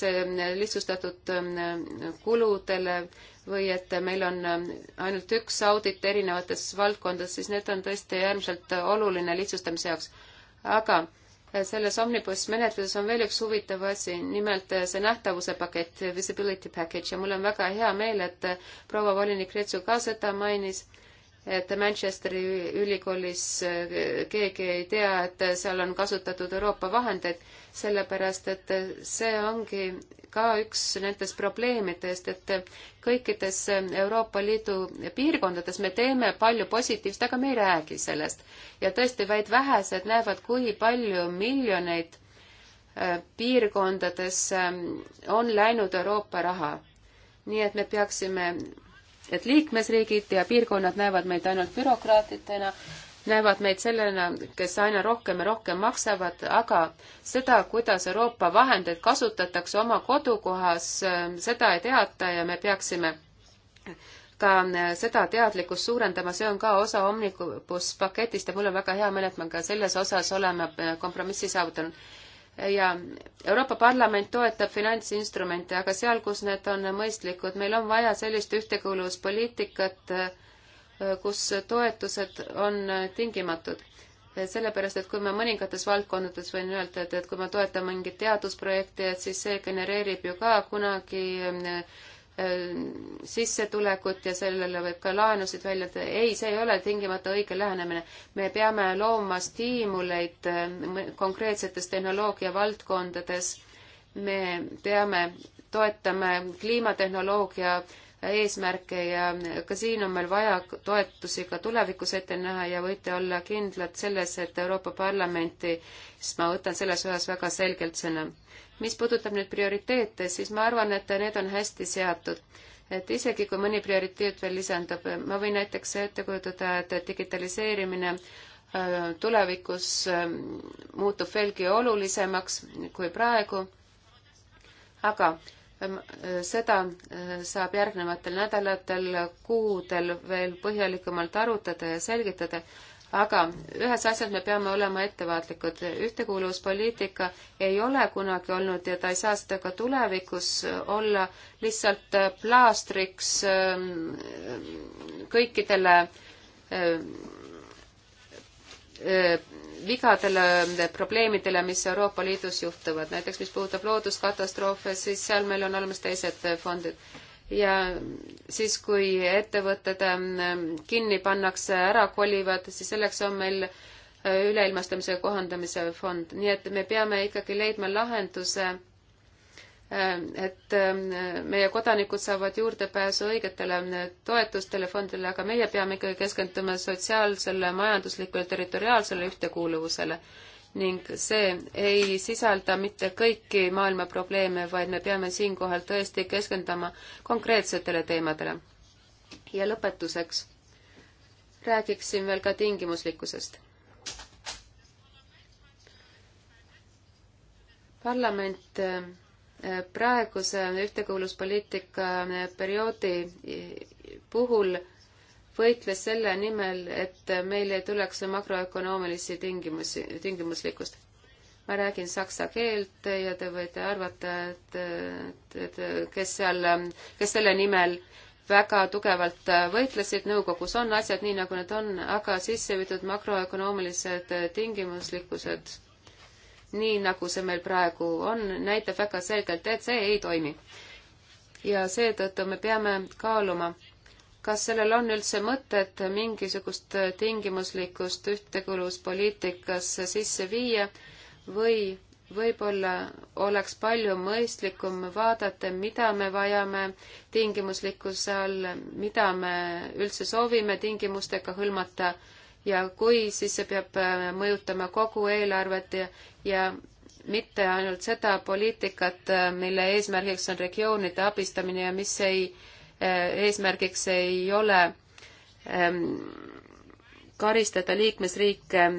lihtsustatud ähm, kuludele või et meil on ähm, ainult üks audit erinevates valdkondades, siis need on tõesti äärmiselt oluline lihtsustamise jaoks. aga selles Omnibus menetluses on veel üks huvitav asi, nimelt eh, see nähtavuse pakett, visibility package ja mul on väga hea meel, et eh, proua volinik Retsu ka seda mainis et Manchesteri ülikoolis eh, keegi ei tea, et seal on kasutatud Euroopa vahendeid, sellepärast et see ongi ka üks nendest probleemidest, et kõikides Euroopa Liidu piirkondades me teeme palju positiivset, aga me ei räägi sellest. ja tõesti vaid vähesed näevad, kui palju miljoneid eh, piirkondadesse eh, on läinud Euroopa raha. nii et me peaksime et liikmesriigid ja piirkonnad näevad meid ainult bürokraatidena, näevad meid sellena, kes aina rohkem ja rohkem maksavad, aga seda, kuidas Euroopa vahendeid kasutatakse oma kodukohas, seda ei teata ja me peaksime ka seda teadlikkust suurendama, see on ka osa Omnibus paketist ja mul on väga hea meel, et me ka selles osas oleme kompromissi saavutanud ja Euroopa Parlament toetab finantsinstrumente, aga seal, kus need on mõistlikud, meil on vaja sellist ühtekuuluvuspoliitikat, kus toetused on tingimatud. sellepärast, et kui me mõningates valdkondades võin öelda, et, et kui ma toetan mingit teadusprojekti, et siis see genereerib ju ka kunagi sissetulekut ja sellele võib ka laenusid välja teha. ei, see ei ole tingimata õige lähenemine. me peame looma stiimuleid eh, konkreetsetes tehnoloogiavaldkondades. me peame toetama kliimatehnoloogia eesmärke ja ka siin on meil vaja toetusi ka tulevikus ette näha ja võite olla kindlad selles, et Euroopa Parlamenti, siis ma võtan selles osas väga selgelt sõna mis puudutab nüüd prioriteete, siis ma arvan, et need on hästi seatud. et isegi, kui mõni prioriteet veel lisandub, ma võin näiteks ette kujutada, et digitaliseerimine äh, tulevikus ähm, muutub veelgi olulisemaks kui praegu, aga ähm, äh, seda äh, saab järgnevatel nädalatel, kuudel veel põhjalikumalt arutada ja selgitada, aga ühes asjas me peame olema ettevaatlikud. ühtekuuluvuspoliitika ei ole kunagi olnud ja ta ei saa seda ka tulevikus olla lihtsalt plaastriks ähm, kõikidele äh, äh, vigadele, probleemidele, mis Euroopa Liidus juhtuvad. näiteks mis puudutab looduskatastroofe, siis seal meil on olemas teised fondid ja siis, kui ettevõtted ähm, kinni pannakse, ära kolivad, siis selleks on meil äh, üleilmastamise kohandamise fond, nii et me peame ikkagi leidma lahenduse, ähm, et ähm, meie kodanikud saavad juurdepääsu õigetele äh, toetustele, fondidele, aga meie peame ikkagi keskenduma sotsiaalsele, majanduslikule, territoriaalsele ühtekuuluvusele ning see ei sisalda mitte kõiki maailma probleeme, vaid me peame siinkohal tõesti keskenduma konkreetsetele teemadele. ja lõpetuseks räägiksin veel ka tingimuslikkusest. parlament eh, praeguse ühtekuuluvuspoliitika eh, perioodi eh, puhul võitles selle nimel, et meil ei tuleks makroökonoomilisi tingimusi, tingimuslikkust. ma räägin saksa keelt ja te võite arvata, et, et, et kes seal, kes selle nimel väga tugevalt võitlesid, nõukogus on asjad nii, nagu need on, aga sisse viidud makroökonoomilised tingimuslikkused, nii nagu see meil praegu on, näitab väga selgelt, et see ei toimi. ja seetõttu me peame kaaluma kas sellel on üldse mõtet mingisugust tingimuslikkust ühtekuuluvuspoliitikasse sisse viia või võib-olla oleks palju mõistlikum vaadata, mida me vajame tingimuslikkuse all, mida me üldse soovime tingimustega hõlmata ja kui, siis see peab äh, mõjutama kogu eelarvet ja, ja mitte ainult seda poliitikat, äh, mille eesmärgiks on regioonide abistamine ja mis ei äh, Eh, eesmärgiks ei ole ehm, karistada liikmesriike ehm,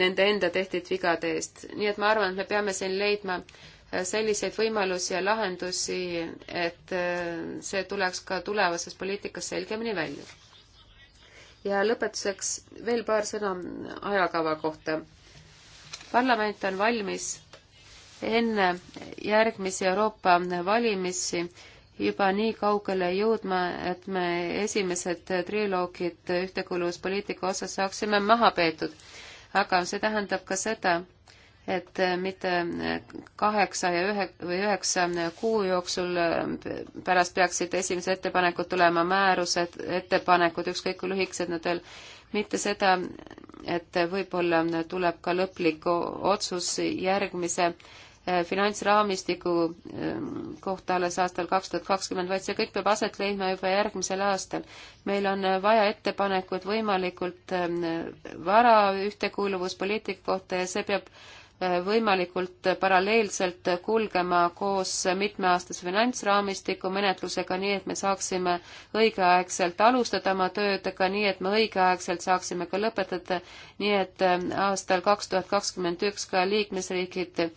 nende enda tehtud vigade eest. nii et ma arvan, et me peame siin leidma eh, selliseid võimalusi ja lahendusi, et eh, see tuleks ka tulevases poliitikas selgemini välja. ja lõpetuseks veel paar sõna ajakava kohta. parlament on valmis enne järgmisi Euroopa valimisi juba nii kaugele jõudma, et me esimesed triloogid ühtekuuluvuspoliitika osas saaksime maha peetud. aga see tähendab ka seda, et mitte kaheksa ja ühe või üheksa kuu jooksul pärast peaksid esimesed ettepanekud tulema, määrused, ettepanekud, ükskõik kui lühikesed nad veel, mitte seda, et võib-olla tuleb ka lõplik otsus järgmise äh, Äh, finantsraamistiku ähm, kohta alles aastal kaks tuhat kakskümmend, vaid see kõik peab aset leidma juba järgmisel aastal. meil on äh, vaja ettepanekuid võimalikult ähm, vara ühtekuuluvuspoliitika kohta ja see peab äh, võimalikult paralleelselt kulgema koos mitmeaastase finantsraamistiku menetlusega, nii et me saaksime õigeaegselt alustada oma töödega, nii et me õigeaegselt saaksime ka lõpetada, nii et aastal kaks tuhat kakskümmend üks ka liikmesriigid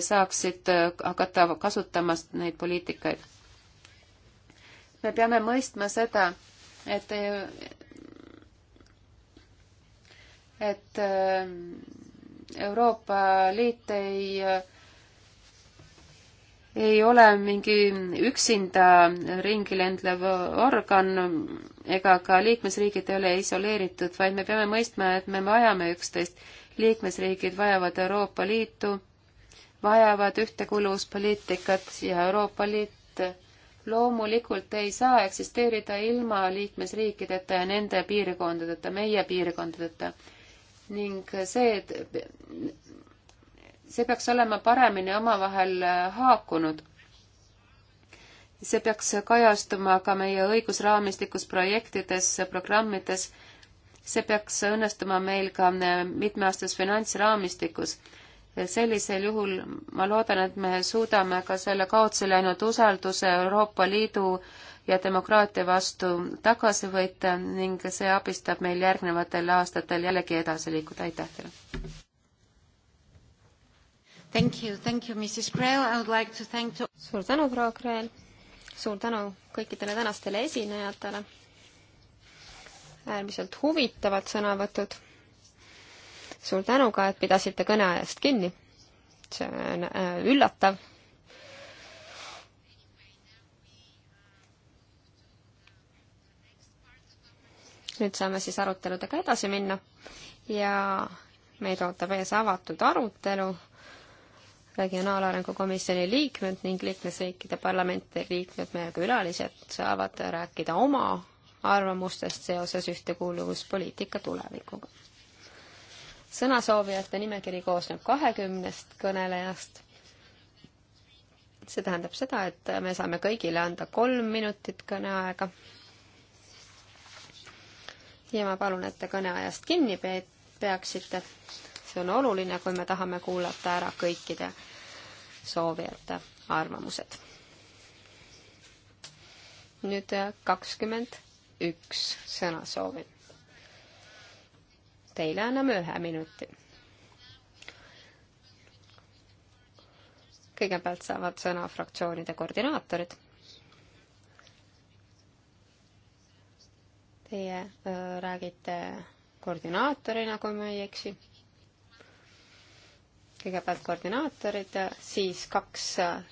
saaksid äh, hakata kasutama neid poliitikaid. me peame mõistma seda, et, et äh, Euroopa Liit ei, ei ole mingi üksinda ringi lendlev organ ega ka liikmesriigid ei ole isoleeritud, vaid me peame mõistma, et me vajame üksteist. liikmesriigid vajavad Euroopa Liitu vajavad ühtekuuluvuspoliitikat ja Euroopa Liit loomulikult ei saa eksisteerida ilma liikmesriikideta ja nende piirkondadeta, meie piirkondadeta. ning see, et see peaks olema paremini omavahel haakunud. see peaks kajastuma ka meie õigusraamistikus, projektides, programmides. see peaks õnnestuma meil ka mitmeaastases finantsraamistikus sellisel juhul ma loodan, et me suudame ka selle kaotsi läinud usalduse Euroopa Liidu ja demokraatia vastu tagasi võita ning see abistab meil järgnevatel aastatel jällegi edasi liikuda, aitäh teile! Thank you, thank you, Mrs Krell, I would like to thank to... suur tänu, proua Krell, suur tänu kõikidele tänastele esinejatele, äärmiselt huvitavad sõnavõtud suur tänu ka, et pidasite kõneajast kinni. see on äh, üllatav. nüüd saame siis aruteludega edasi minna ja meid ootab ees avatud arutelu regionaalarengu komisjoni liikmed ning liikmesriikide parlamentide liikmed, meie külalised, saavad rääkida oma arvamustest seoses ühtekuuluvuspoliitika tulevikuga sõnasoovijate nimekiri koosneb kahekümnest kõnelejast. see tähendab seda, et me saame kõigile anda kolm minutit kõneaega. ja ma palun, et te kõneajast kinni peaksite. see on oluline, kui me tahame kuulata ära kõikide soovijate arvamused. nüüd kakskümmend üks sõnasoovi Teile anname ühe minuti. kõigepealt saavad sõna fraktsioonide koordinaatorid. Teie öö, räägite koordinaatorina, kui ma ei eksi kõigepealt koordinaatorid, siis kaks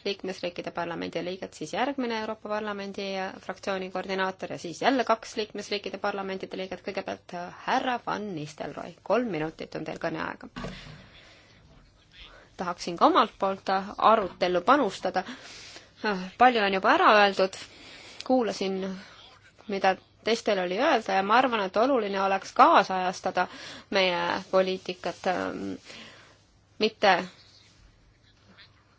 liikmesriikide parlamendi liiget, siis järgmine Euroopa Parlamendi fraktsiooni koordinaator ja siis jälle kaks liikmesriikide parlamendide liiget, kõigepealt härra Van Nistelrooy, kolm minutit on teil kõneaega. tahaksin ka omalt poolt arutellu panustada, palju on juba ära öeldud, kuulasin, mida teistel oli öelda ja ma arvan, et oluline oleks kaasajastada meie poliitikat mitte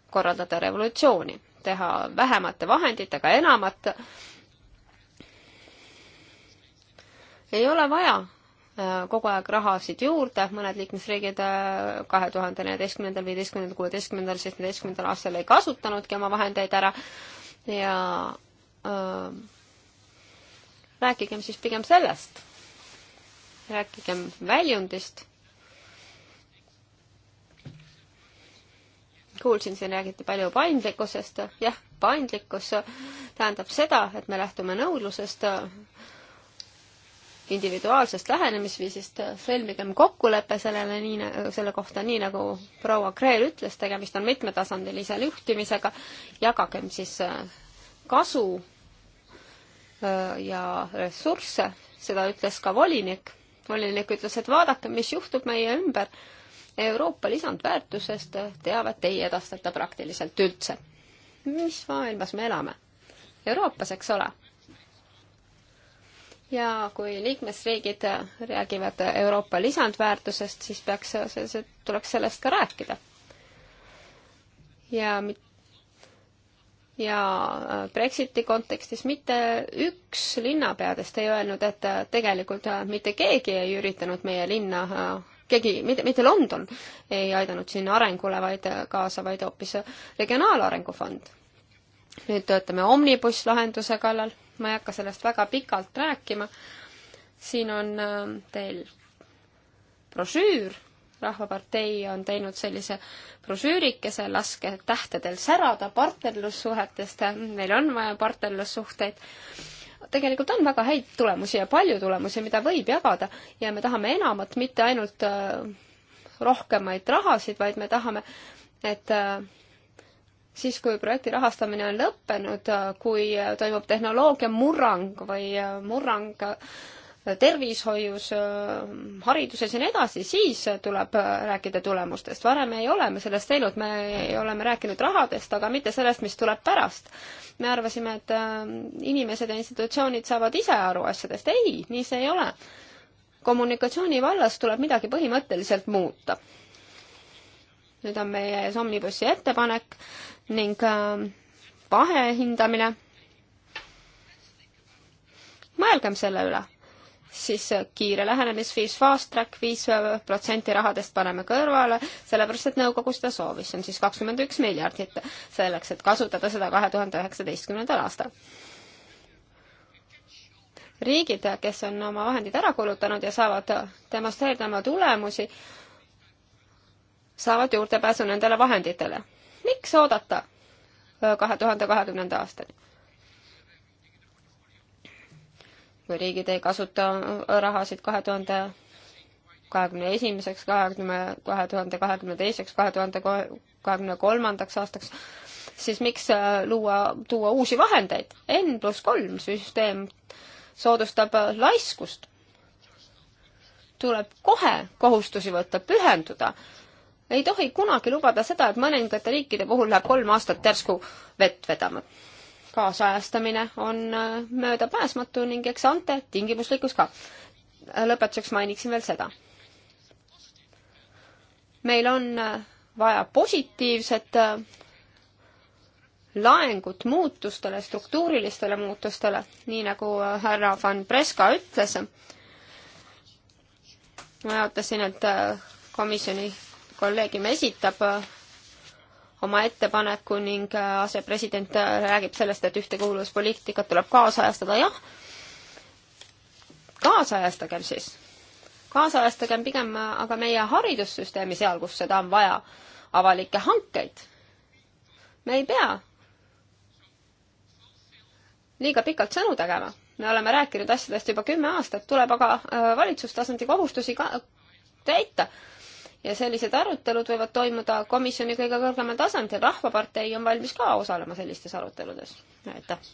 korraldada revolutsiooni, teha vähemate vahenditega enamat. ei ole vaja äh, kogu aeg rahasid juurde, mõned liikmesriigid äh, kahe tuhande neljateistkümnendal, viieteistkümnendal, kuueteistkümnendal, seitsmeteistkümnendal aastal ei kasutanudki oma vahendeid ära ja äh, rääkigem siis pigem sellest, rääkigem väljundist kuulsin, siin räägiti palju paindlikkusest, jah, paindlikkus tähendab seda, et me lähtume nõudlusest, individuaalsest lähenemisviisist, sõlmigem kokkulepe sellele, nii, selle kohta, nii nagu proua Kreel ütles, tegemist on mitmetasandilise juhtimisega, jagagem siis äh, kasu äh, ja ressursse, seda ütles ka volinik. volinik ütles, et vaadake, mis juhtub meie ümber Euroopa lisandväärtusest teavet ei edastata praktiliselt üldse. mis maailmas me elame? Euroopas, eks ole? ja kui liikmesriigid räägivad Euroopa lisandväärtusest, siis peaks, tuleks sellest ka rääkida. ja mit-, ja Brexiti kontekstis mitte üks linnapeadest ei öelnud, et tegelikult mitte keegi ei üritanud meie linna keegi, mitte, mitte London ei aidanud siin arengule, vaid kaasa, vaid hoopis Regionaalarengu Fond. nüüd töötame Omnibus lahenduse kallal, ma ei hakka sellest väga pikalt rääkima, siin on ähm, teil brošüür, Rahvapartei on teinud sellise brošüürikese Laske tähtedel särada partnerlussuhetest, meil on vaja partnerlussuhteid tegelikult on väga häid tulemusi ja palju tulemusi, mida võib jagada ja me tahame enamat, mitte ainult äh, rohkemaid rahasid, vaid me tahame, et äh, siis, kui projekti rahastamine on lõppenud, äh, kui toimub tehnoloogia murrang või murrang tervishoius, hariduses ja nii edasi, siis tuleb rääkida tulemustest. varem ei ole me sellest teinud, me oleme rääkinud rahadest, aga mitte sellest, mis tuleb pärast. me arvasime, et äh, inimesed ja institutsioonid saavad ise aru asjadest. ei, nii see ei ole. kommunikatsiooni vallas tuleb midagi põhimõtteliselt muuta. nüüd on meie ees Omnibussi ettepanek ning äh, vahehindamine. mõelgem selle üle siis kiire lähenemisviis, fast track, viis protsenti rahadest paneme kõrvale, sellepärast et nõukogu seda soovis, see on siis kakskümmend üks miljardit, selleks et kasutada seda kahe tuhande üheksateistkümnendal aastal. riigid, kes on oma vahendid ära kulutanud ja saavad demonstreerida oma tulemusi, saavad juurdepääsu nendele vahenditele. miks oodata kahe tuhande kahekümnenda aastani? kui riigid ei kasuta rahasid kahe tuhande kahekümne esimeseks, kahekümne, kahe tuhande kahekümne teiseks, kahe tuhande kahekümne kolmandaks aastaks, siis miks äh, luua, tuua uusi vahendeid? N pluss kolm süsteem soodustab laiskust. tuleb kohe kohustusi võtta, pühenduda. ei tohi kunagi lubada seda, et mõningate riikide puhul läheb kolm aastat järsku vett vedama kaasajastamine on äh, möödapääsmatu ning eks ante tingimuslikkus ka. lõpetuseks mainiksin veel seda. meil on äh, vaja positiivset äh, laengut muutustele, struktuurilistele muutustele, nii nagu härra Van Preska ütles. ma ootasin, et komisjoni kolleegium esitab oma ettepaneku ning äh, asepresident äh, räägib sellest, et ühtekuuluvuspoliitikat tuleb kaasajastada, jah, kaasajastagem siis. kaasajastagem pigem äh, aga meie haridussüsteemi seal, kus seda on vaja, avalikke hankeid. me ei pea liiga pikalt sõnu tegema. me oleme rääkinud asjadest juba kümme aastat, tuleb aga valitsustasandi kohustusi ka täita ja sellised arutelud võivad toimuda komisjoni kõige kõrgemal tasandil, Rahvapartei on valmis ka osalema sellistes aruteludes, aitäh.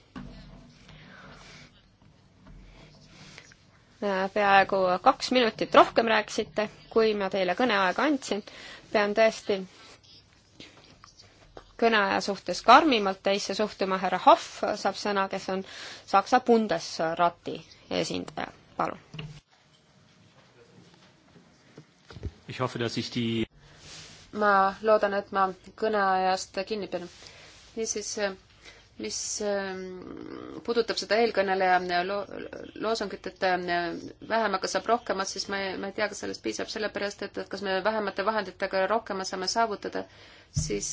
peaaegu kaks minutit rohkem rääkisite, kui ma teile kõneaega andsin, pean tõesti kõneaja suhtes karmimalt teisse suhtuma, härra Hoff saab sõna, kes on Saksa Bundesrati esindaja, palun. Die... ma loodan, et ma kõneajast kinni pean. niisiis, äh, mis ähm, puudutab seda eelkõneleja äh, lo-, loosungit, et äh, vähemaga saab rohkemat, siis ma ei, ma ei tea, kas sellest piisab, sellepärast et, et kas me vähemate vahenditega rohkema saame saavutada, siis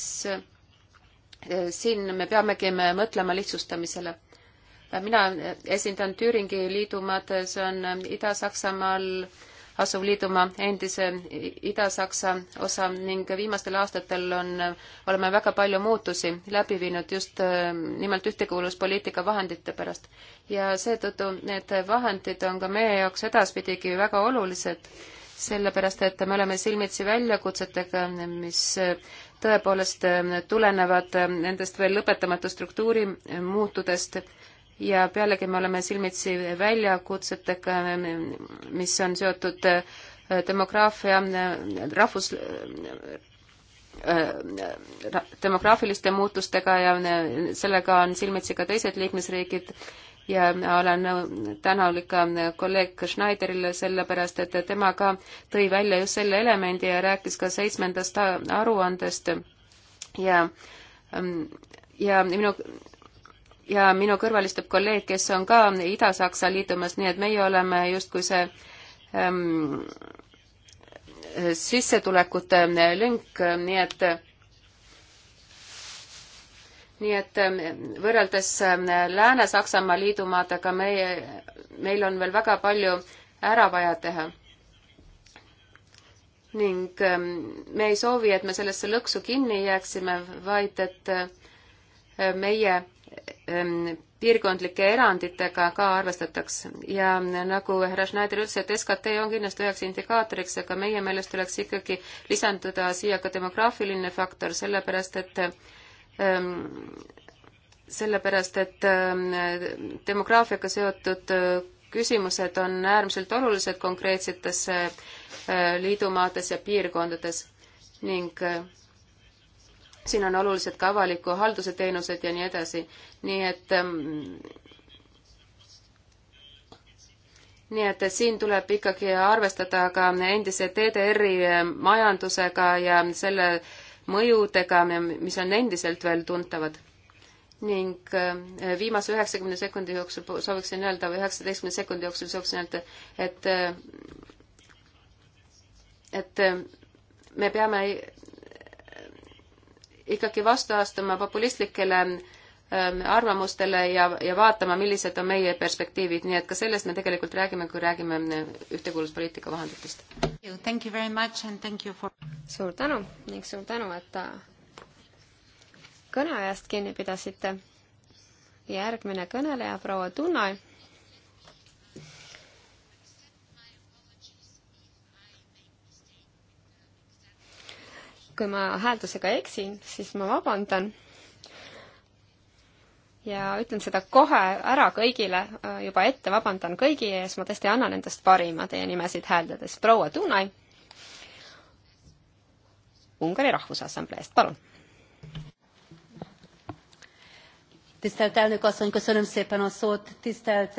siin me peamegi me mõtlema lihtsustamisele mina esindan Tüüringi liidumaad, see on Ida-Saksamaal äh, asuv liidumaa endise Ida-Saksa osa ning viimastel aastatel on, oleme väga palju muutusi läbi viinud just äh, nimelt ühtekuuluvuspoliitika vahendite pärast. ja seetõttu need vahendid on ka meie jaoks edaspidigi väga olulised, sellepärast et me oleme silmitsi väljakutsetega, mis äh, tõepoolest äh, tulenevad nendest veel lõpetamatu struktuuri muutudest ja pealegi me oleme silmitsi väljakutsetega, mis on seotud äh, demograafia, äh, rahvus, äh, demograafiliste muutustega ja sellega on silmitsi ka teised liikmesriigid ja olen tänulik ka kolleeg Schneiderile, sellepärast et tema ka tõi välja just selle elemendi ja rääkis ka seitsmendast aruandest ja ähm, ja minu ja minu kõrval istub kolleeg, kes on ka Ida-Saksa liidumas, nii et meie oleme justkui see ähm, sissetulekute ähm, lünk, ähm, nii et nii et ähm, võrreldes Lääne-Saksamaa liidumaadega meie, meil on veel väga palju ära vaja teha. ning me ei soovi, et me sellesse lõksu kinni jääksime, vaid et äh, meie Ähm, piirkondlike eranditega ka arvestataks ja nagu härra Schneider ütles, et SKT on kindlasti üheks indikaatoriks, aga meie meelest tuleks ikkagi lisanduda siia ka demograafiline faktor, sellepärast et ähm, sellepärast, et ähm, demograafiaga seotud äh, küsimused on äärmiselt olulised konkreetsetes äh, liidumaades ja piirkondades ning äh, siin on olulised ka avaliku halduse teenused ja nii edasi, nii et ähm, nii et, et siin tuleb ikkagi arvestada ka endise TDR-i ähm, majandusega ja selle mõjudega, mis on endiselt veel tuntavad. ning ähm, viimase üheksakümne sekundi jooksul sooviksin öelda või üheksateistkümne sekundi jooksul sooviksin öelda, et et me peame ikkagi vastu astuma populistlikele ähm, arvamustele ja, ja vaatama, millised on meie perspektiivid, nii et ka sellest me tegelikult räägime, kui räägime äh, ühtekuuluvuspoliitika vahenditest. For... suur tänu ning suur tänu, et kõneajast kinni pidasite. järgmine kõneleja, proua Tunnai kui ma hääldusega eksin, siis ma vabandan. ja ütlen seda kohe ära kõigile, äh, juba ette vabandan kõigi ees, ma tõesti annan endast parima teie nimesid hääldades. proua Dunai Ungari Rahvusassambleest, palun. tisztelt elnök asszony, köszönöm szépen a szót, tisztelt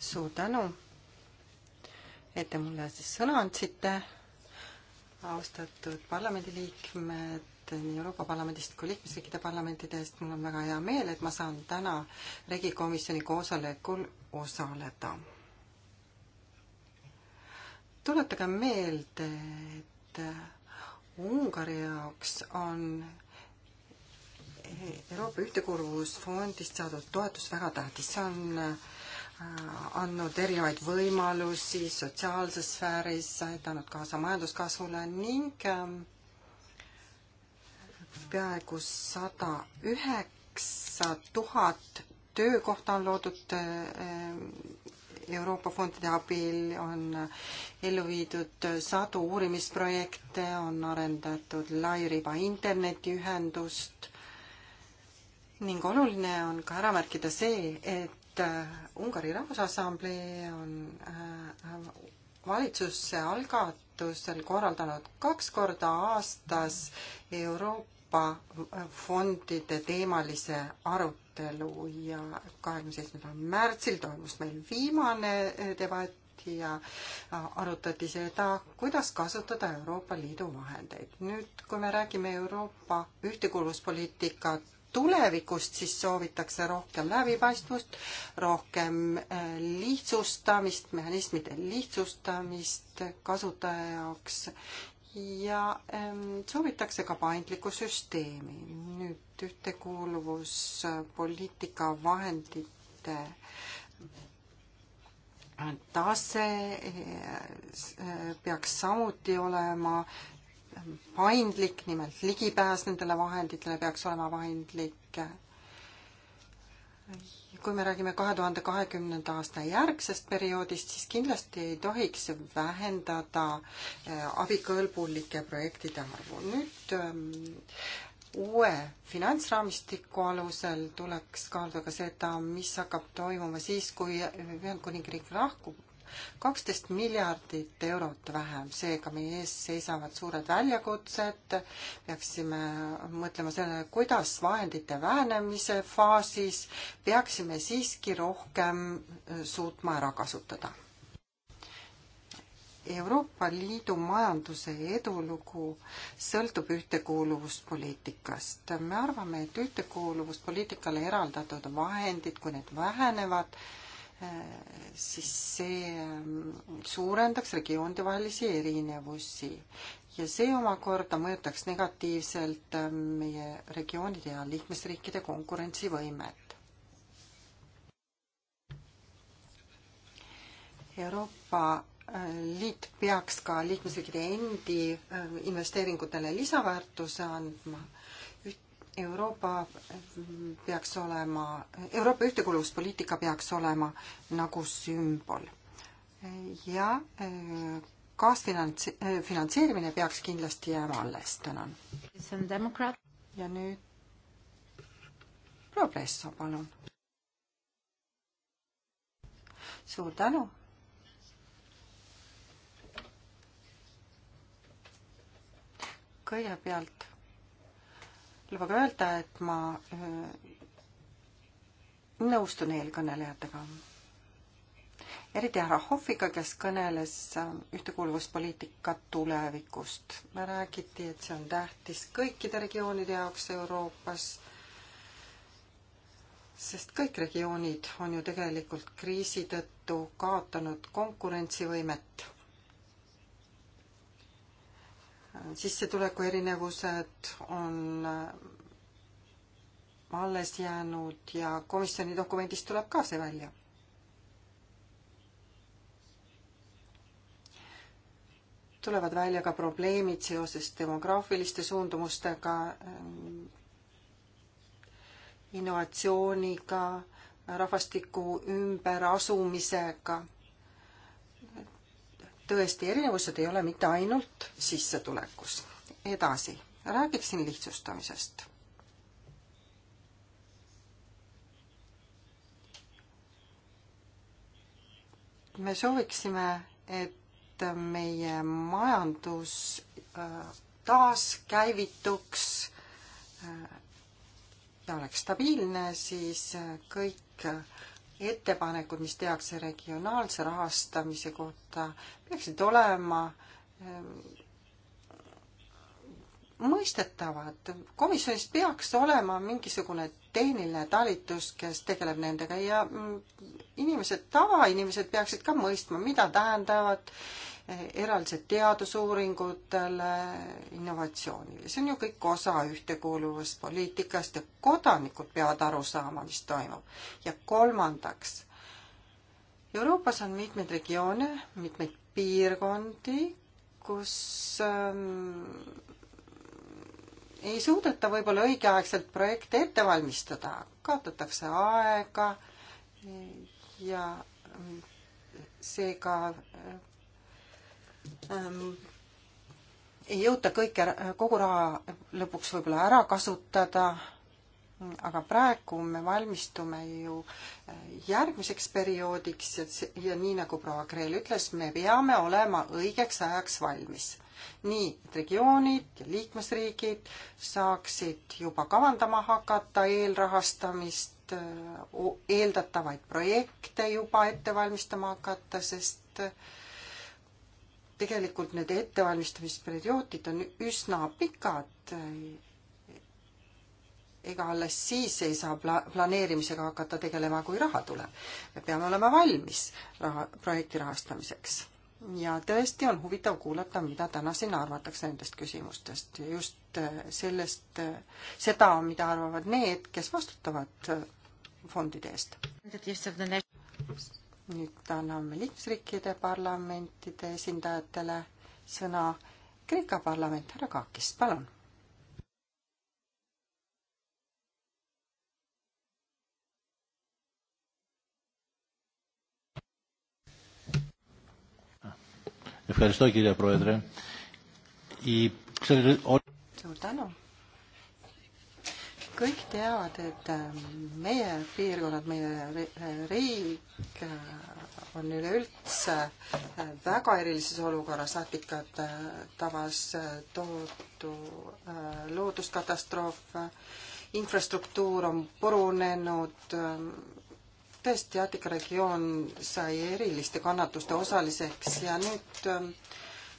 suur tänu, et te mulle siis sõna andsite austatud parlamendiliikmed nii Euroopa Parlamendist kui liikmesriikide parlamentidest, mul on väga hea meel, et ma saan täna regikomisjoni koosolekul osaleda. tuletage meelde, et Ungari jaoks on Euroopa Ühtekuuluvusfondist saadud toetus väga tähtis, see on Äh, andnud erinevaid võimalusi sotsiaalses sfääris, aidanud kaasa majanduskasvule ning ähm, peaaegu sada üheksa tuhat töökohta on loodud äh, Euroopa fondide abil, on ellu viidud sadu uurimisprojekte, on arendatud lairiba internetiühendust ning oluline on ka ära märkida see, et Äh, Ungari Rahvusassamblee on äh, valitsusse algatusel korraldanud kaks korda aastas Euroopa äh, fondide teemalise arutelu ja kahekümne seitsmendal märtsil toimus meil viimane debatt ja arutati seda, kuidas kasutada Euroopa Liidu vahendeid. nüüd, kui me räägime Euroopa ühtekuuluvuspoliitikat tulevikust, siis soovitakse rohkem läbipaistvust, rohkem äh, lihtsustamist, mehhanismide lihtsustamist kasutaja jaoks ja ähm, soovitakse ka paindlikku süsteemi. nüüd ühtekuuluvuspoliitika vahendite äh, tase äh, peaks samuti olema paindlik, nimelt ligipääs nendele vahenditele peaks olema paindlik. kui me räägime kahe tuhande kahekümnenda aasta järgsest perioodist, siis kindlasti ei tohiks vähendada eh, abikõlbulike projektide arvu. nüüd ehm, uue finantsraamistiku alusel tuleks kaaluda ka seda, mis hakkab toimuma siis, kui Ühendkuningriik lahkub kaksteist miljardit eurot vähem, seega meie ees seisavad suured väljakutsed, peaksime mõtlema sellele, kuidas vahendite vähenemise faasis peaksime siiski rohkem äh, suutma ära kasutada. Euroopa Liidu majanduse edulugu sõltub ühtekuuluvuspoliitikast. me arvame, et ühtekuuluvuspoliitikale eraldatud vahendid, kui need vähenevad, siis see mm, suurendaks regioonide vahelisi erinevusi ja see omakorda mõjutaks negatiivselt äh, meie regioonide ja liikmesriikide konkurentsivõimet. Euroopa äh, Liit peaks ka liikmesriikide endi äh, investeeringutele lisaväärtuse andma Euroopa peaks olema, Euroopa ühtekuuluvuspoliitika peaks olema nagu sümbol. ja eh, kaasfinants-, eh, finantseerimine peaks kindlasti jääma alles, tänan. ja nüüd Progresso, palun. suur tänu kõigepealt lubage öelda, et ma äh, nõustun eelkõnelejatega. eriti härra Hoffiga, kes kõneles äh, ühtekuuluvuspoliitika tulevikust. räägiti, et see on tähtis kõikide regioonide jaoks Euroopas sest kõik regioonid on ju tegelikult kriisi tõttu kaotanud konkurentsivõimet sissetuleku erinevused on äh, alles jäänud ja komisjoni dokumendist tuleb ka see välja. tulevad välja ka probleemid seoses demograafiliste suundumustega, innovatsiooniga, rahvastiku ümberasumisega tõesti, erinevused ei ole mitte ainult sissetulekus. edasi, räägiksin lihtsustamisest me sooviksime, et meie majandus äh, taaskäivituks äh, ja oleks stabiilne, siis äh, kõik ettepanekud, mis tehakse regionaalse rahastamise kohta, peaksid olema ehm, mõistetavad, komisjonis peaks olema mingisugune tehniline talitus, kes tegeleb nendega ja mm, inimesed, tavainimesed peaksid ka mõistma, mida tähendavad eraldised teadusuuringutele, innovatsioonile, see on ju kõik osa ühtekuuluvuspoliitikast ja kodanikud peavad aru saama, mis toimub. ja kolmandaks, Euroopas on mitmeid regioone, mitmeid piirkondi, kus ähm, ei suudeta võib-olla õigeaegselt projekte ette valmistada, kaotatakse aega ja ähm, seega ähm, ei jõuta kõike, kogu raha lõpuks võib-olla ära kasutada, aga praegu me valmistume ju eh, järgmiseks perioodiks ja, ja nii, nagu proua Kreel ütles, me peame olema õigeks ajaks valmis. nii, et regioonid ja liikmesriigid saaksid juba kavandama hakata eelrahastamist, eh, eeldatavaid projekte juba ette valmistama hakata, sest äh, tegelikult need ettevalmistamisperioodid on üsna pikad. ega alles siis ei saa pla-, planeerimisega hakata tegelema, kui raha tuleb. me peame olema valmis raha, projekti rahastamiseks. ja tõesti on huvitav kuulata, mida täna siin arvatakse nendest küsimustest ja just äh, sellest, äh, seda, mida arvavad need, kes vastutavad äh, fondide eest nüüd anname liikmesriikide parlamentide esindajatele sõna. Kreeka parlament, härra Kaakis, palun. suur tänu kõik teavad, et äh, meie piirkonnad, meie riik äh, on üleüldse äh, väga erilises olukorras, Atikat tabas tohutu looduskatastroof, infrastruktuur on purunenud, tõesti, Atika regioon sai eriliste kannatuste osaliseks ja nüüd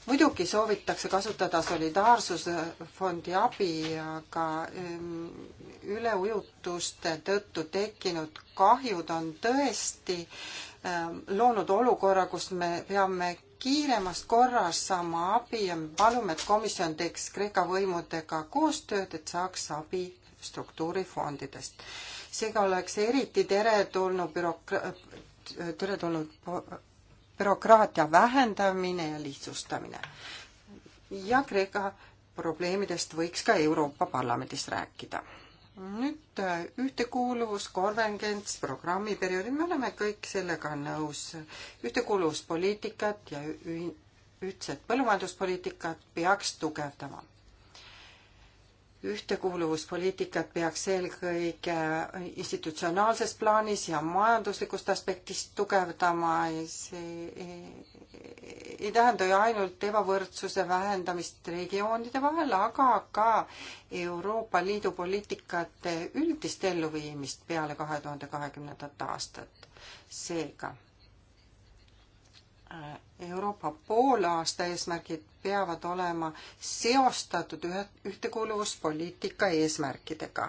muidugi soovitakse kasutada solidaarsusfondi abi, aga ähm, üleujutuste tõttu tekkinud kahjud on tõesti ähm, loonud olukorra, kus me peame kiiremas korras saama abi ja me palume, et komisjon teeks Kreeka võimudega koostööd, et saaks abi struktuurifondidest. seega oleks eriti teretulnud bürok-, äh, teretulnud bürokraatia vähendamine ja lihtsustamine. ja Kreeka probleemidest võiks ka Euroopa Parlamendis rääkida. nüüd äh, ühtekuuluvus, konvergents, programmiperioodid, me oleme kõik sellega nõus. ühtekuuluvuspoliitikat ja ühtset põllumajanduspoliitikat peaks tugevdama ühtekuuluvuspoliitikat peaks eelkõige institutsionaalses plaanis ja majanduslikust aspektist tugevdama ja see ei tähenda ju ainult ebavõrdsuse vähendamist regioonide vahel, aga ka Euroopa Liidu poliitikate üldist elluviimist peale kahe tuhande kahekümnendat aastat. seega Euroopa poolaasta eesmärgid peavad olema seostatud ühe, ühtekuuluvuspoliitika eesmärkidega.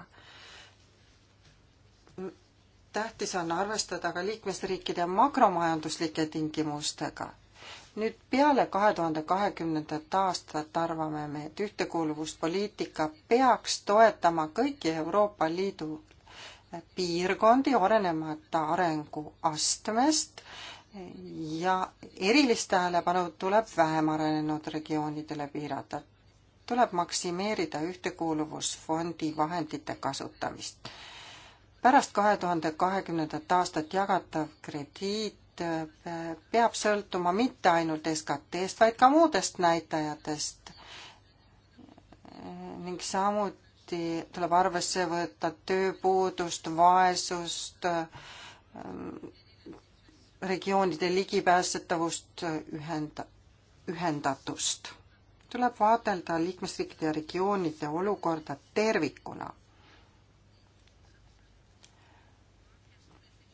tähtis on arvestada ka liikmesriikide makromajanduslike tingimustega. nüüd peale kahe tuhande kahekümnendat aastat arvame me, et ühtekuuluvuspoliitika peaks toetama kõiki Euroopa Liidu piirkondi arenemata arenguastmest äh, ja erilist tähelepanu tuleb vähem arenenud regioonidele piirata. tuleb maksimeerida ühtekuuluvusfondi vahendite kasutamist. pärast kahe tuhande kahekümnendat aastat jagatav krediit peab sõltuma mitte ainult SKT-st, vaid ka muudest näitajatest ning samuti tuleb arvesse võtta tööpuudust, vaesust, regioonide ligipääsetavust ühenda, ühendatust. tuleb vaadelda liikmesriikide ja regioonide olukorda tervikuna.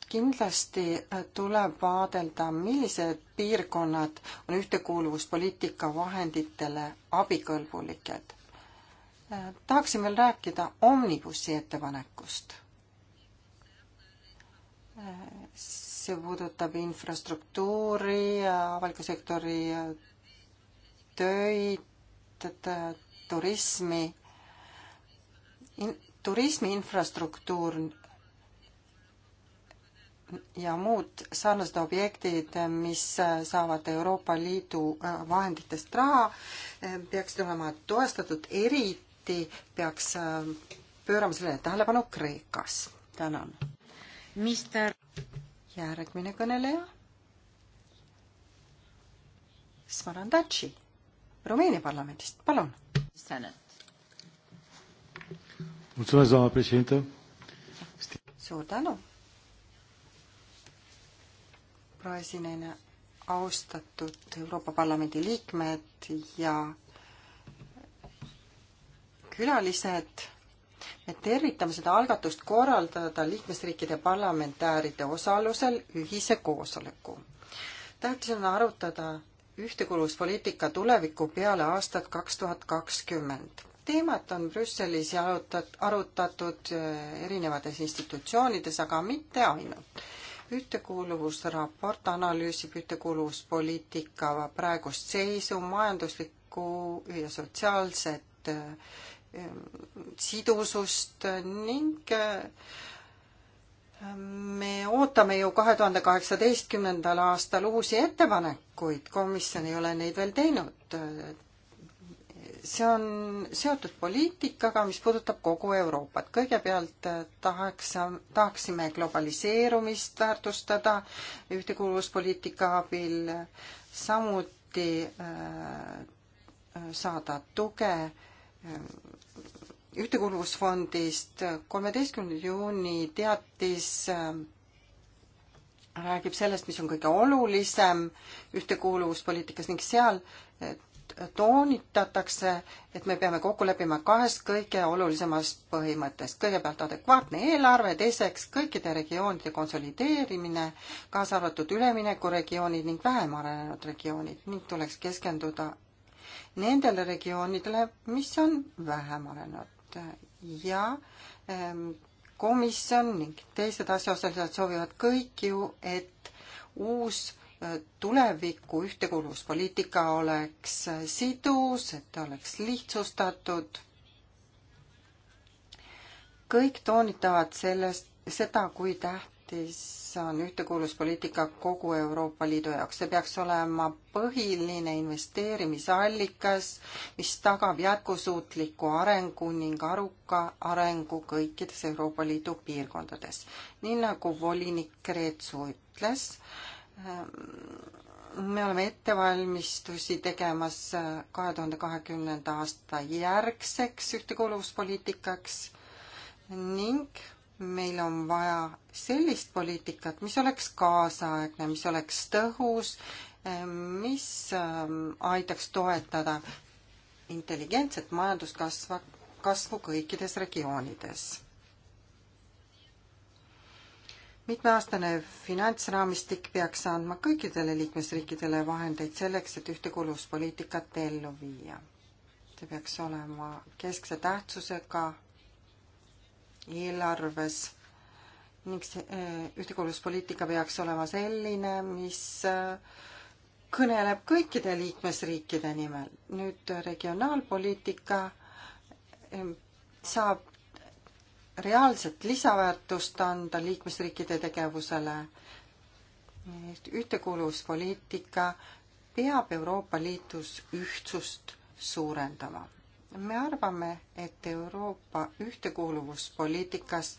kindlasti äh, tuleb vaadelda, millised piirkonnad on ühtekuuluvuspoliitika vahenditele abikõlbulikud. Äh, tahaksin veel rääkida omnibussi ettepanekust äh, see puudutab infrastruktuuri, avaliku sektori töid, turismi In,. turismi infrastruktuur ja muud sarnased objektid, mis saavad Euroopa Liidu äh, vahenditest raha, äh, peaksid olema toestatud, eriti peaks äh, pöörama sellele tähelepanu Kreekas. tänan. Mister järgmine kõneleja. Smarandaci Rumeenia parlamendist, palun. suur tänu. proua esineja, austatud Euroopa Parlamendi liikmed ja külalised me tervitame seda algatust korraldada liikmesriikide parlamentääride osalusel ühise koosoleku. tähtis on arutada ühtekuuluvuspoliitika tulevikku peale aastat kaks tuhat kakskümmend. teemat on Brüsselis ja arutat-, arutatud äh, erinevates institutsioonides, aga mitte ainult. ühtekuuluvusraport analüüsib ühtekuuluvuspoliitika praegust seisu, majanduslikku ja sotsiaalset äh, sidusust ning äh, me ootame ju kahe tuhande kaheksateistkümnendal aastal uusi ettepanekuid, komisjon ei ole neid veel teinud. see on seotud poliitikaga, mis puudutab kogu Euroopat. kõigepealt äh, tahaks, tahaksime globaliseerumist väärtustada ühtekuuluvuspoliitika abil, samuti äh, saada tuge Ehm, ühtekuuluvusfondist kolmeteistkümnenda juuni teatis ehm, räägib sellest, mis on kõige olulisem ühtekuuluvuspoliitikas ning seal toonitatakse, et me peame kokku leppima kahes kõige olulisemas põhimõttes. kõigepealt adekvaatne eelarve, teiseks kõikide regioonide konsolideerimine, kaasa arvatud üleminekuregioonid ning vähem arenenud regioonid ning tuleks keskenduda nendele regioonidele, mis on vähem arenenud ja ehm, komisjon ning teised asjaosalised soovivad kõik ju, et uus eh, tuleviku ühtekuuluvuspoliitika oleks eh, sidus, et ta oleks lihtsustatud. kõik toonitavad sellest, seda, kui täht-, tähtis on ühtekuuluvuspoliitika kogu Euroopa Liidu jaoks. see peaks olema põhiline investeerimisallikas, mis tagab jätkusuutliku arengu ning aruka arengu kõikides Euroopa Liidu piirkondades. nii nagu volinik Kreetsu ütles, ehm, me oleme ettevalmistusi tegemas eh, kahe tuhande kahekümnenda aasta järgseks ühtekuuluvuspoliitikaks ning meil on vaja sellist poliitikat, mis oleks kaasaegne, mis oleks tõhus, ehm, mis ehm, aitaks toetada intelligentset majanduskasva, kasvu kõikides regioonides. mitmeaastane finantsraamistik peaks andma kõikidele liikmesriikidele vahendeid selleks, et ühtekuuluvuspoliitikat ellu viia. see peaks olema keskse tähtsusega eelarves ning see eh, ühtekuuluvuspoliitika peaks olema selline, mis eh, kõneleb kõikide liikmesriikide nimel. nüüd regionaalpoliitika eh, saab reaalset lisaväärtust anda liikmesriikide tegevusele. ühtekuuluvuspoliitika peab Euroopa Liidus ühtsust suurendama me arvame, et Euroopa ühtekuuluvuspoliitikas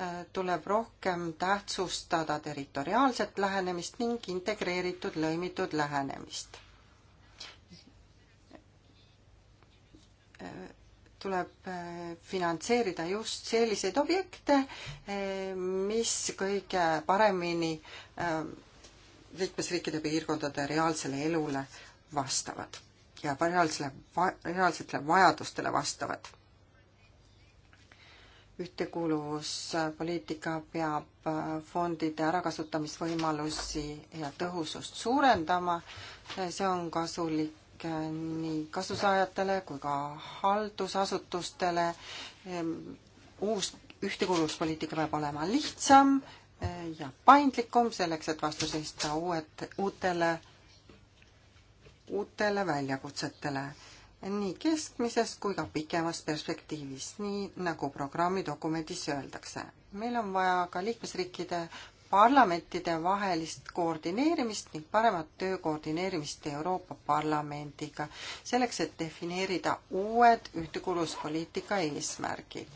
äh, tuleb rohkem tähtsustada territoriaalset lähenemist ning integreeritud lõimitud lähenemist. Äh, tuleb äh, finantseerida just selliseid objekte, mis kõige paremini liikmesriikide piirkondade reaalsele elule vastavad ja reaalsele, reaalsetele vajadustele vastavad. ühtekuuluvuspoliitika peab äh, fondide ärakasutamisvõimalusi ja tõhusust suurendama, see on kasulik äh, nii kasusaajatele kui ka haldusasutustele. Ehm, uus ühtekuuluvuspoliitika peab olema lihtsam äh, ja paindlikum selleks, et vastu seista uued, uutele uutele väljakutsetele nii keskmises kui ka pikemas perspektiivis, nii nagu programmi dokumendis öeldakse. meil on vaja ka liikmesriikide parlamentide vahelist koordineerimist ning paremat töö koordineerimist Euroopa Parlamendiga, selleks et defineerida uued ühtekuuluvuspoliitika eesmärgid.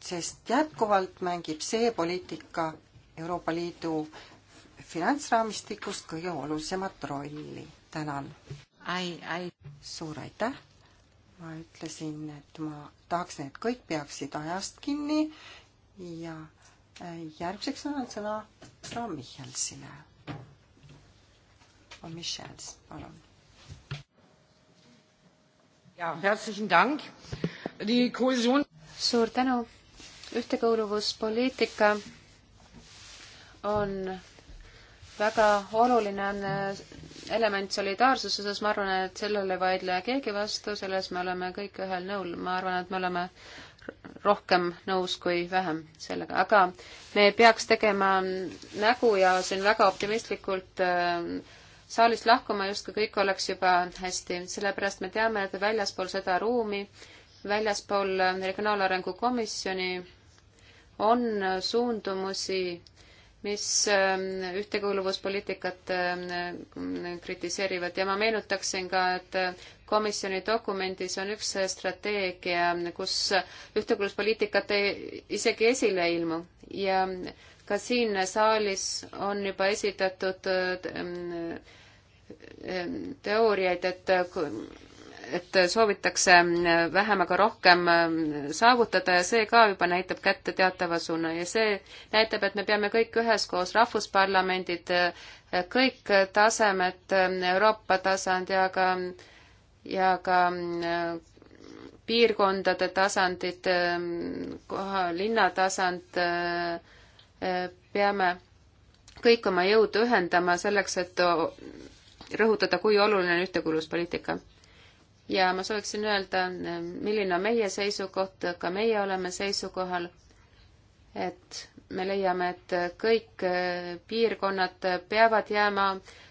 sest jätkuvalt mängib see poliitika Euroopa Liidu finantsraamistikust kõige olulisemat rolli. tänan! suur aitäh! ma ütlesin, et ma tahaks, et kõik peaksid ajast kinni ja äh, järgmiseks annan sõna proua Michalsile. proua Michals, palun. ja, herzlichen Dank. Die Kohäsion. suur tänu. ühtekuuluvuspoliitika on väga oluline on äh, element solidaarsuse osas, ma arvan, et sellele ei vaidle keegi vastu, selles me oleme kõik ühel nõul, ma arvan, et me oleme rohkem nõus kui vähem sellega, aga me peaks tegema nägu ja siin väga optimistlikult äh, saalist lahkuma, justkui kõik oleks juba hästi, sellepärast me teame, et väljaspool seda ruumi, väljaspool Regionaalarengu Komisjoni on suundumusi mis ähm, ühtekuuluvuspoliitikat ähm, kritiseerivad ja ma meenutaksin ka, et äh, komisjoni dokumendis on üks äh, strateegia, kus ühtekuuluvuspoliitikat ei, isegi esile ei ilmu ja ka siin saalis on juba esitatud äh, teooriaid, et et soovitakse vähemaga rohkem ähm, saavutada ja see ka juba näitab kätte teatava suuna ja see näitab, et me peame kõik üheskoos, rahvusparlamendid, äh, kõik tasemed, ähm, Euroopa tasand ja ka, ja ka äh, piirkondade tasandid, ähm, koha, linna tasand, äh, peame kõik oma jõud ühendama selleks, et rõhutada, kui oluline on ühtekuuluvuspoliitika ja ma sooviksin öelda, milline on meie seisukoht, ka meie oleme seisukohal, et me leiame, et kõik piirkonnad peavad jääma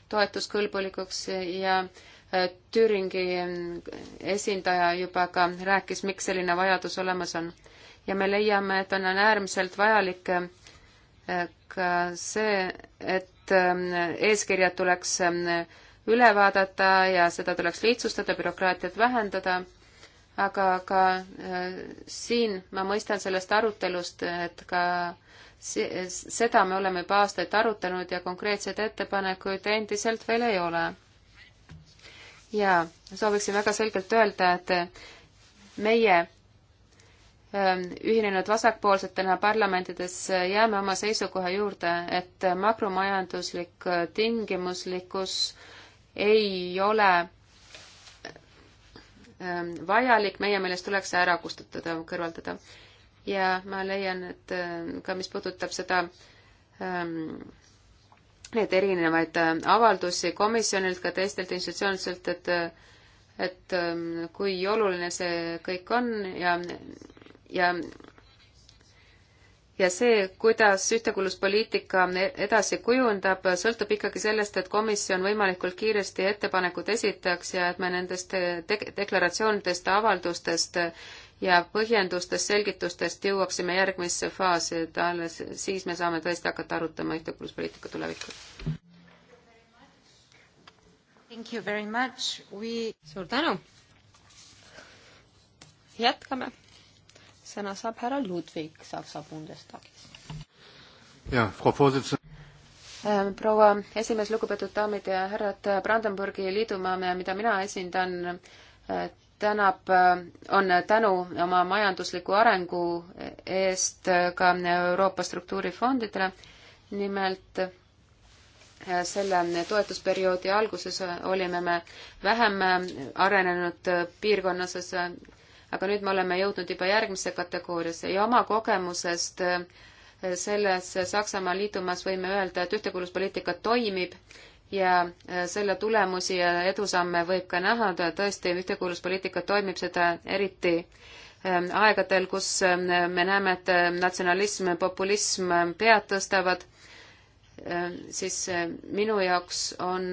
toetuskõlbulikuks ja äh, Türingi ähm, esindaja juba ka rääkis, miks selline vajadus olemas on. ja me leiame, et on äärmiselt vajalik äh, ka see, et ähm, eeskirjad tuleks ähm, üle vaadata ja seda tuleks lihtsustada, bürokraatiat vähendada, aga ka äh, siin ma mõistan sellest arutelust, et ka seda me oleme juba aastaid arutanud ja konkreetseid ettepanekuid endiselt veel ei ole. ja sooviksin väga selgelt öelda, et meie ähm, ühinenud vasakpoolsetena parlamendides jääme oma seisukoha juurde, et makromajanduslik äh, tingimuslikkus äh, ei ole ähm, vajalik, meie meelest tuleks see ära kustutada, kõrvaldada. ja ma leian, et ähm, ka mis puudutab seda, neid ähm, erinevaid äh, avaldusi komisjonilt, ka teistelt institutsioonidelt, et äh, et kui oluline see kõik on ja, ja ja see, kuidas ühtekuuluvuspoliitika edasi kujundab, sõltub ikkagi sellest, et komisjon võimalikult kiiresti ettepanekud esitaks ja et me nendest deklaratsioonidest, avaldustest ja põhjendustest, selgitustest jõuaksime järgmisse faasi, et alles siis me saame tõesti hakata arutama ühtekuuluvuspoliitika tulevikku. We... suur tänu! jätkame sõna saab härra Ludvig Saksa Bundestagis. jah, ähm, proua esimees, lugupeetud daamid ja härrad, Brandenburgi liidumaa, mida mina esindan, äh, tänab, äh, on tänu oma majandusliku arengu eest äh, ka Euroopa struktuurifondidele. nimelt selle toetusperioodi alguses olime me vähem arenenud piirkonnas aga nüüd me oleme jõudnud juba järgmisse kategooriasse ja oma kogemusest äh, selles Saksamaa liidumas võime öelda, et ühtekuuluvuspoliitika toimib ja äh, selle tulemusi ja edusamme võib ka näha, tõesti ühtekuuluvuspoliitika toimib seda eriti ähm, aegadel, kus ähm, me näeme, et äh, natsionalism, populism ähm, pead tõstavad, siis minu jaoks on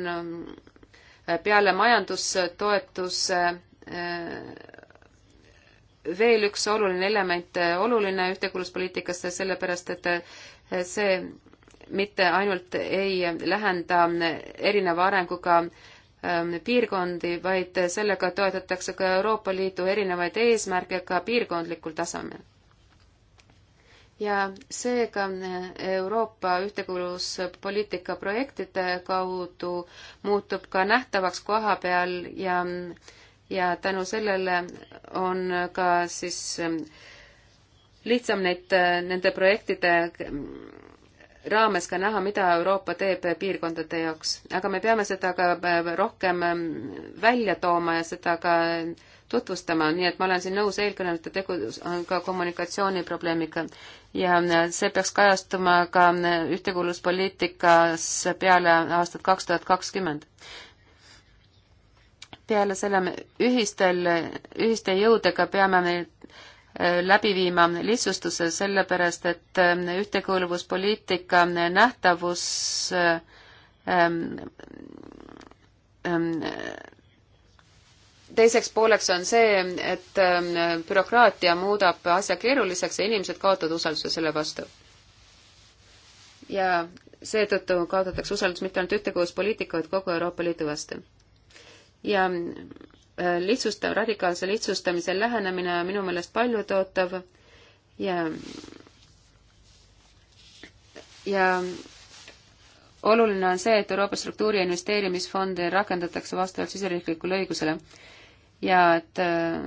peale majandustoetuse veel üks oluline element, äh, oluline ühtekuuluvuspoliitikasse, sellepärast et äh, see mitte ainult ei lähenda äh, erineva arenguga ähm, piirkondi, vaid sellega toetatakse ka Euroopa Liidu erinevaid eesmärke ka piirkondlikul tasemel. ja seega Euroopa ühtekuuluvuspoliitika projektide kaudu muutub ka nähtavaks koha peal ja äh, ja tänu sellele on ka siis ähm, lihtsam neid, äh, nende projektide ähm, raames ka näha, mida Euroopa teeb piirkondade jaoks. aga me peame seda ka äh, rohkem ähm, välja tooma ja seda ka tutvustama, nii et ma olen siin nõus eelkõnelejate tegu on ka kommunikatsiooniprobleemiga ja äh, see peaks kajastuma ka ühtekuuluvuspoliitikas peale aastat kaks tuhat kakskümmend peale selle me ühistel, ühiste jõudega peame me äh, läbi viima lihtsustuse, sellepärast et äh, ühtekuuluvuspoliitika nähtavus äh, ähm, ähm, teiseks pooleks on see, et ähm, bürokraatia muudab asja keeruliseks ja inimesed kaotavad usalduse selle vastu. ja seetõttu kaotatakse usaldus mitte ainult ühtekuuluvuspoliitika, vaid kogu Euroopa Liidu vastu ja äh, lihtsustav, radikaalse lihtsustamise lähenemine on minu meelest paljutootav ja ja oluline on see, et Euroopa struktuuri investeerimisfonde rakendatakse vastavalt siseriiklikule õigusele ja et äh,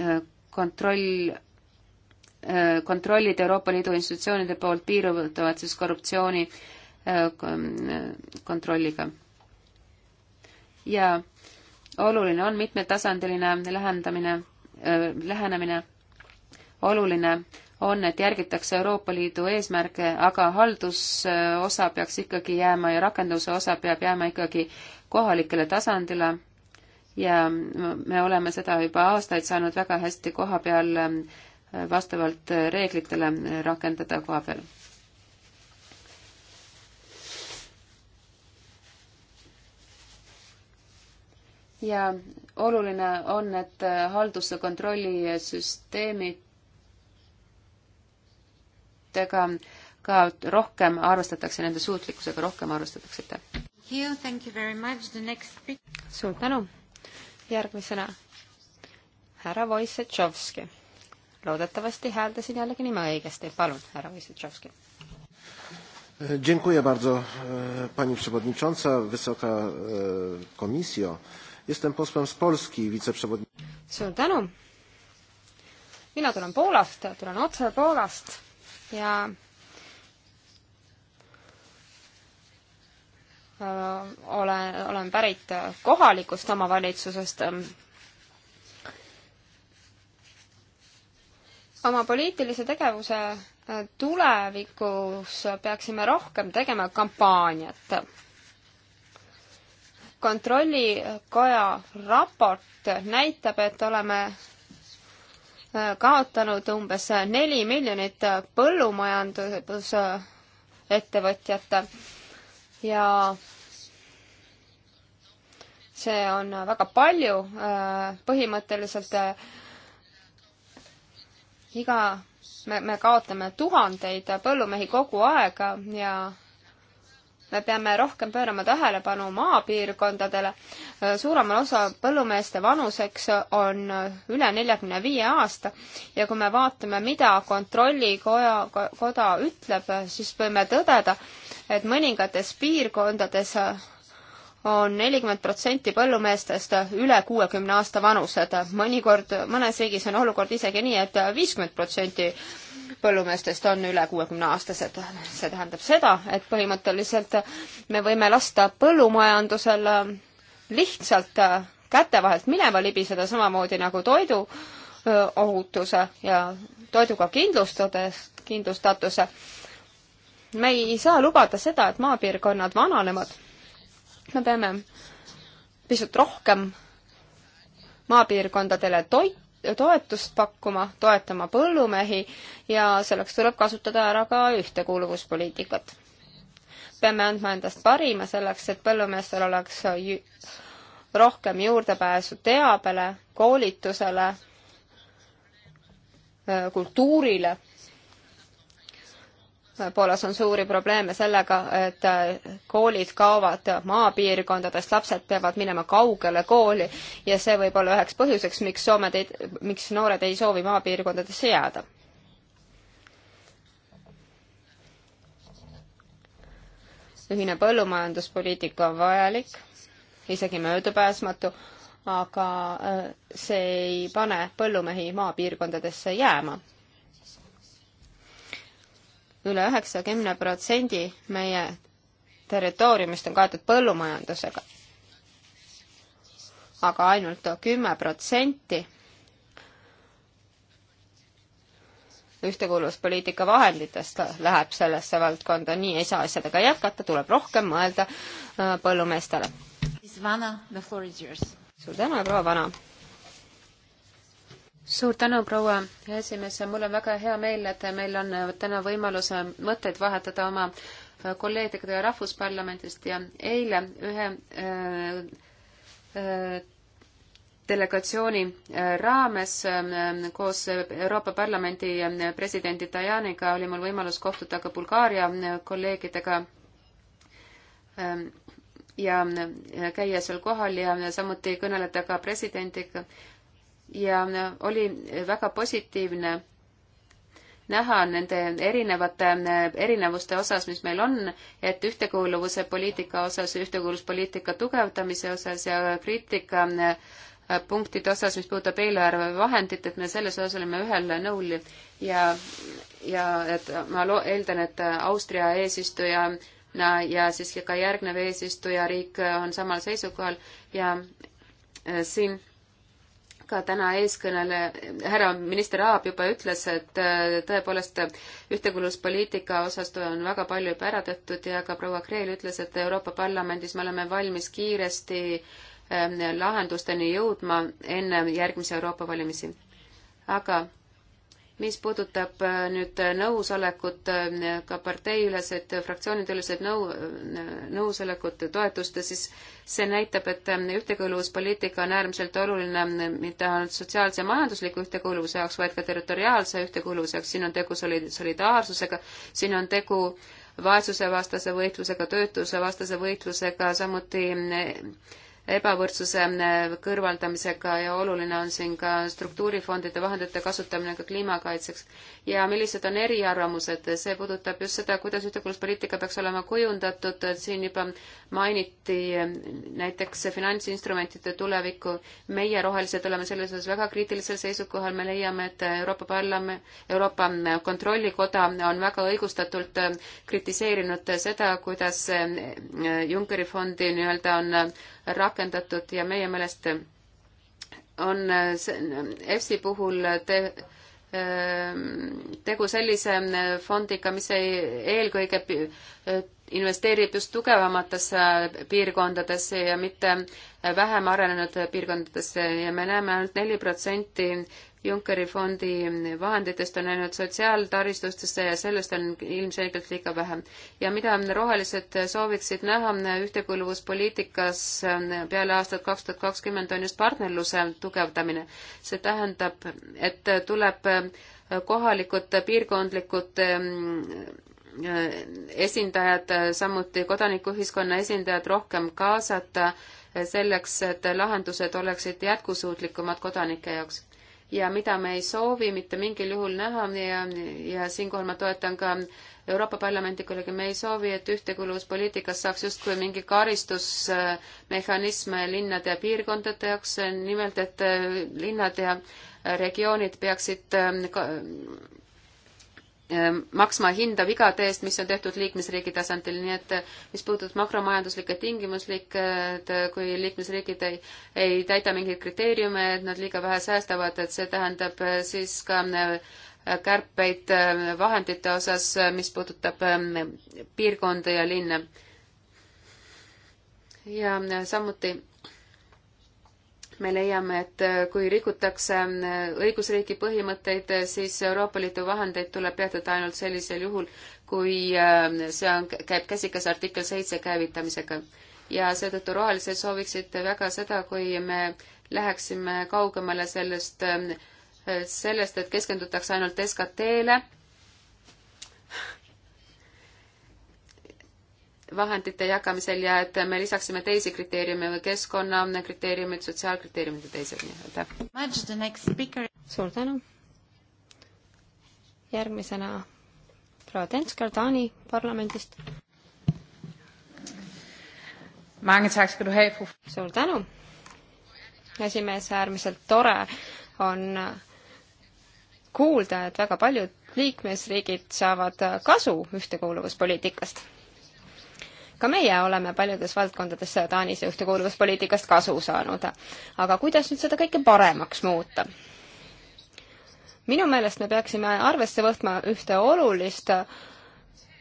äh, kontroll, kontrollid Euroopa Liidu institutsioonide poolt piiruvad siis korruptsiooni kontrolliga. ja oluline on mitmetasandiline lähendamine, lähenemine. oluline on, et järgitakse Euroopa Liidu eesmärke, aga haldusosa peaks ikkagi jääma ja rakenduse osa peab jääma ikkagi kohalikele tasandile ja me oleme seda juba aastaid saanud väga hästi koha peal vastavalt reeglitele rakendada koha peal ja oluline on, et haldus- ja kontrollisüsteemidega ka rohkem arvestatakse, nende suutlikkusega rohkem arvestatakse, aitäh! suur tänu! järgmisena härra Wojciechowski. loodetavasti hääldasin jällegi nime õigesti, palun, härra Wojciechowski! Dziękuję bardzo e, Pani Przewodnicząca, Wysoka e, Komisjo. Jestem posłem z Polski, wiceprzewodniczącym. Suur tänu! Mina tulen Poolast, tulen otse Poolast ja äh, olen, olen pärit kohalikust omavalitsusest. oma poliitilise tegevuse äh, tulevikus peaksime rohkem tegema kampaaniat kontrollikoja raport näitab, et oleme äh, kaotanud umbes neli miljonit põllumajandusettevõtjat ja see on väga palju, äh, põhimõtteliselt äh, iga, me, me kaotame tuhandeid põllumehi kogu aeg ja me peame rohkem pöörama tähelepanu maapiirkondadele. suuremal osa põllumeeste vanuseks on üle neljakümne viie aasta ja kui me vaatame, mida kontrollikoja, koda ütleb, siis võime tõdeda, et mõningates piirkondades on nelikümmend protsenti põllumeestest üle kuuekümne aasta vanused. mõnikord, mõnes riigis on olukord isegi nii et, et viiskümmend protsenti põllumeestest on üle kuuekümne aastased. see tähendab seda, et põhimõtteliselt me võime lasta põllumajandusel lihtsalt käte vahelt minema libiseda, samamoodi nagu toidu ohutuse ja toiduga kindlustades, kindlustatuse. me ei saa lubada seda, et maapiirkonnad vananevad. me peame pisut rohkem maapiirkondadele toitu toetust pakkuma, toetama põllumehi ja selleks tuleb kasutada ära ka ühtekuuluvuspoliitikat. peame andma endast parima selleks, et põllumeestel oleks ju rohkem juurdepääsu teabele, koolitusele, kultuurile Poolas on suuri probleeme sellega, et äh, koolid kaovad maapiirkondadest, lapsed peavad minema kaugele kooli ja see võib olla üheks põhjuseks, miks Soomed ei, miks noored ei soovi maapiirkondadesse jääda. ühine põllumajanduspoliitika on vajalik, isegi möödapääsmatu, aga äh, see ei pane põllumehi maapiirkondadesse jääma üle üheksakümne protsendi meie territooriumist on kaetud põllumajandusega aga. aga ainult kümme protsenti ühtekuuluvuspoliitika vahenditest läheb sellesse valdkonda, nii ei saa asjadega jätkata, tuleb rohkem mõelda äh, põllumeestele. suur tänu ja proua Vana! suur tänu, proua esimees, mul on väga hea meel, et meil on täna võimalus mõtteid vahetada oma kolleegidega Rahvusparlamendist ja eile ühe äh, äh, delegatsiooni äh, raames äh, koos Euroopa Parlamendi äh, presidendi Tajaniga oli mul võimalus kohtuda ka Bulgaaria kolleegidega ähm, ja käia seal kohal ja samuti kõneleda ka presidendiga ja oli väga positiivne näha nende erinevate erinevuste osas, mis meil on, et ühtekuuluvuse poliitika osas, ühtekuuluvuspoliitika tugevdamise osas ja kriitika äh, punktide osas, mis puudutab eelarvevahendit, et me selles osas oleme ühel nõul ja, ja et ma lo-, eeldan, et Austria eesistujana ja siis ka järgnev eesistujariik on samal seisukohal ja äh, siin äh, ka täna eeskõneleja, härra minister Aab juba ütles, et äh, tõepoolest ühtekuuluvuspoliitika osas on väga palju juba ära tehtud ja ka proua Kreel ütles, et Euroopa Parlamendis me oleme valmis kiiresti ähm, lahendusteni jõudma enne järgmisi Euroopa valimisi. aga mis puudutab äh, nüüd äh, nõusolekut, äh, ka parteiülesed, fraktsioonideülesed nõu, nõusolekut, toetust, siis see näitab, et ühtekuuluvuspoliitika on äärmiselt oluline mitte ainult sotsiaalse ja majandusliku ühtekuuluvuse jaoks, vaid ka territoriaalse ühtekuuluvuse jaoks, siin on tegu solidaarsusega, siin on tegu vaesusevastase võitlusega, töötusevastase võitlusega, samuti ebavõrdsuse äh, kõrvaldamisega ja oluline on siin ka struktuurifondide vahendite kasutamine ka kliimakaitseks. ja millised on eriarvamused, see puudutab just seda, kuidas ühtekuuluvuspoliitika peaks olema kujundatud, siin juba mainiti näiteks finantsinstrumentide tulevikku. meie rohelised oleme selles osas väga kriitilisel seisukohal, me leiame, et Euroopa Parlament, Euroopa Kontrollikoda on väga õigustatult kritiseerinud seda, kuidas Junckeri fondi nii-öelda on rakendatud ja meie meelest on EFSi puhul te, ähm, tegu sellise fondiga, mis ei, eelkõige investeerib just tugevamatesse piirkondadesse ja mitte vähem arenenud piirkondadesse ja me näeme ainult neli protsenti Junckeri fondi vahenditest on läinud sotsiaaltaristustesse ja sellest on ilmselgelt liiga vähe. ja mida rohelised sooviksid näha ühtekuuluvuspoliitikas peale aastat kaks tuhat kakskümmend on just partnerluse tugevdamine. see tähendab, et tuleb kohalikud piirkondlikud ähm, esindajad, samuti kodanikuühiskonna esindajad rohkem kaasata selleks, et lahendused oleksid jätkusuutlikumad kodanike jaoks ja mida me ei soovi mitte mingil juhul näha ja, ja siinkohal ma toetan ka Euroopa Parlamendi kolleegi, me ei soovi, et ühtekuuluvuspoliitikas saaks justkui mingi karistusmehhanism linnade ja piirkondade jaoks, nimelt et linnad ja regioonid peaksid Ähm, maksma hinda vigade eest, mis on tehtud liikmesriigi tasandil, nii et äh, mis puudutab makromajanduslikke tingimuslikke, et äh, kui liikmesriigid ei, ei täida mingeid kriteeriume, et nad liiga vähe säästavad, et see tähendab äh, siis ka kärpeid vahendite osas, mis puudutab ähm, piirkonda ja linna. ja samuti me leiame, et äh, kui rikutakse äh, õigusriigi põhimõtteid, äh, siis Euroopa Liidu vahendeid tuleb peatada ainult sellisel juhul, kui see on, käib käsikas artikkel seitse käivitamisega. ja seetõttu rohelised sooviksid väga seda, kui me läheksime kaugemale sellest, sellest, et keskendutakse ainult SKT-le vahendite jagamisel ja et me lisaksime teisi kriteeriume või keskkonnakriteeriumid, sotsiaalkriteeriumid ja teised, nii aitäh. suur tänu. järgmisena proua Tenskar Taani parlamendist. suur tänu. esimees, äärmiselt tore on kuulda, et väga paljud liikmesriigid saavad kasu ühtekuuluvuspoliitikast ka meie oleme paljudes valdkondades Taanis ühtekuuluvuspoliitikast kasu saanud. aga kuidas nüüd seda kõike paremaks muuta? minu meelest me peaksime arvesse võtma ühte olulist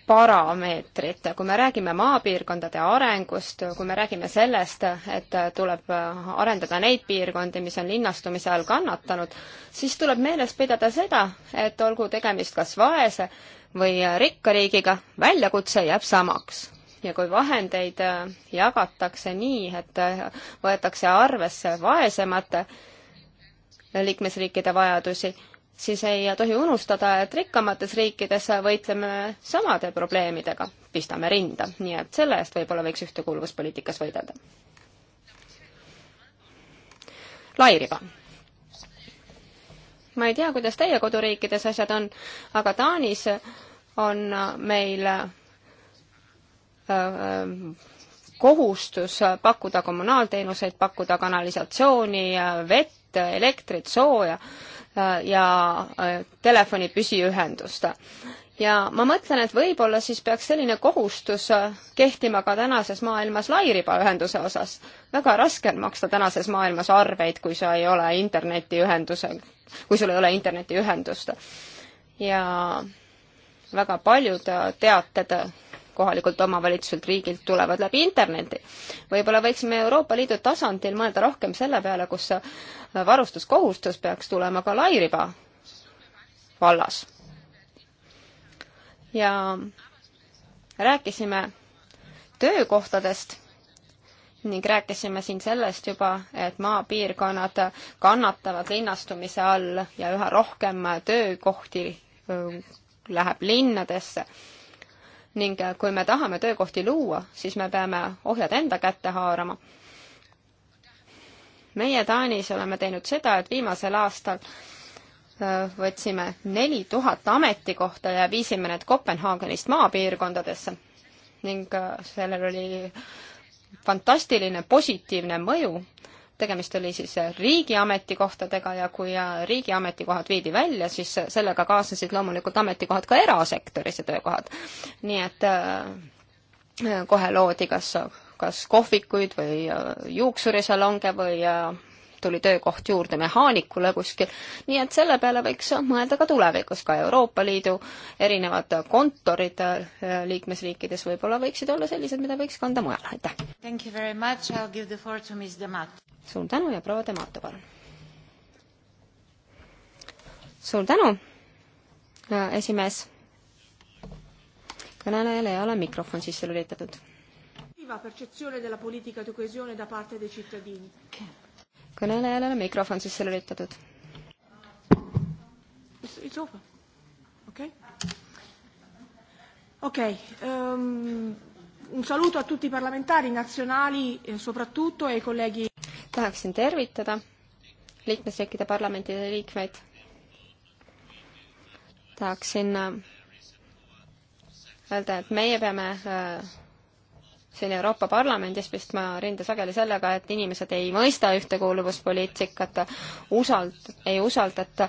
parameetrit, kui me räägime maapiirkondade arengust, kui me räägime sellest, et tuleb arendada neid piirkondi, mis on linnastumise all kannatanud, siis tuleb meeles pidada seda, et olgu tegemist kas vaese või rikka riigiga, väljakutse jääb samaks ja kui vahendeid äh, jagatakse nii, et äh, võetakse arvesse vaesemate äh, liikmesriikide vajadusi, siis ei tohi unustada, et rikkamates riikides võitleme samade probleemidega, pistame rinda, nii et selle eest võib-olla võiks ühtekuuluvuspoliitikas võidelda. lairiba. ma ei tea, kuidas teie koduriikides asjad on, aga Taanis on meil kohustus pakkuda kommunaalteenuseid, pakkuda kanalisatsiooni, vett, elektrit, sooja äh, ja äh, telefoni püsiühendust. ja ma mõtlen, et võib-olla siis peaks selline kohustus äh, kehtima ka tänases maailmas lairibaühenduse osas. väga raske on maksta tänases maailmas arveid, kui sa ei ole internetiühenduse, kui sul ei ole internetiühendust. ja väga paljud teated kohalikult omavalitsuselt, riigilt tulevad läbi interneti. võib-olla võiksime Euroopa Liidu tasandil mõelda rohkem selle peale, kus äh, varustuskohustus peaks tulema ka lairiba vallas. ja rääkisime töökohtadest ning rääkisime siin sellest juba, et maapiirkonnad kannatavad linnastumise all ja üha rohkem töökohti äh, läheb linnadesse ning äh, kui me tahame töökohti luua, siis me peame ohjad enda kätte haarama. meie Taanis oleme teinud seda, et viimasel aastal äh, võtsime neli tuhat ametikohta ja viisime need Kopenhaagenist maapiirkondadesse ning äh, sellel oli fantastiline positiivne mõju tegemist oli siis riigi ametikohtadega ja kui äh, riigi ametikohad viidi välja, siis äh, sellega kaasnesid loomulikult ametikohad ka erasektoris ja töökohad. nii et äh, kohe loodi kas, kas kohvikuid või juuksurisalonge või tuli töökoht juurde mehaanikule kuskil, nii et selle peale võiks mõelda ka tulevikus, ka Euroopa Liidu erinevad kontorid liikmesriikides võib-olla võiksid olla sellised, mida võiks kanda mujal, aitäh! suur tänu ja proua Demato, palun. suur tänu, äh, esimees. kõnelejal ei ole mikrofon sisse lülitatud. kõnelejal ei ole mikrofon sisse lülitatud. It's over. Okay. Ok, um, un saluto a tutti i parlamentari nazionali eh, soprattutto e ai colleghi tahaksin tervitada liikmesriikide parlamentide liikmeid. tahaksin äh, öelda, et meie peame äh, siin Euroopa Parlamendis pistma rinde sageli sellega, et inimesed ei mõista ühtekuuluvuspoliitikat, usald-, ei usaldata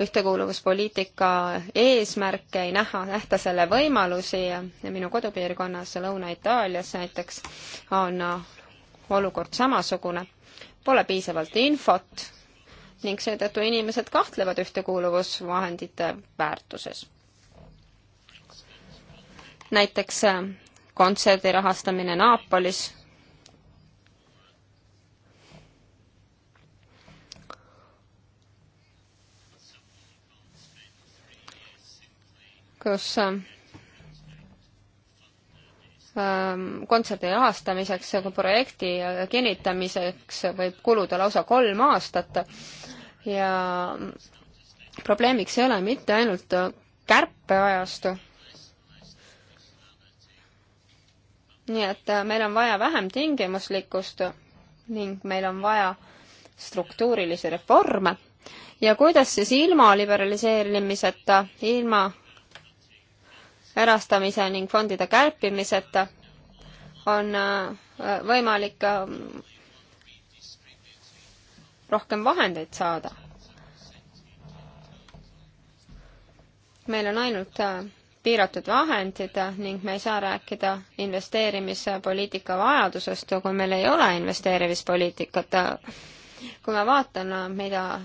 ühtekuuluvuspoliitika eesmärke, ei näha, nähta selle võimalusi ja minu kodupiirkonnas Lõuna-Itaalias näiteks on olukord samasugune. Pole piisavalt infot ning seetõttu inimesed kahtlevad ühtekuuluvusvahendite väärtuses. näiteks äh, kontserdi rahastamine Naapolis kus äh, Ähm, kontserdi rahastamiseks, projekti kinnitamiseks võib kuluda lausa kolm aastat ja probleemiks ei ole mitte ainult kärpeajastu, nii et äh, meil on vaja vähem tingimuslikkust ning meil on vaja struktuurilisi reforme ja kuidas siis ilma liberaliseerimiseta, ilma erastamise ning fondide kärpimiseta on äh, võimalik äh, rohkem vahendeid saada. meil on ainult äh, piiratud vahendid ning me ei saa rääkida investeerimispoliitika vajadusest, kui meil ei ole investeerimispoliitikat. kui ma vaatan, mida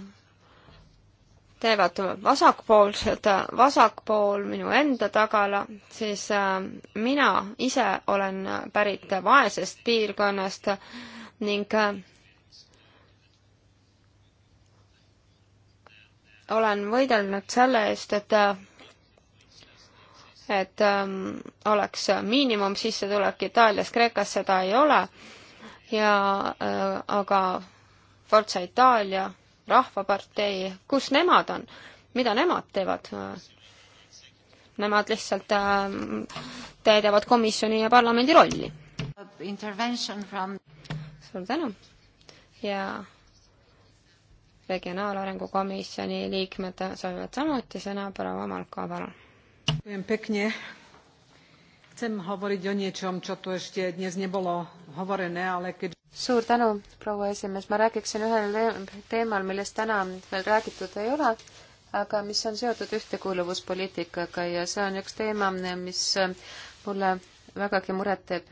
teevad vasakpoolsed, vasakpool minu enda tagala, siis äh, mina ise olen pärit vaesest piirkonnast ning äh, olen võidelnud selle eest, et äh, et ähm, oleks miinimumsissetulek Itaalias, Kreekas seda ei ole ja äh, aga Forza Itaalia Rahvapartei, kus nemad on, mida nemad teevad? Nemad lihtsalt ähm, täidavad komisjoni ja parlamendi rolli. From... suur tänu ja regionaalarengu komisjoni liikmed soovivad samuti sõna, proua Malko, palun. Chcem hovoriť o niečom, čo tu ešte dnes nebolo hovorené, ale keď... Suur tänu, proua esimees. Ma räägiksin ühel teemal, millest täna veel räägitud ei ole, aga mis on seotud ühtekuuluvuspoliitikaga ja see on üks teema, mis mulle vägagi muret teeb.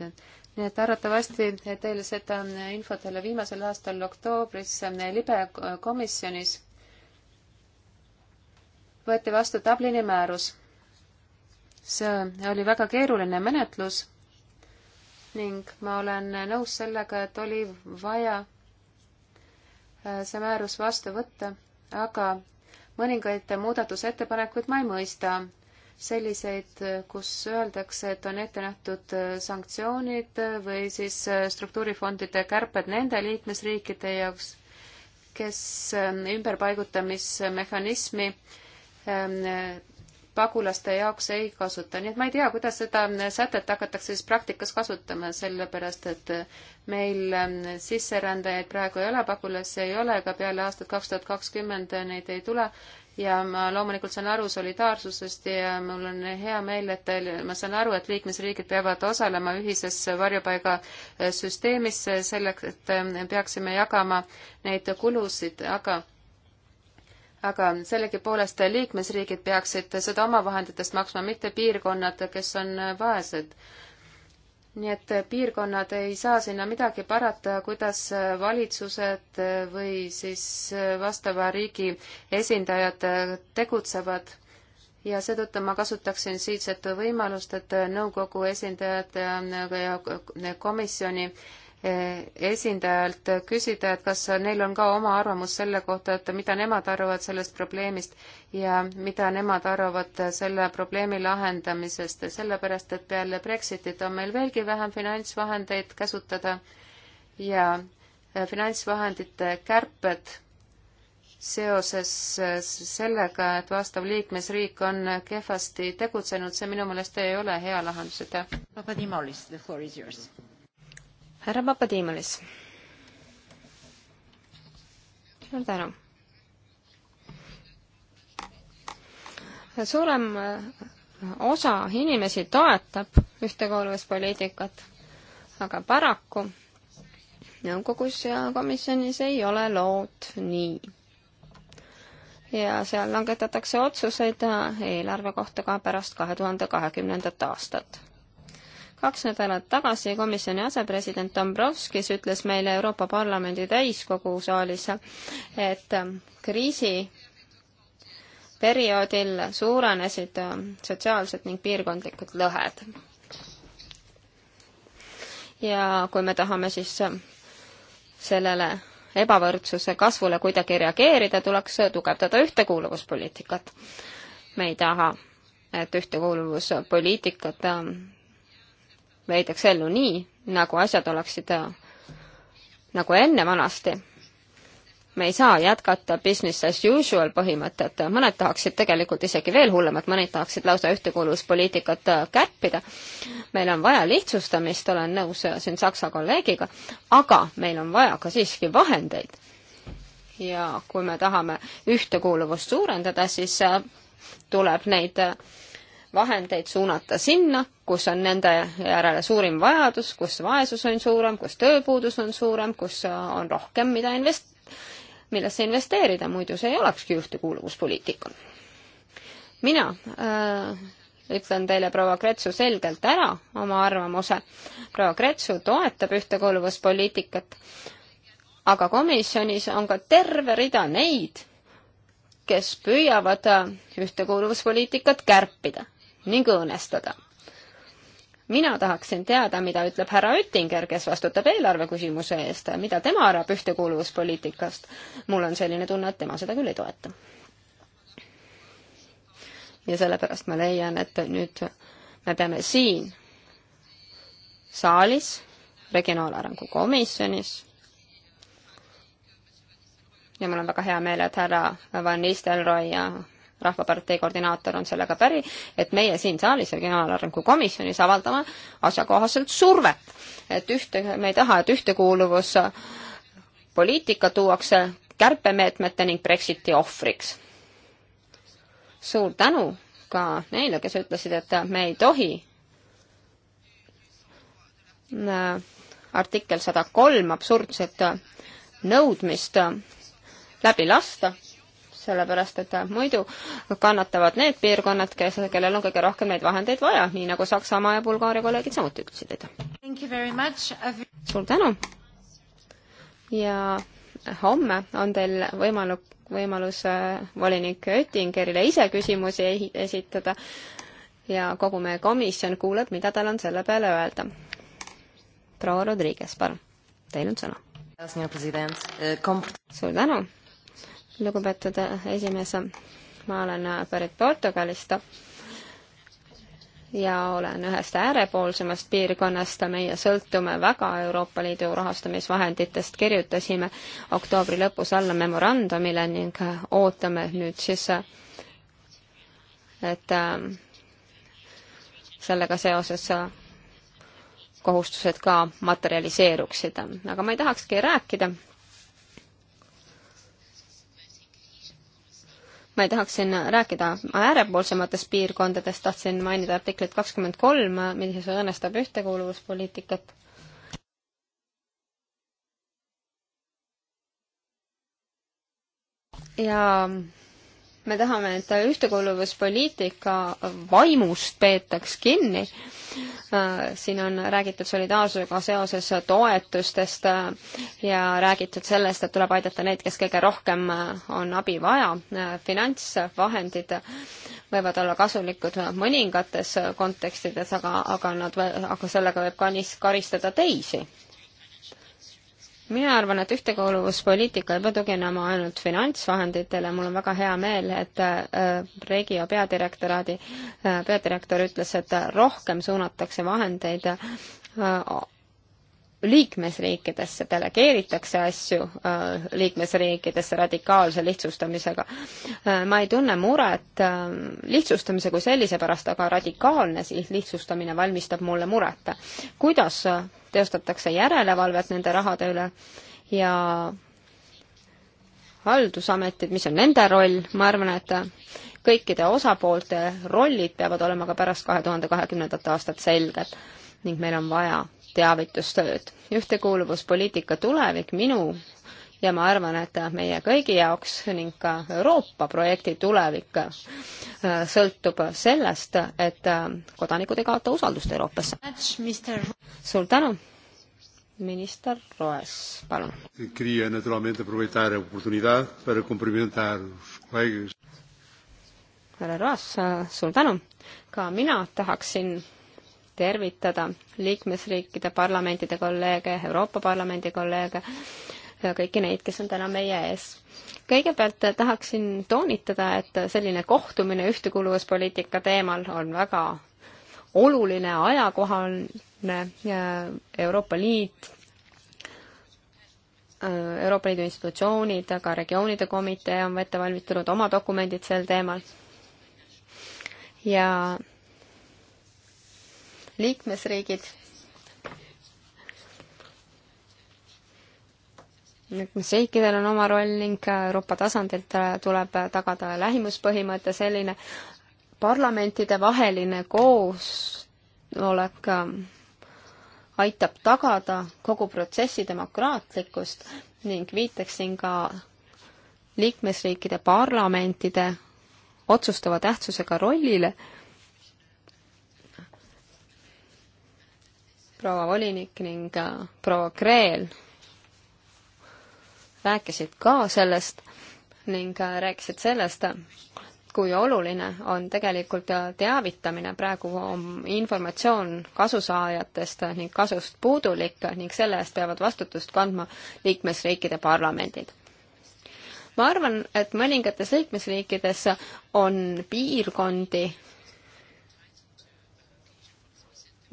Nii et arvatavasti teil seda infot jälle viimasel aastal oktoobris libe komisjonis võeti vastu Dublini määrus see oli väga keeruline menetlus ning ma olen nõus sellega, et oli vaja äh, see määrus vastu võtta, aga mõningaid muudatusettepanekuid ma ei mõista. selliseid, äh, kus öeldakse, et on ette nähtud äh, sanktsioonid või siis struktuurifondide kärped nende liikmesriikide jaoks, kes ümberpaigutamismehhanismi ähm, pagulaste jaoks ei kasuta, nii et ma ei tea, kuidas seda sätet hakatakse siis praktikas kasutama, sellepärast et meil ähm, sisserändajaid praegu ei ole, pagulasi ei ole, ka peale aastat kaks tuhat kakskümmend neid ei tule ja ma loomulikult saan aru solidaarsusest ja mul on hea meel, et ma saan aru, et liikmesriigid peavad osalema ühises varjupaigasüsteemis äh, selleks, et äh, peaksime jagama neid kulusid, aga aga sellegipoolest liikmesriigid peaksid seda omavahenditest maksma, mitte piirkonnad, kes on vaesed. nii et piirkonnad ei saa sinna midagi parata, kuidas valitsused või siis vastava riigi esindajad tegutsevad ja seetõttu ma kasutaksin siitset võimalust, et nõukogu esindajad ja komisjoni äh, esindajalt küsida, et kas neil on ka oma arvamus selle kohta, et mida nemad arvavad sellest probleemist ja mida nemad arvavad selle probleemi lahendamisest, sellepärast et peale Brexitit on meil veelgi vähem finantsvahendeid käsutada ja finantsvahendite kärped seoses sellega, et vastav liikmesriik on kehvasti tegutsenud, see minu meelest ei ole hea lahendus, aitäh. Papadimolis, the floor is yours härra Papadiimulis. suur tänu. suurem äh, osa inimesi toetab ühtekuuluvuspoliitikat, aga paraku nõukogus ja komisjonis ei ole lood nii. ja seal langetatakse otsuseid äh, eelarve kohta ka pärast kahe tuhande kahekümnendat aastat kaks nädalat tagasi komisjoni asepresident Dombrovskis ütles meile Euroopa Parlamendi täiskogu saalis, et ähm, kriisi perioodil suurenesid ähm, sotsiaalsed ning piirkondlikud lõhed. ja kui me tahame siis ähm, sellele ebavõrdsuse kasvule kuidagi reageerida, tuleks tugevdada ühtekuuluvuspoliitikat. me ei taha, et ühtekuuluvuspoliitikat veidaks ellu nii, nagu asjad oleksid äh, nagu enne vanasti. me ei saa jätkata business as usual põhimõtet, mõned tahaksid tegelikult isegi veel hullemat, mõned tahaksid lausa ühtekuuluvuspoliitikat äh, kärpida. meil on vaja lihtsustamist, olen nõus äh, siin Saksa kolleegiga, aga meil on vaja ka siiski vahendeid. ja kui me tahame ühtekuuluvust suurendada, siis tuleb neid vahendeid suunata sinna, kus on nende järele suurim vajadus, kus vaesus on suurem, kus tööpuudus on suurem, kus on rohkem, mida invest-, millesse investeerida, muidu see ei olekski ühtekuuluvuspoliitika. mina äh, ütlen teile proua Kretsu selgelt ära oma arvamuse. proua Kretsu toetab ühtekuuluvuspoliitikat, aga komisjonis on ka terve rida neid, kes püüavad ühtekuuluvuspoliitikat kärpida ning õõnestada. mina tahaksin teada, mida ütleb härra Oettinger, kes vastutab eelarve küsimuse eest, mida tema arvab ühtekuuluvuspoliitikast. mul on selline tunne, et tema seda küll ei toeta. ja sellepärast ma leian, et nüüd me peame siin saalis, regionaalarengu komisjonis, ja mul on väga hea meel, et härra Van Nistelrooy ja Rahvapartei koordinaator on sellega päri, et meie siin saalis Regionaalarengu Komisjonis avaldame asjakohaselt survet, et ühte, me ei taha, et ühtekuuluvuspoliitika tuuakse kärpemeetmete ning Brexiti ohvriks. suur tänu ka neile, kes ütlesid, et me ei tohi äh, artikkel sada kolm absurdset äh, nõudmist äh, läbi lasta sellepärast et muidu kannatavad need piirkonnad, kes, kellel on kõige rohkem neid vahendeid vaja, nii nagu Saksamaa ja Bulgaaria kolleegid samuti ütlesid, aitäh! suur tänu! ja homme on teil võimalik, võimalus äh, volinik Oettingerile ise küsimusi esitada ja kogu meie komisjon kuuleb, mida tal on selle peale öelda. proua Rodriguez, palun, teil on sõna. Uh, suur tänu! lugupeetud esimees, ma olen pärit Portugalist ja olen ühest äärepoolsemast piirkonnast, meie sõltume väga Euroopa Liidu rahastamisvahenditest, kirjutasime oktoobri lõpus alla memorandumile ning ootame nüüd siis, et äh, sellega seoses kohustused ka materialiseeruksid, aga ma ei tahakski rääkida ma ei tahaks siin rääkida äärepoolsematest piirkondadest, tahtsin mainida artiklit kakskümmend kolm, mis õõnestab ühtekuuluvuspoliitikat. ja me tahame, et ühtekuuluvuspoliitika vaimust peetaks kinni. Äh, siin on räägitud solidaarsusega seoses toetustest äh, ja räägitud sellest, et tuleb aidata neid, kes kõige rohkem äh, on abi vaja. finantsvahendid võivad olla kasulikud mõningates kontekstides, aga, aga nad, aga sellega võib kanis-, karistada teisi mina arvan, et ühtekuuluvuspoliitika ei pea tuginema ainult finantsvahenditele, mul on väga hea meel, et äh, Regio peadirektoraadi äh, peadirektor ütles, et rohkem suunatakse vahendeid äh, liikmesriikidesse delegeeritakse asju äh, liikmesriikidesse radikaalse lihtsustamisega. Äh, ma ei tunne muret äh, lihtsustamise kui sellise pärast, aga radikaalne siis lihtsustamine valmistab mulle muret. kuidas teostatakse järelevalvet nende rahade üle ja haldusametid, mis on nende roll, ma arvan, et kõikide osapoolte rollid peavad olema ka pärast kahe tuhande kahekümnendat aastat selged ning meil on vaja teavitustööd. ühtekuuluvuspoliitika tulevik minu ja ma arvan, et meie kõigi jaoks ning ka Euroopa projekti tulevik äh, sõltub sellest, et äh, kodanikud ei kaota usaldust Euroopasse. suur tänu! Minister Roes, palun. Queria naturalmente aproveitar a oportunidade para cumprimentar os colegas. härra Roas, suur tänu! ka mina tahaksin tervitada liikmesriikide parlamentide kolleege, Euroopa Parlamendi kolleege ja kõiki neid, kes on täna meie ees. kõigepealt tahaksin toonitada, et selline kohtumine ühtekuuluvuspoliitika teemal on väga oluline, ajakohane Euroopa Liit, Euroopa Liidu institutsioonid, aga regioonide komitee on ette valmistanud oma dokumendid sel teemal ja liikmesriigid. liikmesriikidel on oma roll ning Euroopa tasandilt tuleb tagada lähimuspõhimõte, selline parlamentidevaheline koosolek ähm, aitab tagada kogu protsessi demokraatlikkust ning viitaksin ka liikmesriikide parlamentide otsustava tähtsusega rollile proua volinik ning äh, proua Kreel rääkisid ka sellest ning äh, rääkisid sellest, kui oluline on tegelikult äh, teavitamine, praegu on informatsioon kasusaajatest ning kasust puudulik ning selle eest peavad vastutust kandma liikmesriikide parlamendid. ma arvan, et mõningates liikmesriikides on piirkondi,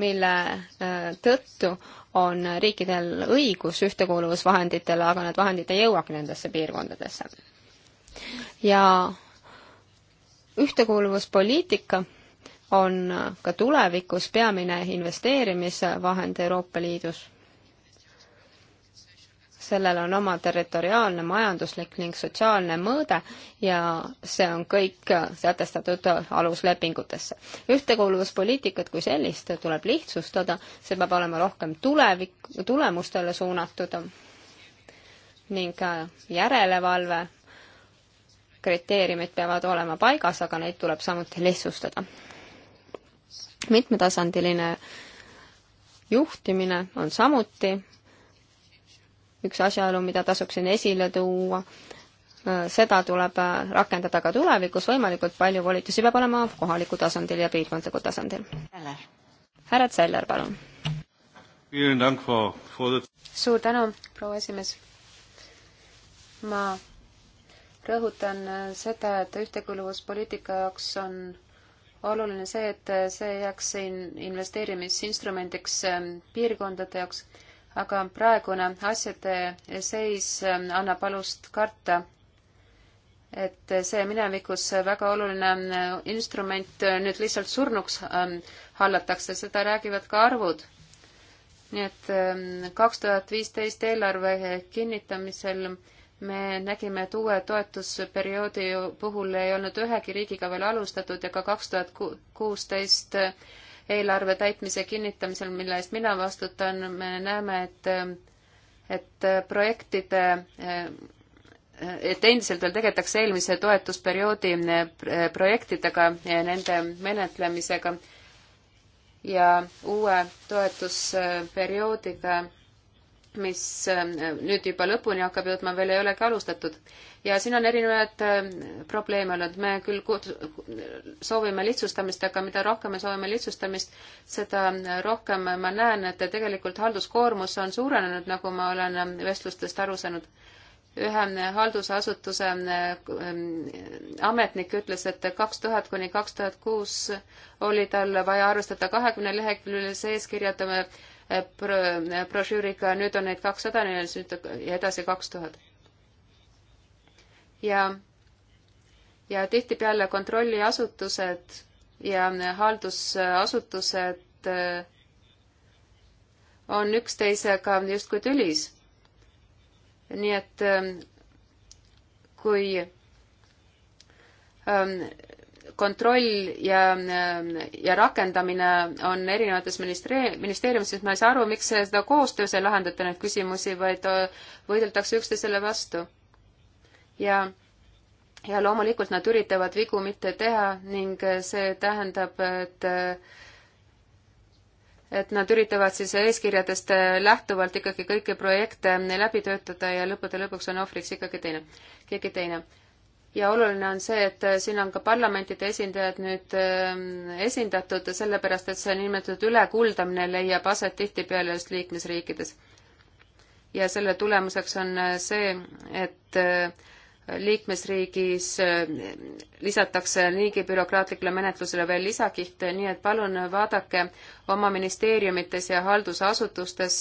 mille äh, tõttu on riikidel õigus ühtekuuluvusvahenditele, aga need vahendid ei jõuagi nendesse piirkondadesse. ja ühtekuuluvuspoliitika on ka tulevikus peamine investeerimisvahend Euroopa Liidus sellel on oma territoriaalne, majanduslik ning sotsiaalne mõõde ja see on kõik sätestatud aluslepingutesse. ühtekuuluvuspoliitikat kui sellist tuleb lihtsustada, see peab olema rohkem tulevik, tulemustele suunatud ning järelevalve kriteeriumid peavad olema paigas, aga neid tuleb samuti lihtsustada. mitmetasandiline juhtimine on samuti üks asjaolu, mida tasuks siin esile tuua, äh, seda tuleb äh, rakendada ka tulevikus, võimalikult palju volitusi peab olema kohaliku tasandil ja piirkondlikul tasandil. härra Zeller, palun. suur tänu, proua esimees. ma rõhutan äh, seda, et ühtekuuluvuspoliitika jaoks on oluline see, et see jääks siin investeerimisinstrumendiks ähm, piirkondade jaoks aga praegune asjade seis ähm, annab alust karta, et see minevikus väga oluline äh, instrument äh, nüüd lihtsalt surnuks ähm, hallatakse, seda räägivad ka arvud. nii et ähm, kaks tuhat viisteist eelarve kinnitamisel me nägime, et uue toetusperioodi puhul ei olnud ühegi riigiga veel alustatud ja ka kaks tuhat kuusteist eelarve täitmise kinnitamisel, mille eest mina vastutan, me näeme, et et projektide, et endiselt veel tegeldakse eelmise toetusperioodi projektidega, nende menetlemisega ja uue toetusperioodiga mis äh, nüüd juba lõpuni hakkab jõudma, veel ei olegi alustatud. ja siin on erinevaid äh, probleeme olnud, me küll soovime lihtsustamist, aga mida rohkem me soovime lihtsustamist, seda rohkem ma näen, et tegelikult halduskoormus on suurenenud, nagu ma olen äh, vestlustest aru saanud. ühe haldusasutuse ametnik ütles, et kaks tuhat kuni kaks tuhat kuus oli tal vaja arvestada kahekümne leheküljelise eeskirjadega brošüüriga, nüüd on neid kakssada, nüüd ja edasi kaks tuhat. ja, ja tihtipeale kontrolliasutused ja haldusasutused äh, on üksteisega justkui tülis. nii et äh, kui ähm, kontroll ja, ja rakendamine on erinevates ministree-, ministeeriumites, ma ei saa aru, miks seda koostöös ei lahendata neid küsimusi, vaid võideldakse üksteisele vastu. ja, ja loomulikult nad üritavad vigu mitte teha ning see tähendab, et et nad üritavad siis eeskirjadest lähtuvalt ikkagi kõiki projekte läbi töötada ja lõppude lõpuks on ohvriks ikkagi teine, keegi teine ja oluline on see, et äh, siin on ka parlamentide esindajad nüüd ähm, esindatud, sellepärast et see niinimetatud ülekuldamine leiab aset tihtipeale just liikmesriikides. ja selle tulemuseks on äh, see, et äh, liikmesriigis eh, lisatakse niigi bürokraatlikule menetlusele veel lisakihte, nii et palun vaadake oma ministeeriumites ja haldusasutustes,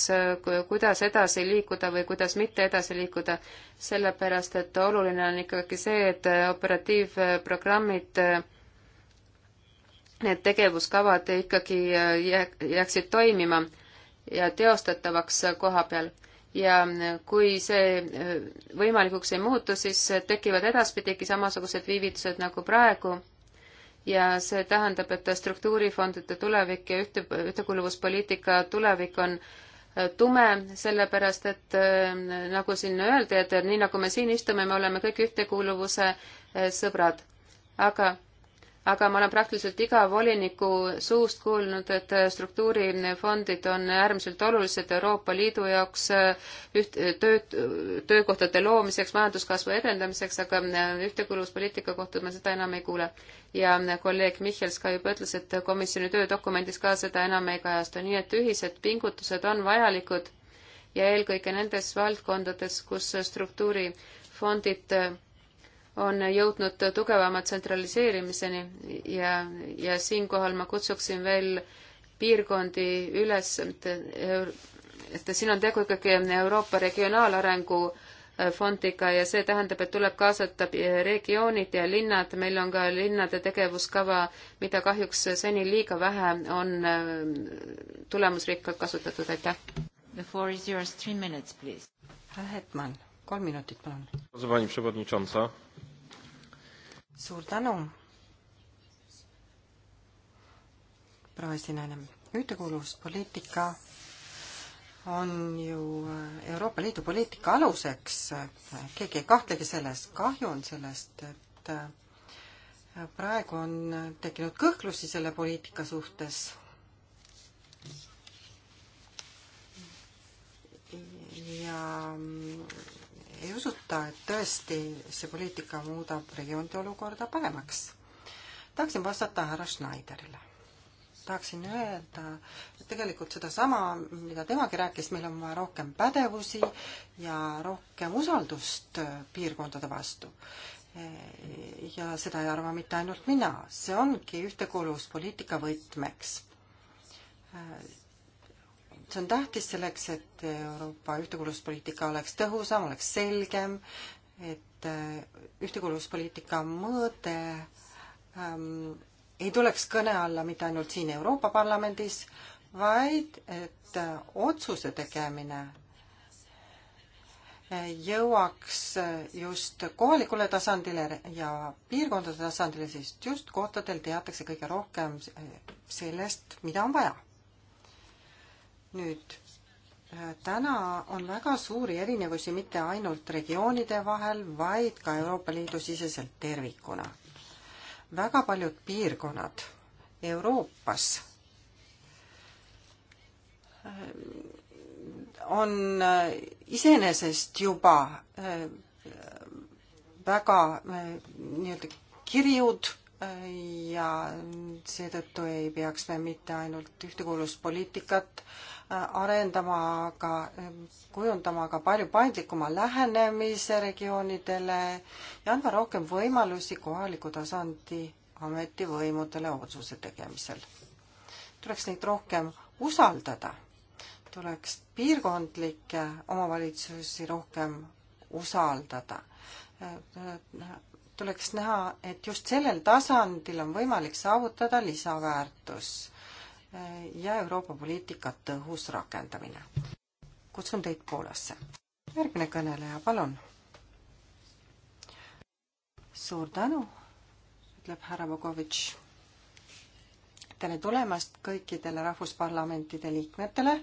kuidas edasi liikuda või kuidas mitte edasi liikuda, sellepärast et oluline on ikkagi see, et operatiivprogrammid Need tegevuskavad ikkagi jääksid toimima ja teostatavaks koha peal ja kui see äh, võimalikuks ei muutu, siis tekivad edaspidigi samasugused viivitused nagu praegu ja see tähendab, et struktuurifondide tulevik ja ühte, ühtekuuluvuspoliitika tulevik on äh, tume, sellepärast et äh, nagu siin öeldi, et nii nagu me siin istume, me oleme kõik ühtekuuluvuse sõbrad. aga aga ma olen praktiliselt iga voliniku suust kuulnud, et struktuurifondid on äärmiselt olulised Euroopa Liidu jaoks üht-, tööd, töökohtade loomiseks, majanduskasvu edendamiseks, aga ühtekuuluvuspoliitika kohta ma seda enam ei kuule. ja kolleeg Michals ka juba ütles, et komisjoni töödokumendis ka seda enam ei kajasta, nii et ühised pingutused on vajalikud ja eelkõige nendes valdkondades, kus struktuurifondid on jõudnud tugevama tsentraliseerimiseni ja, ja siinkohal ma kutsuksin veel piirkondi üles, et, et siin on tegu ikkagi Euroopa Regionaalarengu äh, fondiga ja see tähendab, et tuleb kaasata regioonid ja linnad, meil on ka linnade tegevuskava, mida kahjuks seni liiga vähe on äh, tulemusrikkalt kasutatud, aitäh. The floor is yours, three minutes please. Hetman kolm minutit, palun. suur tänu. proua esinaine, ühtekuuluvuspoliitika on ju Euroopa Liidu poliitika aluseks, keegi ei kahtlegi selles, kahju on sellest, et praegu on tekkinud kõhklusi selle poliitika suhtes. ja ei usuta, et tõesti see poliitika muudab regioonide olukorda paremaks. tahaksin vastata härra Schneiderile. tahaksin öelda, et tegelikult sedasama, mida temagi rääkis, meil on vaja rohkem pädevusi ja rohkem usaldust piirkondade vastu ja seda ei arva mitte ainult mina, see ongi ühtekuuluvuspoliitika võtmeks see on tähtis selleks, et Euroopa ühtekuuluvuspoliitika oleks tõhusam, oleks selgem, et äh, ühtekuuluvuspoliitika mõõde ähm, ei tuleks kõne alla mitte ainult siin Euroopa Parlamendis, vaid et äh, otsuse tegemine äh, jõuaks just kohalikule tasandile ja piirkondade tasandile, sest just kohtadel teatakse kõige rohkem sellest, mida on vaja nüüd äh, täna on väga suuri erinevusi mitte ainult regioonide vahel, vaid ka Euroopa Liidu siseselt tervikuna. väga paljud piirkonnad Euroopas äh, on äh, iseenesest juba väga nii-öelda kirjud ja seetõttu ei peaks me mitte ainult ühtekuuluvuspoliitikat äh, arendama, aga äh, kujundama ka palju paindlikuma lähenemise regioonidele ja andma rohkem võimalusi kohaliku tasandi ametivõimudele otsuse tegemisel. tuleks neid rohkem usaldada, tuleks piirkondlikke omavalitsusi rohkem usaldada äh, tuleks näha, et just sellel tasandil on võimalik saavutada lisaväärtus ja Euroopa poliitika tõhus rakendamine. kutsun teid Poolasse. järgmine kõneleja, palun. suur tänu, ütleb härra Bogovitš. tere tulemast kõikidele rahvusparlamentide liikmetele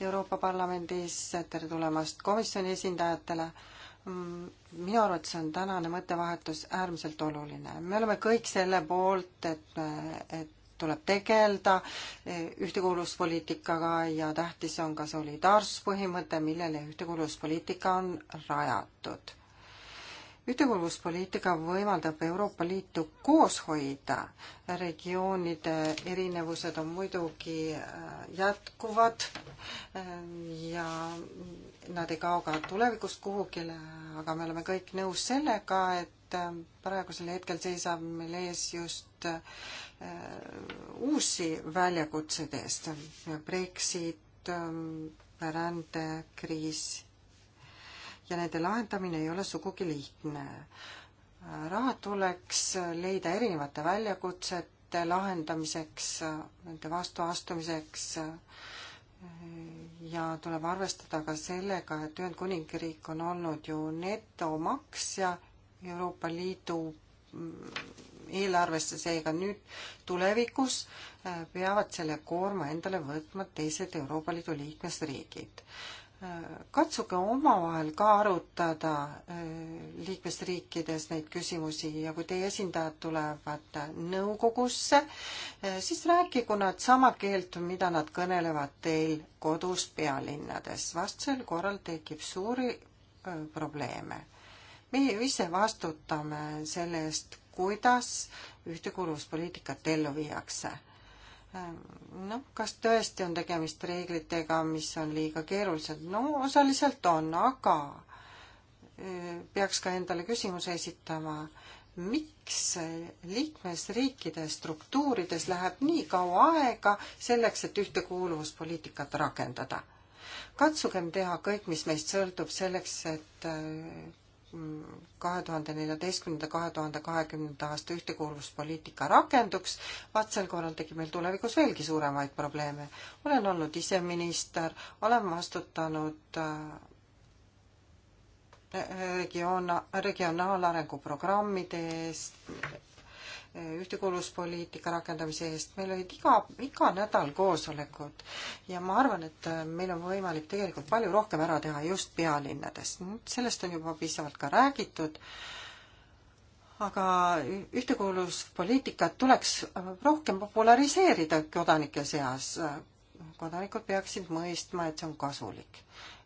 Euroopa Parlamendis, tere tulemast komisjoni esindajatele Mm, minu arvates on tänane mõttevahetus äärmiselt oluline. me oleme kõik selle poolt, et, et tuleb tegeleda e, ühtekuuluvuspoliitikaga ja tähtis on ka solidaarsuspõhimõte, millele ühtekuuluvuspoliitika on rajatud ühtekuuluvuspoliitika võimaldab Euroopa Liitu koos hoida. regioonide erinevused on muidugi äh, jätkuvad äh, ja nad ei kao ka tulevikus kuhugile, aga me oleme kõik nõus sellega, et äh, praegusel hetkel seisab meil ees just uusi väljakutseid eest. Brexit, rändekriis ja nende lahendamine ei ole sugugi lihtne. raha tuleks leida erinevate väljakutsete lahendamiseks, nende vastuastumiseks ja tuleb arvestada ka sellega, et Ühendkuningriik on olnud ju netomaksja Euroopa Liidu mm, eelarvesse, seega nüüd tulevikus äh, peavad selle koorma endale võtma teised Euroopa Liidu liikmesriigid katsuge omavahel ka arutada äh, liikmesriikides neid küsimusi ja kui teie esindajad tulevad nõukogusse, äh, siis rääkigu nad sama keelt, mida nad kõnelevad teil kodus pealinnades. vastasel korral tekib suuri äh, probleeme. meie ju ise vastutame selle eest, kuidas ühtekuuluvuspoliitikat ellu viiakse Äh, noh, kas tõesti on tegemist reeglitega, mis on liiga keerulised? no osaliselt on, aga äh, peaks ka endale küsimuse esitama, miks liikmesriikide struktuurides läheb nii kaua aega selleks, et ühtekuuluvuspoliitikat rakendada? katsugem teha kõik, mis meist sõltub selleks, et äh, kahe tuhande neljateistkümnenda, kahe tuhande kahekümnenda aasta ühtekuuluvuspoliitika rakenduks, vaat sel korral tekib meil tulevikus veelgi suuremaid probleeme. olen olnud ise minister, olen vastutanud äh, regiona-, regionaalarengu programmide eest, ühtekuuluvuspoliitika rakendamise eest. meil olid iga, iga nädal koosolekud ja ma arvan, et äh, meil on võimalik tegelikult palju rohkem ära teha just pealinnades. sellest on juba piisavalt ka räägitud, aga ühtekuuluvuspoliitikat tuleks rohkem populariseerida kodanike seas. kodanikud peaksid mõistma, et see on kasulik.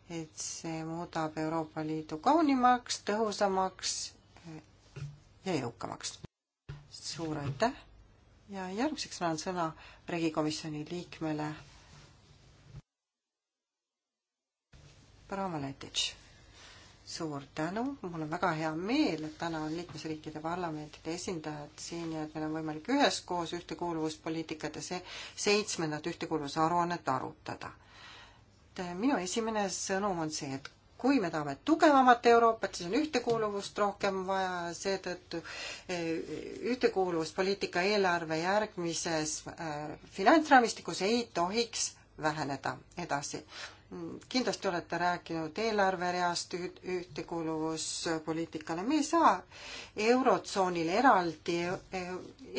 et see muudab Euroopa Liidu kaunimaks, tõhusamaks ja jõukamaks suur aitäh ja järgmiseks annan sõna regikomisjoni liikmele Paramaletitš. suur tänu, mul on väga hea meel, et täna on liikmesriikide parlamentide esindajad siin ja et meil on võimalik üheskoos ühtekuuluvuspoliitikat ja see seitsmendat ühtekuuluvusaruannet arutada. et minu esimene sõnum on see, et kui me tahame tugevamat Euroopat, siis on ühtekuuluvust rohkem vaja, seetõttu eh, ühtekuuluvuspoliitika eelarve järgmises eh, finantsraamistikus ei tohiks väheneda edasi kindlasti olete rääkinud eelarvereast ühtekuuluvuspoliitikale, me ei saa Eurotsoonil eraldi e-, e-,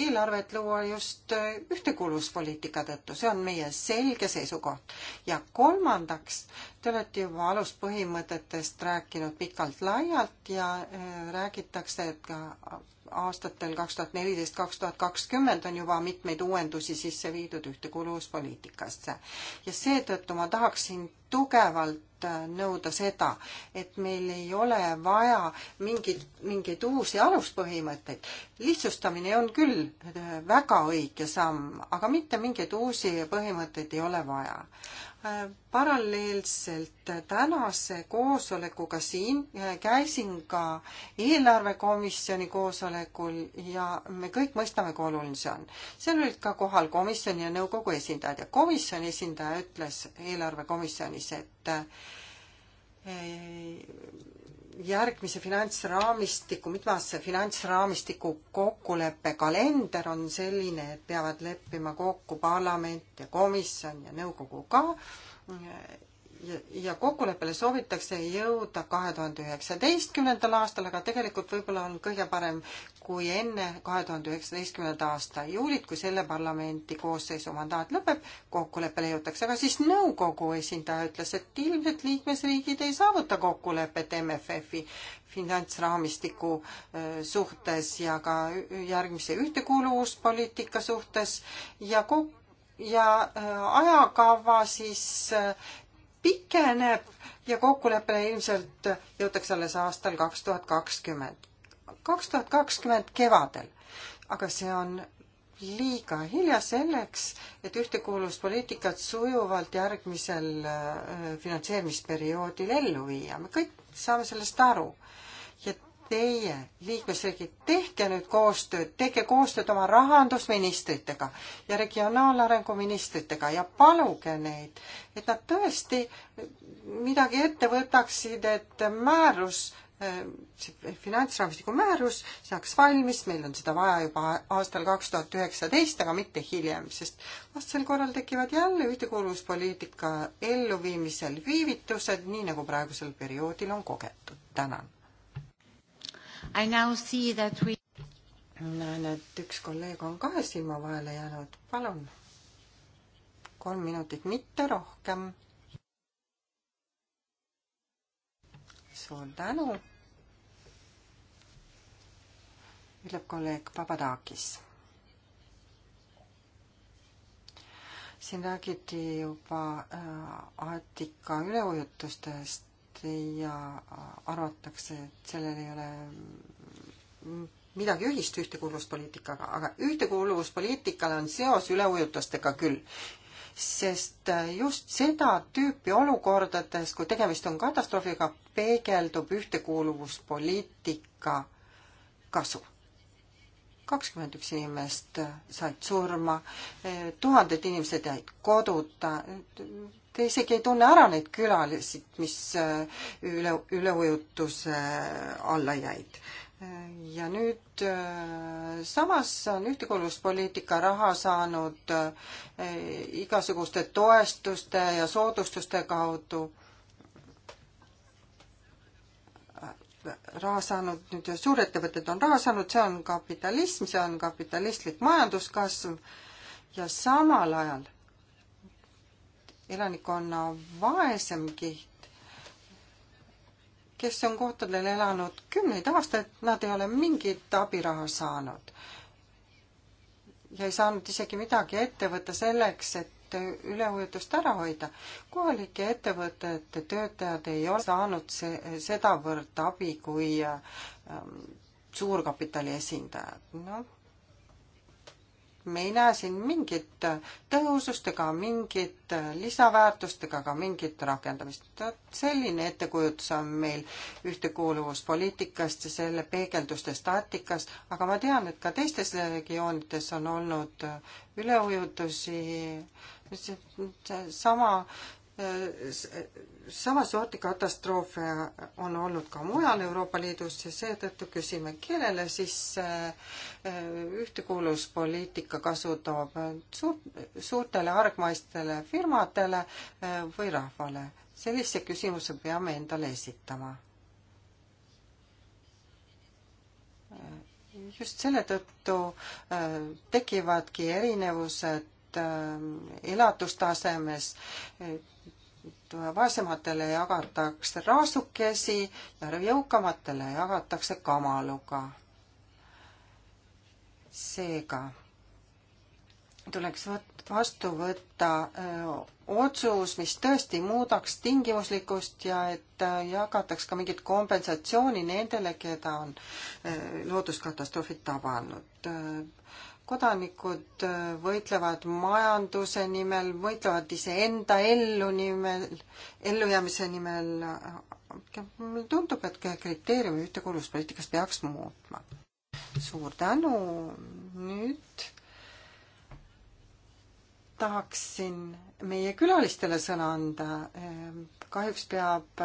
eelarvet luua just ühtekuuluvuspoliitika tõttu, see on meie selge seisukoht. ja kolmandaks, te olete juba aluspõhimõtetest rääkinud pikalt-laialt ja e, räägitakse, et ka aastatel kaks tuhat neliteist, kaks tuhat kakskümmend on juba mitmeid uuendusi sisse viidud ühtekuuluvuspoliitikasse. ja seetõttu ma tahaksin tugevalt äh, nõuda seda, et meil ei ole vaja mingit, mingeid uusi aluspõhimõtteid. lihtsustamine on küll äh, väga õige samm, aga mitte mingeid uusi põhimõtteid ei ole vaja paralleelselt tänase koosolekuga siin käisin ka eelarvekomisjoni koosolekul ja me kõik mõistame, kui oluline see on. seal olid ka kohal komisjoni ja nõukogu esindajad ja komisjoni esindaja ütles eelarvekomisjonis, et eh, järgmise finantsraamistiku, mitmeaastase finantsraamistiku kokkuleppe kalender on selline, et peavad leppima kokku parlament ja komisjon ja nõukogu ka ja kokkuleppele soovitakse jõuda kahe tuhande üheksateistkümnendal aastal, aga tegelikult võib-olla on kõige parem, kui enne kahe tuhande üheksateistkümnenda aasta juulit, kui selle parlamenti koosseisu mandaat lõpeb, kokkuleppele jõutakse. aga siis nõukogu esindaja ütles, et ilmselt liikmesriigid ei saavuta kokkulepet MFF-i finantsraamistiku suhtes ja ka järgmise ühtekuuluvuspoliitika suhtes ja kokku ja ajakava siis pikeneb ja kokkuleppele ilmselt jõutakse alles aastal kaks tuhat kakskümmend. kaks tuhat kakskümmend kevadel. aga see on liiga hilja selleks, et ühtekuuluvuspoliitikat sujuvalt järgmisel äh, finantseerimisperioodil ellu viia. me kõik saame sellest aru teie, liikmesriigid, tehke nüüd koostööd, tehke koostööd oma rahandusministritega ja regionaalarengu ministritega ja paluge neid, et nad tõesti midagi ette võtaksid, et määrus, see finantsraamistiku määrus saaks valmis, meil on seda vaja juba aastal kaks tuhat üheksateist, aga mitte hiljem, sest vastasel korral tekivad jälle ühtekuuluvuspoliitika elluviimisel viivitused, nii nagu praegusel perioodil on kogetud. tänan We... näen, et üks kolleeg on kahe silma vahele jäänud, palun. kolm minutit, mitte rohkem. suur tänu, ütleb kolleeg Papadakis siin räägiti juba äh, Attika üleujutustest ja arvatakse, et sellel ei ole midagi ühist ühtekuuluvuspoliitikaga, aga ühtekuuluvuspoliitikal on seos üleujutustega küll. sest just seda tüüpi olukordades, kui tegemist on katastroofiga, peegeldub ühtekuuluvuspoliitika kasu kakskümmend üks inimest said surma, tuhanded inimesed jäid koduta, Te isegi ei tunne ära neid külalisi, mis äh, üle, üleujutuse äh, alla jäid. ja nüüd äh, samas on ühtekuuluvuspoliitika raha saanud igasuguste toestuste ja soodustuste kaudu raha saanud, nüüd suurettevõtted on raha saanud, see on kapitalism, see on kapitalistlik majanduskasv ja samal ajal elanikkonna vaesem kiht, kes on kohtadel elanud kümneid aastaid, nad ei ole mingit abiraha saanud. ja ei saanud isegi midagi ette võtta selleks, et üleujutust ära hoida. kohalike ettevõtete töötajad ei ole saanud see, sedavõrd abi kui ähm, suurkapitali esindajad. noh, me ei näe siin mingit tõhusust ega mingit lisaväärtust ega ka mingit rakendamist. selline ettekujutus on meil ühtekuuluvuspoliitikast ja selle peegeldustest Arktikast, aga ma tean, et ka teistes regioonides on olnud üleujutusi, sama sama sorti katastroofe on olnud ka mujal Euroopa Liidus ja seetõttu küsime, kellele siis eh, ühtekuuluvuspoliitika kasu toob suur, suurtele hargmaistele firmadele eh, või rahvale. sellise küsimuse peame endale esitama. Eh, just selle tõttu tekivadki erinevused Äh, elatustasemes vaesematele jagatakse raasukesi ja jõukamatele jagatakse kamaluga. seega tuleks võt-, vastu võtta öö, äh, otsus, mis tõesti muudaks tingimuslikkust ja et öö, äh, jagataks ka mingit kompensatsiooni nendele, keda on öö, looduskatastroofid tabanud kodanikud äh, võitlevad majanduse nimel, võitlevad iseenda ellu nimel, ellujäämise nimel. Äh, mulle tundub, et kriteeriumi ühtekuuluvuspoliitikas peaks muutma. suur tänu, nüüd tahaksin meie külalistele sõna anda. Äh, kahjuks peab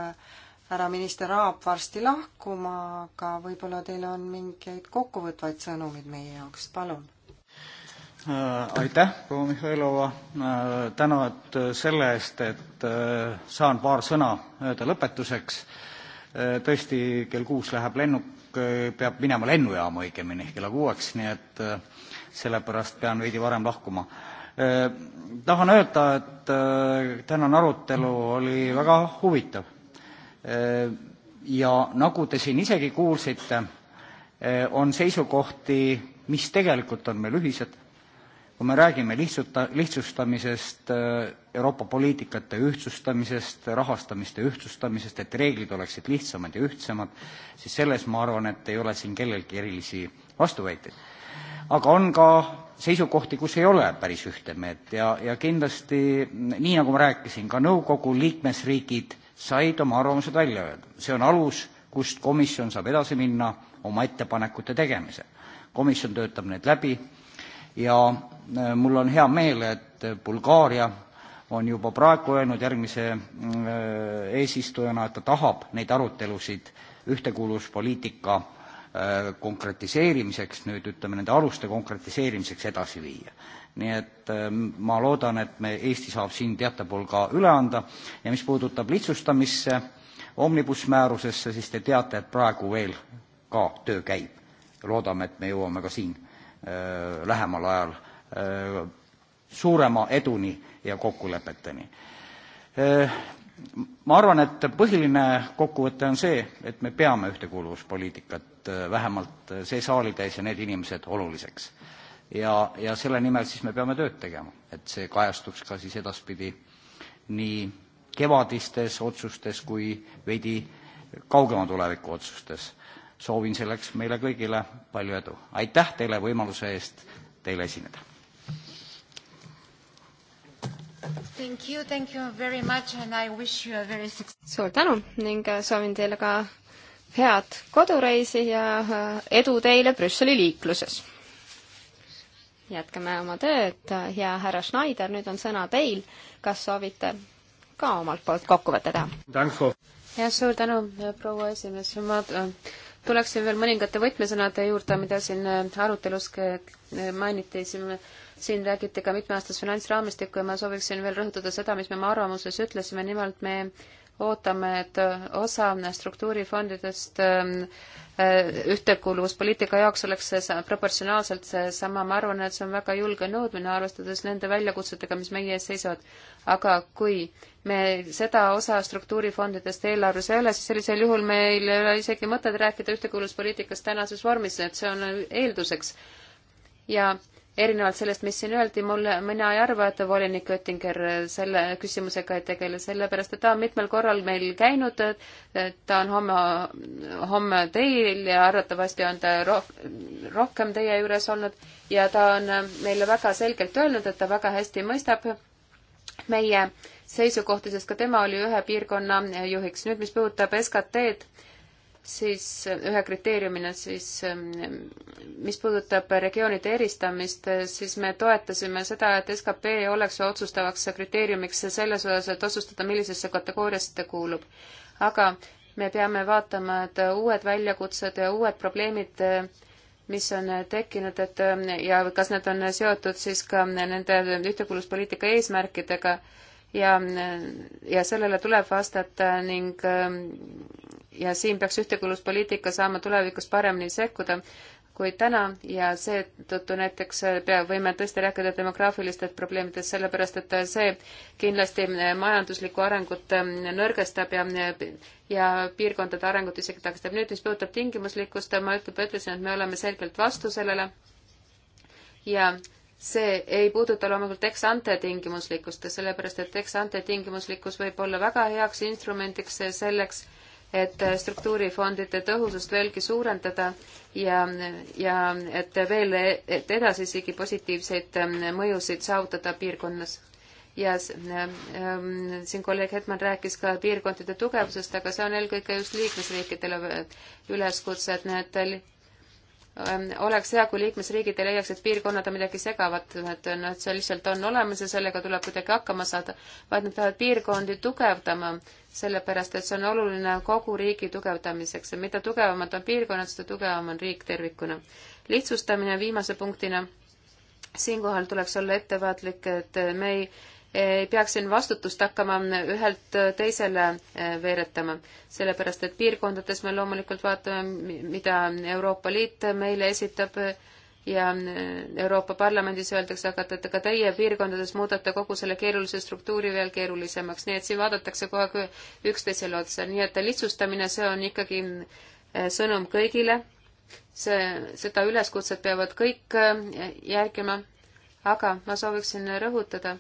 härra minister Aab varsti lahkuma, aga võib-olla teil on mingeid kokkuvõtvaid sõnumeid meie jaoks, palun Äh, aitäh, proua Mihhailova, äh, tänud äh, selle eest, et saan paar sõna öelda lõpetuseks. tõesti, kell kuus läheb lennuk, peab minema lennujaama õigemini kella kuueks, nii et sellepärast pean veidi varem lahkuma. tahan öelda, et tänane arutelu oli väga huvitav. ja nagu te siin isegi kuulsite, on seisukohti, mis tegelikult on meil ühised kui me räägime lihtsuta-, lihtsustamisest, äh, Euroopa poliitikate ühtsustamisest, rahastamiste ühtsustamisest, et reeglid oleksid lihtsamad ja ühtsemad, siis selles, ma arvan, et ei ole siin kellelgi erilisi vastuväiteid. aga on ka seisukohti, kus ei ole päris ühte meelt ja, ja kindlasti nii, nagu ma rääkisin, ka nõukogu liikmesriigid said oma arvamused välja öelda. see on alus, kust komisjon saab edasi minna oma ettepanekute tegemisel. komisjon töötab need läbi ja Äh, mul on hea meel, et Bulgaaria on juba praegu öelnud järgmise äh, eesistujana, et ta tahab neid arutelusid ühtekuuluvuspoliitika äh, konkretiseerimiseks, nüüd ütleme, nende aluste konkretiseerimiseks edasi viia. nii et ma loodan, et me, Eesti saab siin teatepulga üle anda ja mis puudutab lihtsustamisse, omnibus määrusesse, siis te teate, et praegu veel ka töö käib. loodame, et me jõuame ka siin öö, lähemal ajal Äh, suurema eduni ja kokkulepeteni. Äh, ma arvan, et põhiline kokkuvõte on see, et me peame ühtekuuluvuspoliitikat äh, vähemalt see saalitäis ja need inimesed oluliseks. ja, ja selle nimel siis me peame tööd tegema, et see kajastuks ka siis edaspidi nii kevadistes otsustes kui veidi kaugema tuleviku otsustes. soovin selleks meile kõigile palju edu. aitäh teile võimaluse eest teile esineda! Thank you, thank you very much and I wish you a very suur tänu ning äh, soovin teile ka head kodureisi ja äh, edu teile Brüsseli liikluses. jätkame oma tööd ja äh, härra Schneider, nüüd on sõna teil. kas soovite ka omalt poolt kokkuvõtte teha? ja suur tänu, proua esimees, ma tuleksin veel mõningate võtmesõnade juurde, mida siin äh, arutelus äh, mainiti, siin, siin räägiti ka mitmeaastast finantsraamistikku ja ma sooviksin veel rõhutada seda, mis me oma arvamuses ütlesime, nimelt me ootame, et osa struktuurifondidest äh, ühtekuuluvuspoliitika jaoks oleks see proportsionaalselt seesama, ma arvan, et see on väga julge nõudmine, arvestades nende väljakutsetega, mis meie ees seisavad. aga kui me seda osa struktuurifondidest eelarves ei ole, siis sellisel juhul meil ei ole isegi mõtet rääkida ühtekuuluvuspoliitikast tänases vormis, et see on eelduseks. ja äh, erinevalt sellest, mis siin öeldi, mul, mina ei arva, et volinik Oettinger selle küsimusega ei tegele, sellepärast et ta on mitmel korral meil käinud, ta on homme, homme teil ja arvatavasti on ta roh-, rohkem teie juures olnud ja ta on meile väga selgelt öelnud, et ta väga hästi mõistab meie seisukohti, sest ka tema oli ühe piirkonna juhiks. nüüd, mis puudutab SKT-d, siis eh, ühe kriteeriumina siis, eh, mis puudutab regioonide eristamist, eh, siis me toetasime seda, et skp oleks otsustavaks kriteeriumiks selles osas, et otsustada, millisesse kategooriasse ta kuulub. aga me peame vaatama, et uued väljakutsed ja uued probleemid, mis on tekkinud, et ja kas need on seotud siis ka nende ühtekuuluvuspoliitika eesmärkidega ja, ja sellele tuleb vastata ning ähm, ja siin peaks ühtekuuluvuspoliitika saama tulevikus paremini sekkuda kui täna ja seetõttu näiteks pea, võime tõesti rääkida demograafilistest probleemidest, sellepärast et see kindlasti majanduslikku arengut ähm, nõrgestab ja, ja piirkondade arengut isegi takistab. nüüd, mis puudutab tingimuslikkust, ma juba ütlesin, et me oleme selgelt vastu sellele ja see ei puuduta loomulikult ex-ante tingimuslikkust, sellepärast et ex-ante tingimuslikkus võib olla väga heaks instrumendiks selleks, et struktuurifondide tõhusust veelgi suurendada ja, ja et veel, et edasi isegi positiivseid mõjusid saavutada piirkonnas. ja ähm, ähm, siin kolleeg Hetman rääkis ka piirkondade tugevusest, aga see on eelkõige just liikmesriikidele üleskutse, et need Ähm, oleks hea, kui liikmesriigid ei leiaks, et piirkonnad on midagi segavat, et nad seal lihtsalt on olemas ja sellega tuleb kuidagi hakkama saada, vaid nad peavad piirkondi tugevdama, sellepärast et see on oluline kogu riigi tugevdamiseks ja mida tugevamad on piirkonnad, seda tugevam on riik tervikuna. lihtsustamine viimase punktina, siinkohal tuleks olla ettevaatlik, et me ei ei peaks siin vastutust hakkama ühelt teisele e, veeretama, sellepärast et piirkondades me loomulikult vaatame, mida Euroopa Liit meile esitab ja e, Euroopa Parlamendis öeldakse, aga et ka teie piirkondades muudate kogu selle keerulise struktuuri veel keerulisemaks, nii et siin vaadatakse kogu aeg üksteisele otsa, nii et lihtsustamine, see on ikkagi e, sõnum kõigile, see, seda üleskutset peavad kõik järgima, aga ma sooviksin rõhutada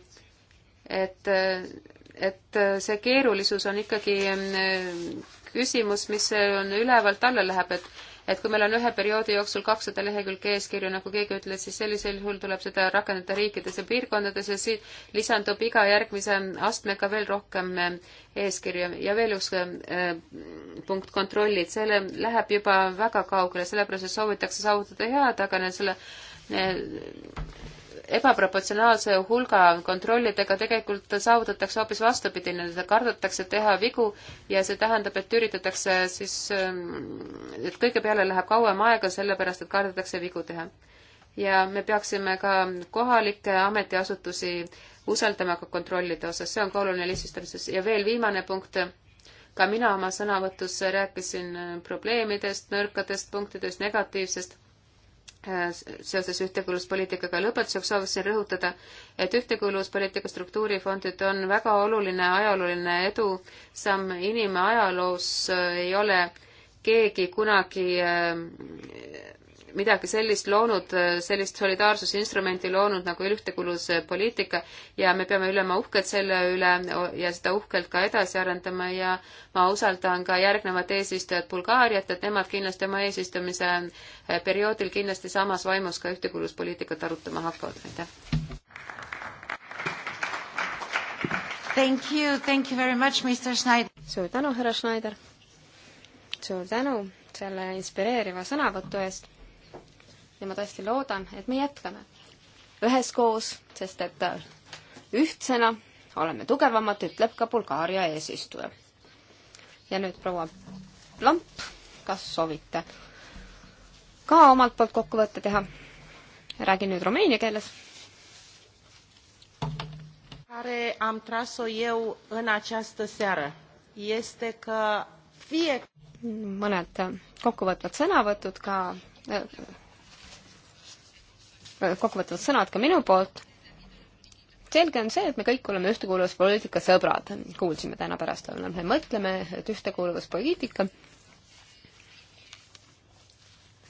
et, et see keerulisus on ikkagi mm, küsimus, mis on ülevalt alla läheb, et et kui meil on ühe perioodi jooksul kakssada lehekülge eeskirju, nagu keegi ütles, siis sellisel juhul tuleb seda rakendada riikides ja piirkondades ja siin lisandub iga järgmise astmega veel rohkem mm, eeskirju ja veel üks äh, punkt, kontrollid, selle läheb juba väga kaugele, sellepärast et soovitakse saavutada head, aga selle äh, ebaproportsionaalse hulga kontrollidega tegelikult saavutatakse hoopis vastupidine, kardetakse teha vigu ja see tähendab, et üritatakse siis, ähm, et kõige peale läheb kauem aega, sellepärast et kardetakse vigu teha. ja me peaksime ka kohalikke ametiasutusi usaldama ka kontrollide osas, see on ka oluline lihtsustamises ja veel viimane punkt ka mina oma sõnavõtus rääkisin äh, probleemidest, nõrkadest punktidest, negatiivsest seoses ühtekuuluvuspoliitikaga. lõpetuseks sooviksin rõhutada, et ühtekuuluvuspoliitika struktuurifondid on väga oluline ajalooline edusamm. inimajaloos ei ole keegi kunagi midagi sellist loonud, sellist solidaarsusinstrumenti loonud nagu ühtekuuluvuspoliitika ja me peame olema uhked selle üle ja seda uhkelt ka edasi arendama ja ma usaldan ka järgnevat eesistujat Bulgaariat, et nemad kindlasti oma eesistumise perioodil kindlasti samas vaimus ka ühtekuuluvuspoliitikat arutama hakkavad, aitäh. Thank you, thank you very much, Mr Schneider. suur tänu, härra Schneider. suur tänu selle inspireeriva sõnavõtu eest ja ma tõesti loodan, et me jätkame üheskoos, sest et äh, ühtsena oleme tugevamad, ütleb ka Bulgaaria eesistuja. ja nüüd proua Lamp, kas soovite ka omalt poolt kokkuvõtte teha? räägin nüüd rumeenia keeles. care am tras-o eu în această seară este că fie mõned kokkuvõtvad sõnavõtud ka äh, kokkuvõtvad sõnad ka minu poolt. selge on see, et me kõik oleme ühtekuuluvuspoliitika sõbrad, kuulsime täna pärastlõunal, me mõtleme, et ühtekuuluvuspoliitika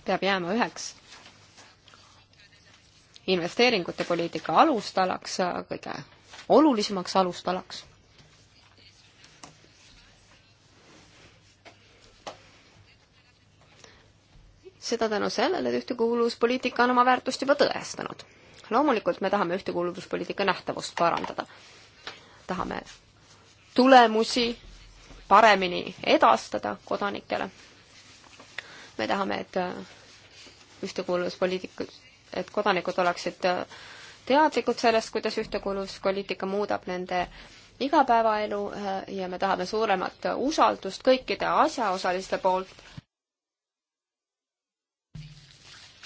peab jääma üheks investeeringute poliitika alustalaks, kõige olulisemaks alustalaks seda tänu sellele, et ühtekuuluvuspoliitika on oma väärtust juba tõestanud. loomulikult me tahame ühtekuuluvuspoliitika nähtavust parandada. tahame tulemusi paremini edastada kodanikele. me tahame, et äh, ühtekuuluvuspoliitikud, et kodanikud oleksid äh, teadlikud sellest, kuidas ühtekuuluvuspoliitika muudab nende igapäevaelu äh, ja me tahame suuremat usaldust kõikide asjaosaliste poolt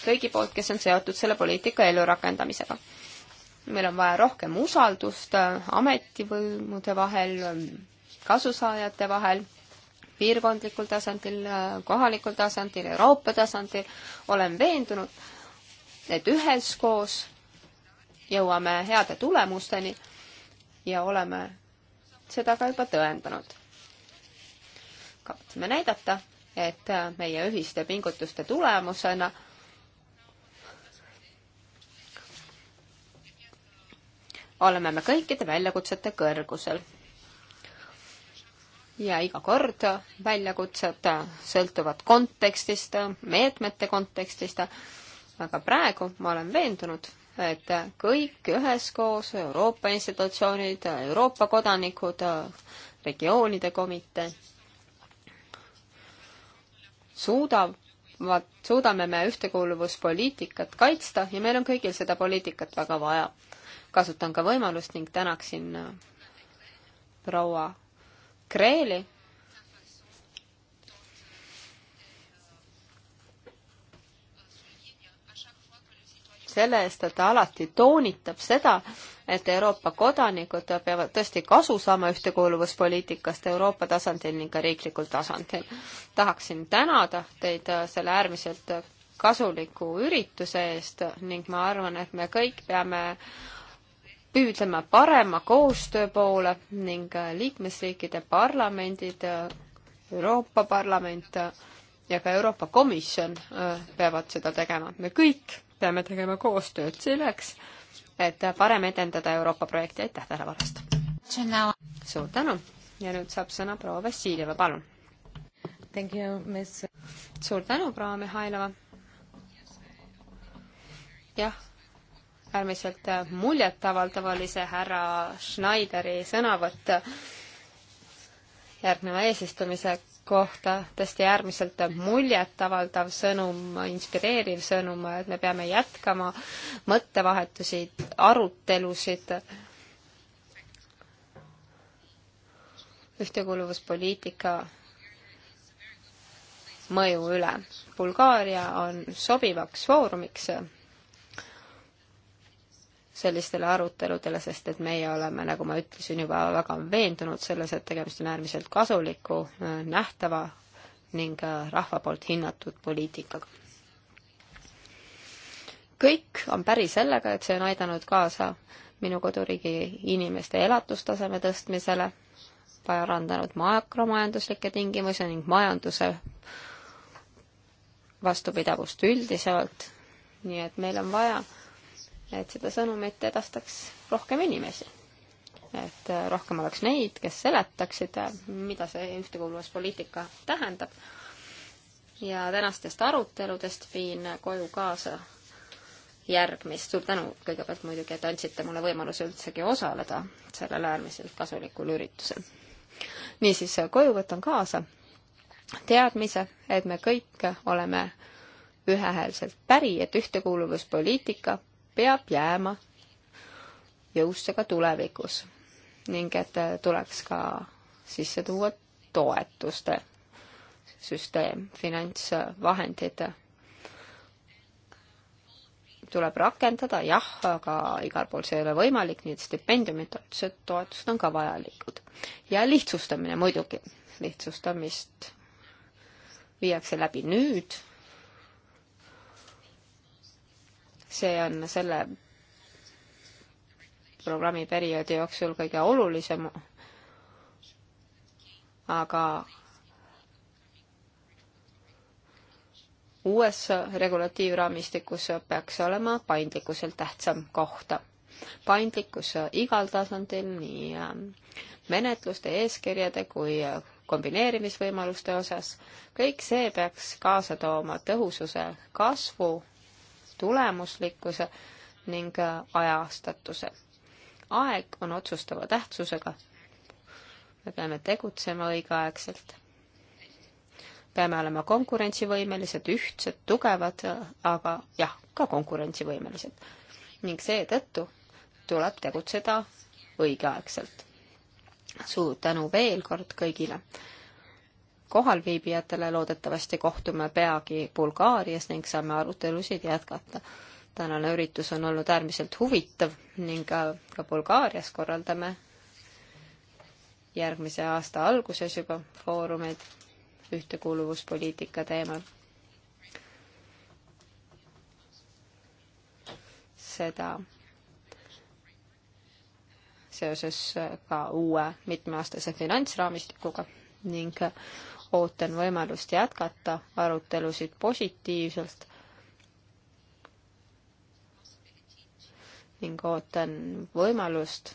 kõigi poolt, kes on seotud selle poliitika ellurakendamisega. meil on vaja rohkem usaldust äh, ametivõimude vahel, ähm, kasusaajate vahel, piirkondlikul tasandil, äh, kohalikul tasandil, Euroopa tasandil, olen veendunud, et üheskoos jõuame heade tulemusteni ja oleme seda ka juba tõendanud. kavatseme näidata, et äh, meie ühiste pingutuste tulemusena oleme me kõikide väljakutsete kõrgusel. ja iga kord väljakutsed sõltuvad kontekstist, meetmete kontekstist, aga praegu ma olen veendunud, et kõik üheskoos, Euroopa institutsioonid, Euroopa kodanikud, regioonide komitee, suudab vaat suudame me ühtekuuluvuspoliitikat kaitsta ja meil on kõigil seda poliitikat väga vaja kasutan ka võimalust ning tänaksin äh, proua Kreeli selle eest, et ta alati toonitab seda, et Euroopa kodanikud peavad tõesti kasu saama ühtekuuluvuspoliitikast Euroopa tasandil ning ka riiklikul tasandil. tahaksin tänada teid äh, selle äärmiselt kasuliku ürituse eest ning ma arvan, et me kõik peame püüdlema parema koostöö poole ning äh, liikmesriikide parlamendid, äh, Euroopa Parlament äh, ja ka Euroopa Komisjon peavad seda tegema. me kõik peame tegema koostööd selleks, et parem edendada Euroopa projekti. aitäh tähelepanust! suur tänu ja nüüd saab sõna proua Vassiljeva, palun! suur tänu, proua Mihhailova! jah äärmiselt muljetavaldav oli see härra Schneideri sõnavõtt järgneva eesistumise kohta, tõesti äärmiselt muljetavaldav sõnum, inspireeriv sõnum, et me peame jätkama mõttevahetusi, arutelusid ühtekuuluvuspoliitika mõju üle. Bulgaaria on sobivaks foorumiks sellistele aruteludele, sest et meie oleme, nagu ma ütlesin, juba väga veendunud selles, et tegemist on äärmiselt kasuliku, nähtava ning äh, rahva poolt hinnatud poliitikaga. kõik on päri sellega, et see on aidanud kaasa minu koduriigi inimeste elatustaseme tõstmisele, parandanud makromajanduslikke tingimusi ning majanduse vastupidavust üldisemalt, nii et meil on vaja et seda sõnumit edastaks rohkem inimesi. et äh, rohkem oleks neid, kes seletaksid, äh, mida see ühtekuuluvuspoliitika tähendab. ja tänastest aruteludest viin koju kaasa järgmist, suur tänu kõigepealt muidugi, et andsite mulle võimaluse üldsegi osaleda sellel äärmiselt kasulikul üritusel. niisiis, äh, koju võtan kaasa teadmise, et me kõik oleme ühehäälselt päri, et ühtekuuluvuspoliitika peab jääma jõusse ka tulevikus ning et äh, tuleks ka sisse tuua toetuste süsteem, finantsvahendid tuleb rakendada, jah, aga igal pool see ei ole võimalik, nii et stipendiumid, toetused, toetused on ka vajalikud. ja lihtsustamine muidugi, lihtsustamist viiakse läbi nüüd see on selle programmi perioodi jooksul kõige olulisem, aga uues regulatiivraamistikus peaks olema paindlikkusel tähtsam koht. paindlikkus igal tasandil, nii äh, menetluste, eeskirjade kui äh, kombineerimisvõimaluste osas, kõik see peaks kaasa tooma tõhususe kasvu tulemuslikkuse ning äh, ajastatuse. aeg on otsustava tähtsusega. me peame tegutsema õigeaegselt. peame olema konkurentsivõimelised, ühtsed, tugevad, äh, aga jah, ka konkurentsivõimelised. ning seetõttu tuleb tegutseda õigeaegselt. suur tänu veel kord kõigile kohalviibijatele, loodetavasti kohtume peagi Bulgaarias ning saame arutelusid jätkata. tänane üritus on olnud äärmiselt huvitav ning ka, äh, ka Bulgaarias korraldame järgmise aasta alguses juba foorumeid ühtekuuluvuspoliitika teemal. seda seoses äh, ka uue mitmeaastase finantsraamistikuga ning äh, ootan võimalust jätkata arutelusid positiivselt ning ootan võimalust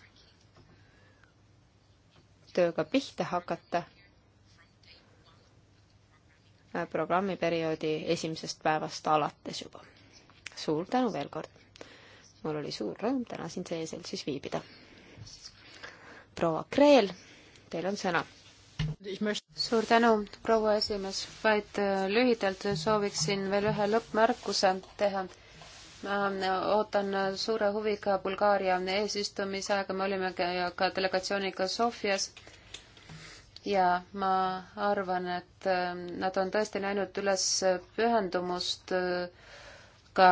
tööga pihta hakata programmiperioodi esimesest päevast alates juba. suur tänu veel kord. mul oli suur rõõm täna siin teie seltsis viibida. proua Kreel, teil on sõna suur tänu, proua esimees, vaid äh, lühidalt sooviksin veel ühe lõppmärkuse teha. ma äh, ootan äh, suure huviga Bulgaaria eesistumise aega, me olime ka delegatsiooniga Sofias ja ma arvan, et nad on tõesti näinud üles pühendumust ka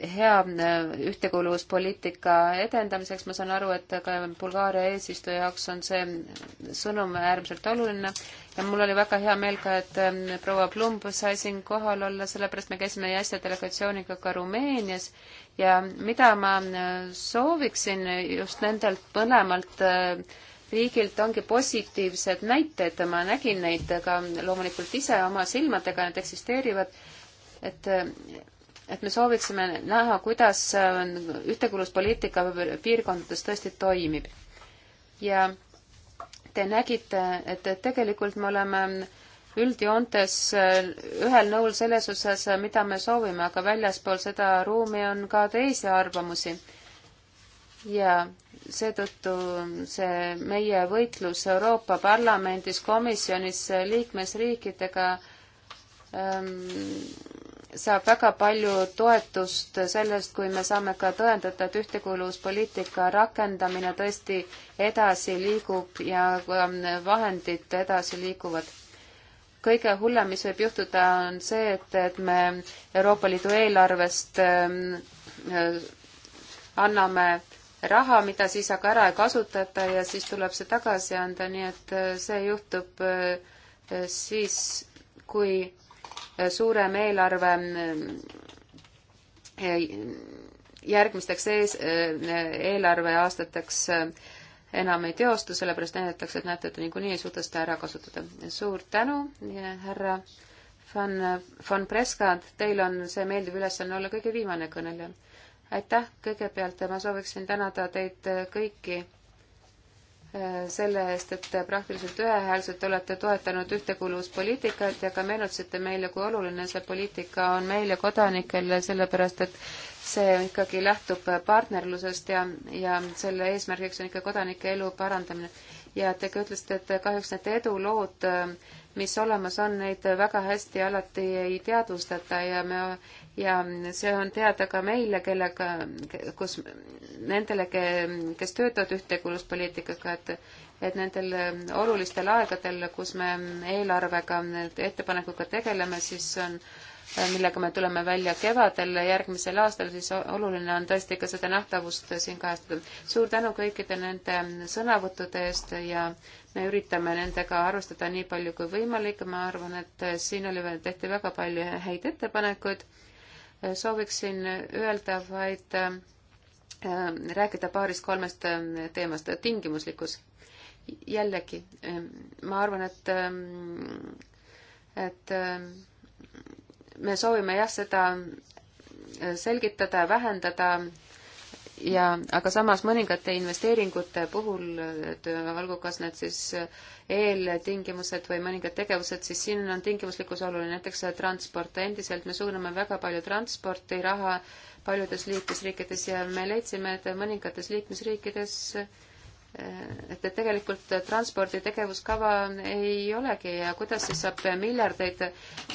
hea äh, ühtekuuluvuspoliitika edendamiseks, ma saan aru, et ka Bulgaaria eesistuja jaoks on see sõnum äärmiselt oluline ja mul oli väga hea meel ka, et ähm, proua Plumb sai siin kohal olla, sellepärast me käisime äsja delegatsiooniga ka Rumeenias ja mida ma äh, sooviksin just nendelt mõlemalt äh, riigilt ongi positiivsed näited, ma nägin neid ka loomulikult ise oma silmadega, need eksisteerivad, et et me sooviksime näha, kuidas äh, ühtekuuluvuspoliitika piirkondades tõesti toimib. ja te nägite, et tegelikult me oleme üldjoontes äh, ühel nõul selles osas, äh, mida me soovime, aga väljaspool seda ruumi on ka teisi arvamusi. ja seetõttu see meie võitlus Euroopa Parlamendis, komisjonis, liikmesriikidega ähm, saab väga palju toetust sellest, kui me saame ka tõendada, et ühtekuuluvuspoliitika rakendamine tõesti edasi liigub ja ähm, vahendid edasi liiguvad. kõige hullem, mis võib juhtuda, on see, et, et me Euroopa Liidu eelarvest ähm, äh, anname raha, mida siis aga ära ei kasutata ja siis tuleb see tagasi anda, nii et äh, see juhtub äh, siis, kui suurem eelarve eh, järgmisteks ees, eh, eelarveaastateks eh, enam ei teostu, sellepärast näidatakse, et näete, et niikuinii ei suuda seda ära kasutada. suur tänu, härra von, von Preska, teil on see meeldiv ülesanne olla kõige viimane kõneleja. aitäh, kõigepealt ma sooviksin tänada teid kõiki selle eest, et praktiliselt ühehäälselt olete toetanud ühtekuuluvuspoliitikat ja ka meenutasite meile, kui oluline see poliitika on meile, kodanikele, sellepärast et see ikkagi lähtub partnerlusest ja, ja selle eesmärgiks on ikka kodanike elu parandamine. ja te ka ütlesite, et kahjuks need edulood, mis olemas on, neid väga hästi alati ei teadvustata ja me ja see on teada ka meile, kellega, kus nendele, kes töötavad ühtekuuluvuspoliitikaga, et et nendel olulistel aegadel, kus me eelarvega, ettepanekuga tegeleme, siis on millega me tuleme välja kevadel järgmisel aastal, siis oluline on tõesti ka seda nähtavust siin kajastada. suur tänu kõikide nende sõnavõttude eest ja me üritame nendega arvestada nii palju kui võimalik, ma arvan, et siin oli, tehti väga palju häid ettepanekuid sooviksin öelda vaid äh, rääkida paarist-kolmest äh, teemast. tingimuslikkus. jällegi, äh, ma arvan, et, äh, et me soovime jah, seda selgitada ja vähendada ja aga samas mõningate investeeringute puhul, et äh, olgu kas need siis äh, eeltingimused või mõningad tegevused, siis siin on tingimuslikkus oluline, näiteks äh, transport, endiselt me suuname väga palju transporti, raha paljudes liikmesriikides ja me leidsime, et mõningates liikmesriikides et, et tegelikult transpordi tegevuskava ei olegi ja kuidas siis saab miljardeid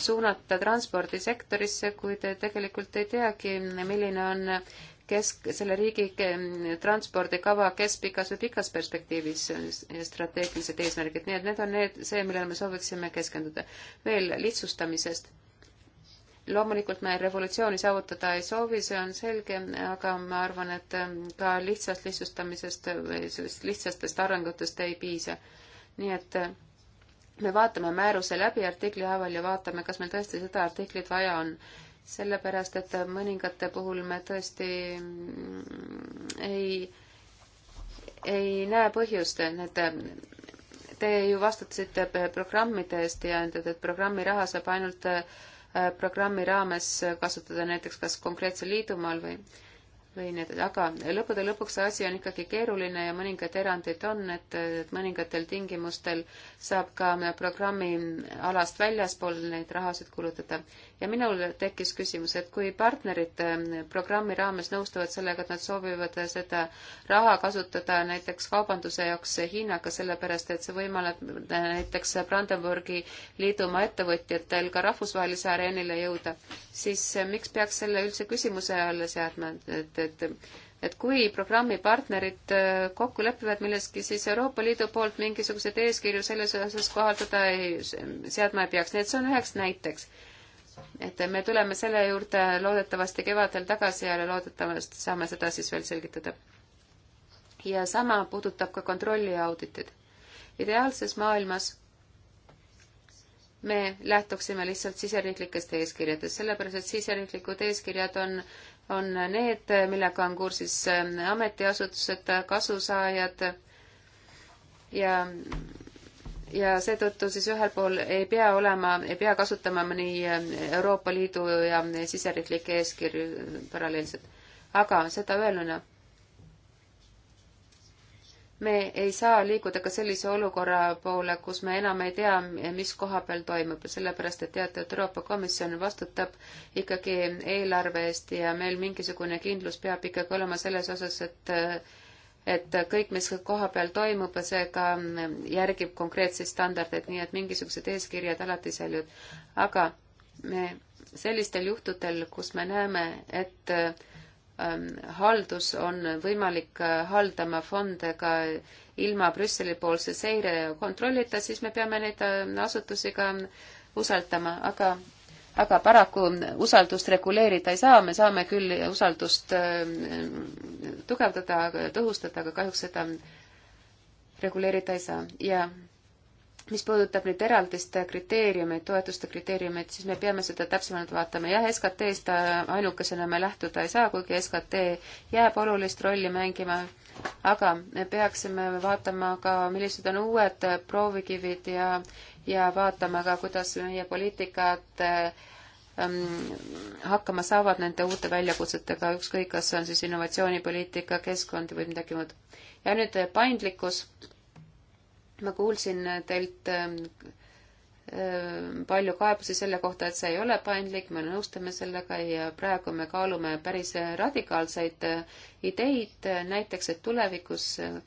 suunata transpordisektorisse, kui te tegelikult ei teagi, milline on kesk, selle riigi transpordikava keskpikas või pikas perspektiivis strateegilised eesmärgid, nii et need on need, see, millele me sooviksime keskenduda. veel lihtsustamisest. loomulikult me revolutsiooni saavutada ei soovi, see on selge, aga ma arvan, et ka lihtsast lihtsustamisest või sellest lihtsastest arengutest ei piisa. nii et me vaatame määruse läbi artikli haaval ja vaatame, kas meil tõesti seda artiklit vaja on sellepärast et mõningate puhul me tõesti mm, ei, ei näe põhjust, need Te ju vastutasite programmide eest ja ütlete, et programmi raha saab ainult äh, programmi raames kasutada näiteks kas konkreetsel liidumaal või või nii edasi, aga lõppude lõpuks see asi on ikkagi keeruline ja mõningaid erandeid on, et, et mõningatel tingimustel saab ka programmi alast väljaspool neid rahasid kulutada ja minul tekkis küsimus, et kui partnerid ähm, programmi raames nõustuvad sellega, et nad soovivad äh, seda raha kasutada näiteks kaubanduse jaoks Hiinaga, sellepärast et see võimaldab äh, näiteks Brandenburgi liidumaa ettevõtjatel ka rahvusvahelise areenile jõuda, siis äh, miks peaks selle üldse küsimuse alla seadma, et, et et kui programmi partnerid kokku lepivad milleski, siis Euroopa Liidu poolt mingisuguseid eeskirju selles osas kohaldada ei, seadma ei peaks, nii et see on üheks näiteks et me tuleme selle juurde loodetavasti kevadel tagasi ja loodetavasti saame seda siis veel selgitada. ja sama puudutab ka kontrolli ja auditid. ideaalses maailmas me lähtuksime lihtsalt siseriiklikest eeskirjadest, sellepärast et siseriiklikud eeskirjad on, on need, millega on kursis ähm, ametiasutused, kasusaajad ja ja seetõttu siis ühel pool ei pea olema, ei pea kasutama nii ähm, Euroopa Liidu ja siseriiklikke eeskirju paralleelselt. aga seda öelnuna me ei saa liikuda ka sellise olukorra poole, kus me enam ei tea, mis koha peal toimub, sellepärast et teate, et Euroopa Komisjon vastutab ikkagi eelarve eest ja meil mingisugune kindlus peab ikkagi olema selles osas, et äh, et kõik, mis koha peal toimub, see ka järgib konkreetseid standardeid, nii et mingisugused eeskirjad alati seal ju, aga me sellistel juhtudel, kus me näeme, et ähm, haldus on võimalik haldama fonde ka ilma Brüsseli poolse seire kontrollita, siis me peame neid äh, asutusi ka usaldama, aga aga paraku usaldust reguleerida ei saa, me saame küll usaldust äh, tugevdada, tõhustada, aga kahjuks seda reguleerida ei saa ja mis puudutab nüüd eraldiste kriteeriumeid, toetuste kriteeriumeid, siis me peame seda täpsemalt vaatama. jah, SKT-st ainukesena me lähtuda ei saa, kuigi SKT jääb olulist rolli mängima, aga me peaksime vaatama ka, millised on uued proovikivid ja, ja vaatama ka, kuidas meie poliitikad ähm, hakkama saavad nende uute väljakutsetega, ükskõik, kas see on siis innovatsioonipoliitika, keskkond või midagi muud. ja nüüd paindlikkus ma kuulsin teilt ähm, ähm, palju kaebusi selle kohta, et see ei ole paindlik, me nõustume sellega ja praegu me kaalume päris radikaalseid äh, ideid, äh, näiteks et tulevikus äh,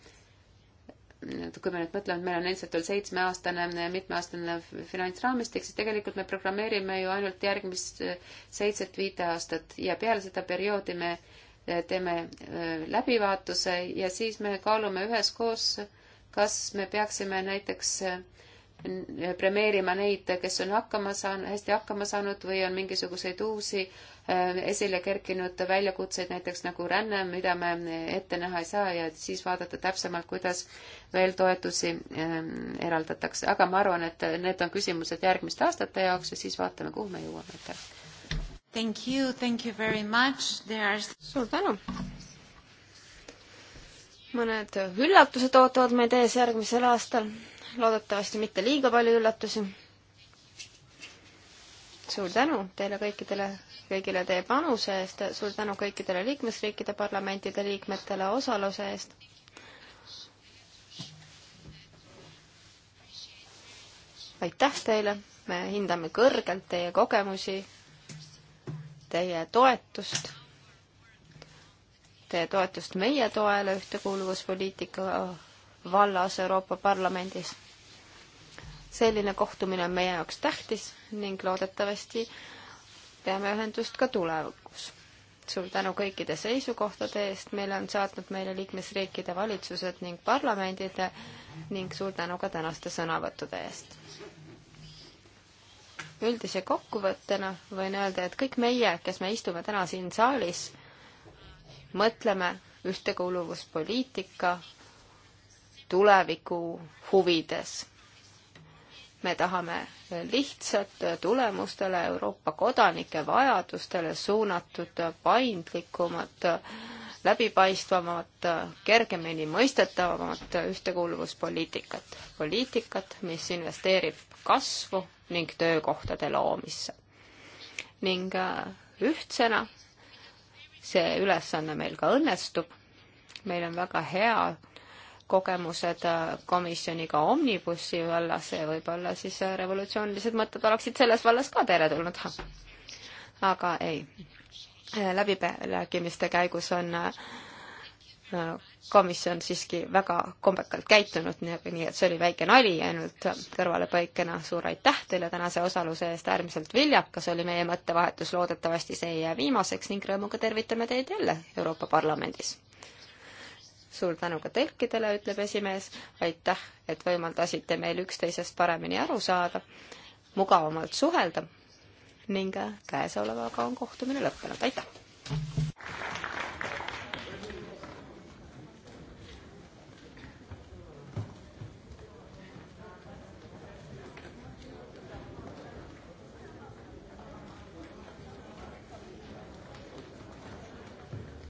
kui me nüüd mõtleme, et meil on endiselt veel seitsmeaastane, mitmeaastane finantsraamistik, siis tegelikult me programmeerime ju ainult järgmist seitset-viite aastat ja peale seda perioodi me teeme läbivaatuse ja siis me kaalume üheskoos äh, kas me peaksime näiteks eh, premeerima neid, kes on hakkama saanud, hästi hakkama saanud või on mingisuguseid uusi eh, esile kerkinud väljakutseid, näiteks nagu ränne, mida me ette näha ei saa ja siis vaadata täpsemalt, kuidas veel toetusi eh, eraldatakse. aga ma arvan, et need on küsimused järgmiste aastate jaoks ja siis vaatame, kuhu me jõuame. aitäh! Thank you, thank you very much, there are suur tänu! mõned üllatused ootavad meid ees järgmisel aastal, loodetavasti mitte liiga palju üllatusi. suur tänu teile kõikidele, kõigile teie panuse eest, suur tänu kõikidele liikmesriikide parlamentide liikmetele osaluse eest. aitäh teile, me hindame kõrgelt teie kogemusi, teie toetust teie toetust meie toele ühtekuuluvuspoliitika vallas Euroopa Parlamendis. selline kohtumine on meie jaoks tähtis ning loodetavasti peame ühendust ka tulevikus. suur tänu kõikide seisukohtade eest, meile on saatnud meile liikmesriikide valitsused ning parlamendid ning suur tänu ka tänaste sõnavõttude eest. üldise kokkuvõttena võin öelda, et kõik meie, kes me istume täna siin saalis, mõtleme ühtekuuluvuspoliitika tuleviku huvides. me tahame lihtsat tulemustele Euroopa kodanike vajadustele suunatud paindlikumat, läbipaistvamat, kergemini mõistetavamat ühtekuuluvuspoliitikat. poliitikat, mis investeerib kasvu ning töökohtade loomisse. ning ühtsena see ülesanne meil ka õnnestub. meil on väga hea kogemused äh, komisjoniga omnibussi vallas ja võib-olla siis äh, revolutsioonilised mõtted oleksid selles vallas ka teretulnud. aga ei, äh, läbirääkimiste käigus on komisjon siiski väga kombekalt käitunud, nii et see oli väike nali ainult kõrvalepõikena. suur aitäh teile tänase osaluse eest, äärmiselt viljakas oli meie mõttevahetus, loodetavasti see ei jää viimaseks ning rõõmuga tervitame teid jälle Euroopa Parlamendis. suur tänu ka tõlkidele, ütleb esimees, aitäh, et võimaldasite meil üksteisest paremini aru saada, mugavamalt suhelda ning käesolevaga on kohtumine lõppenud, aitäh!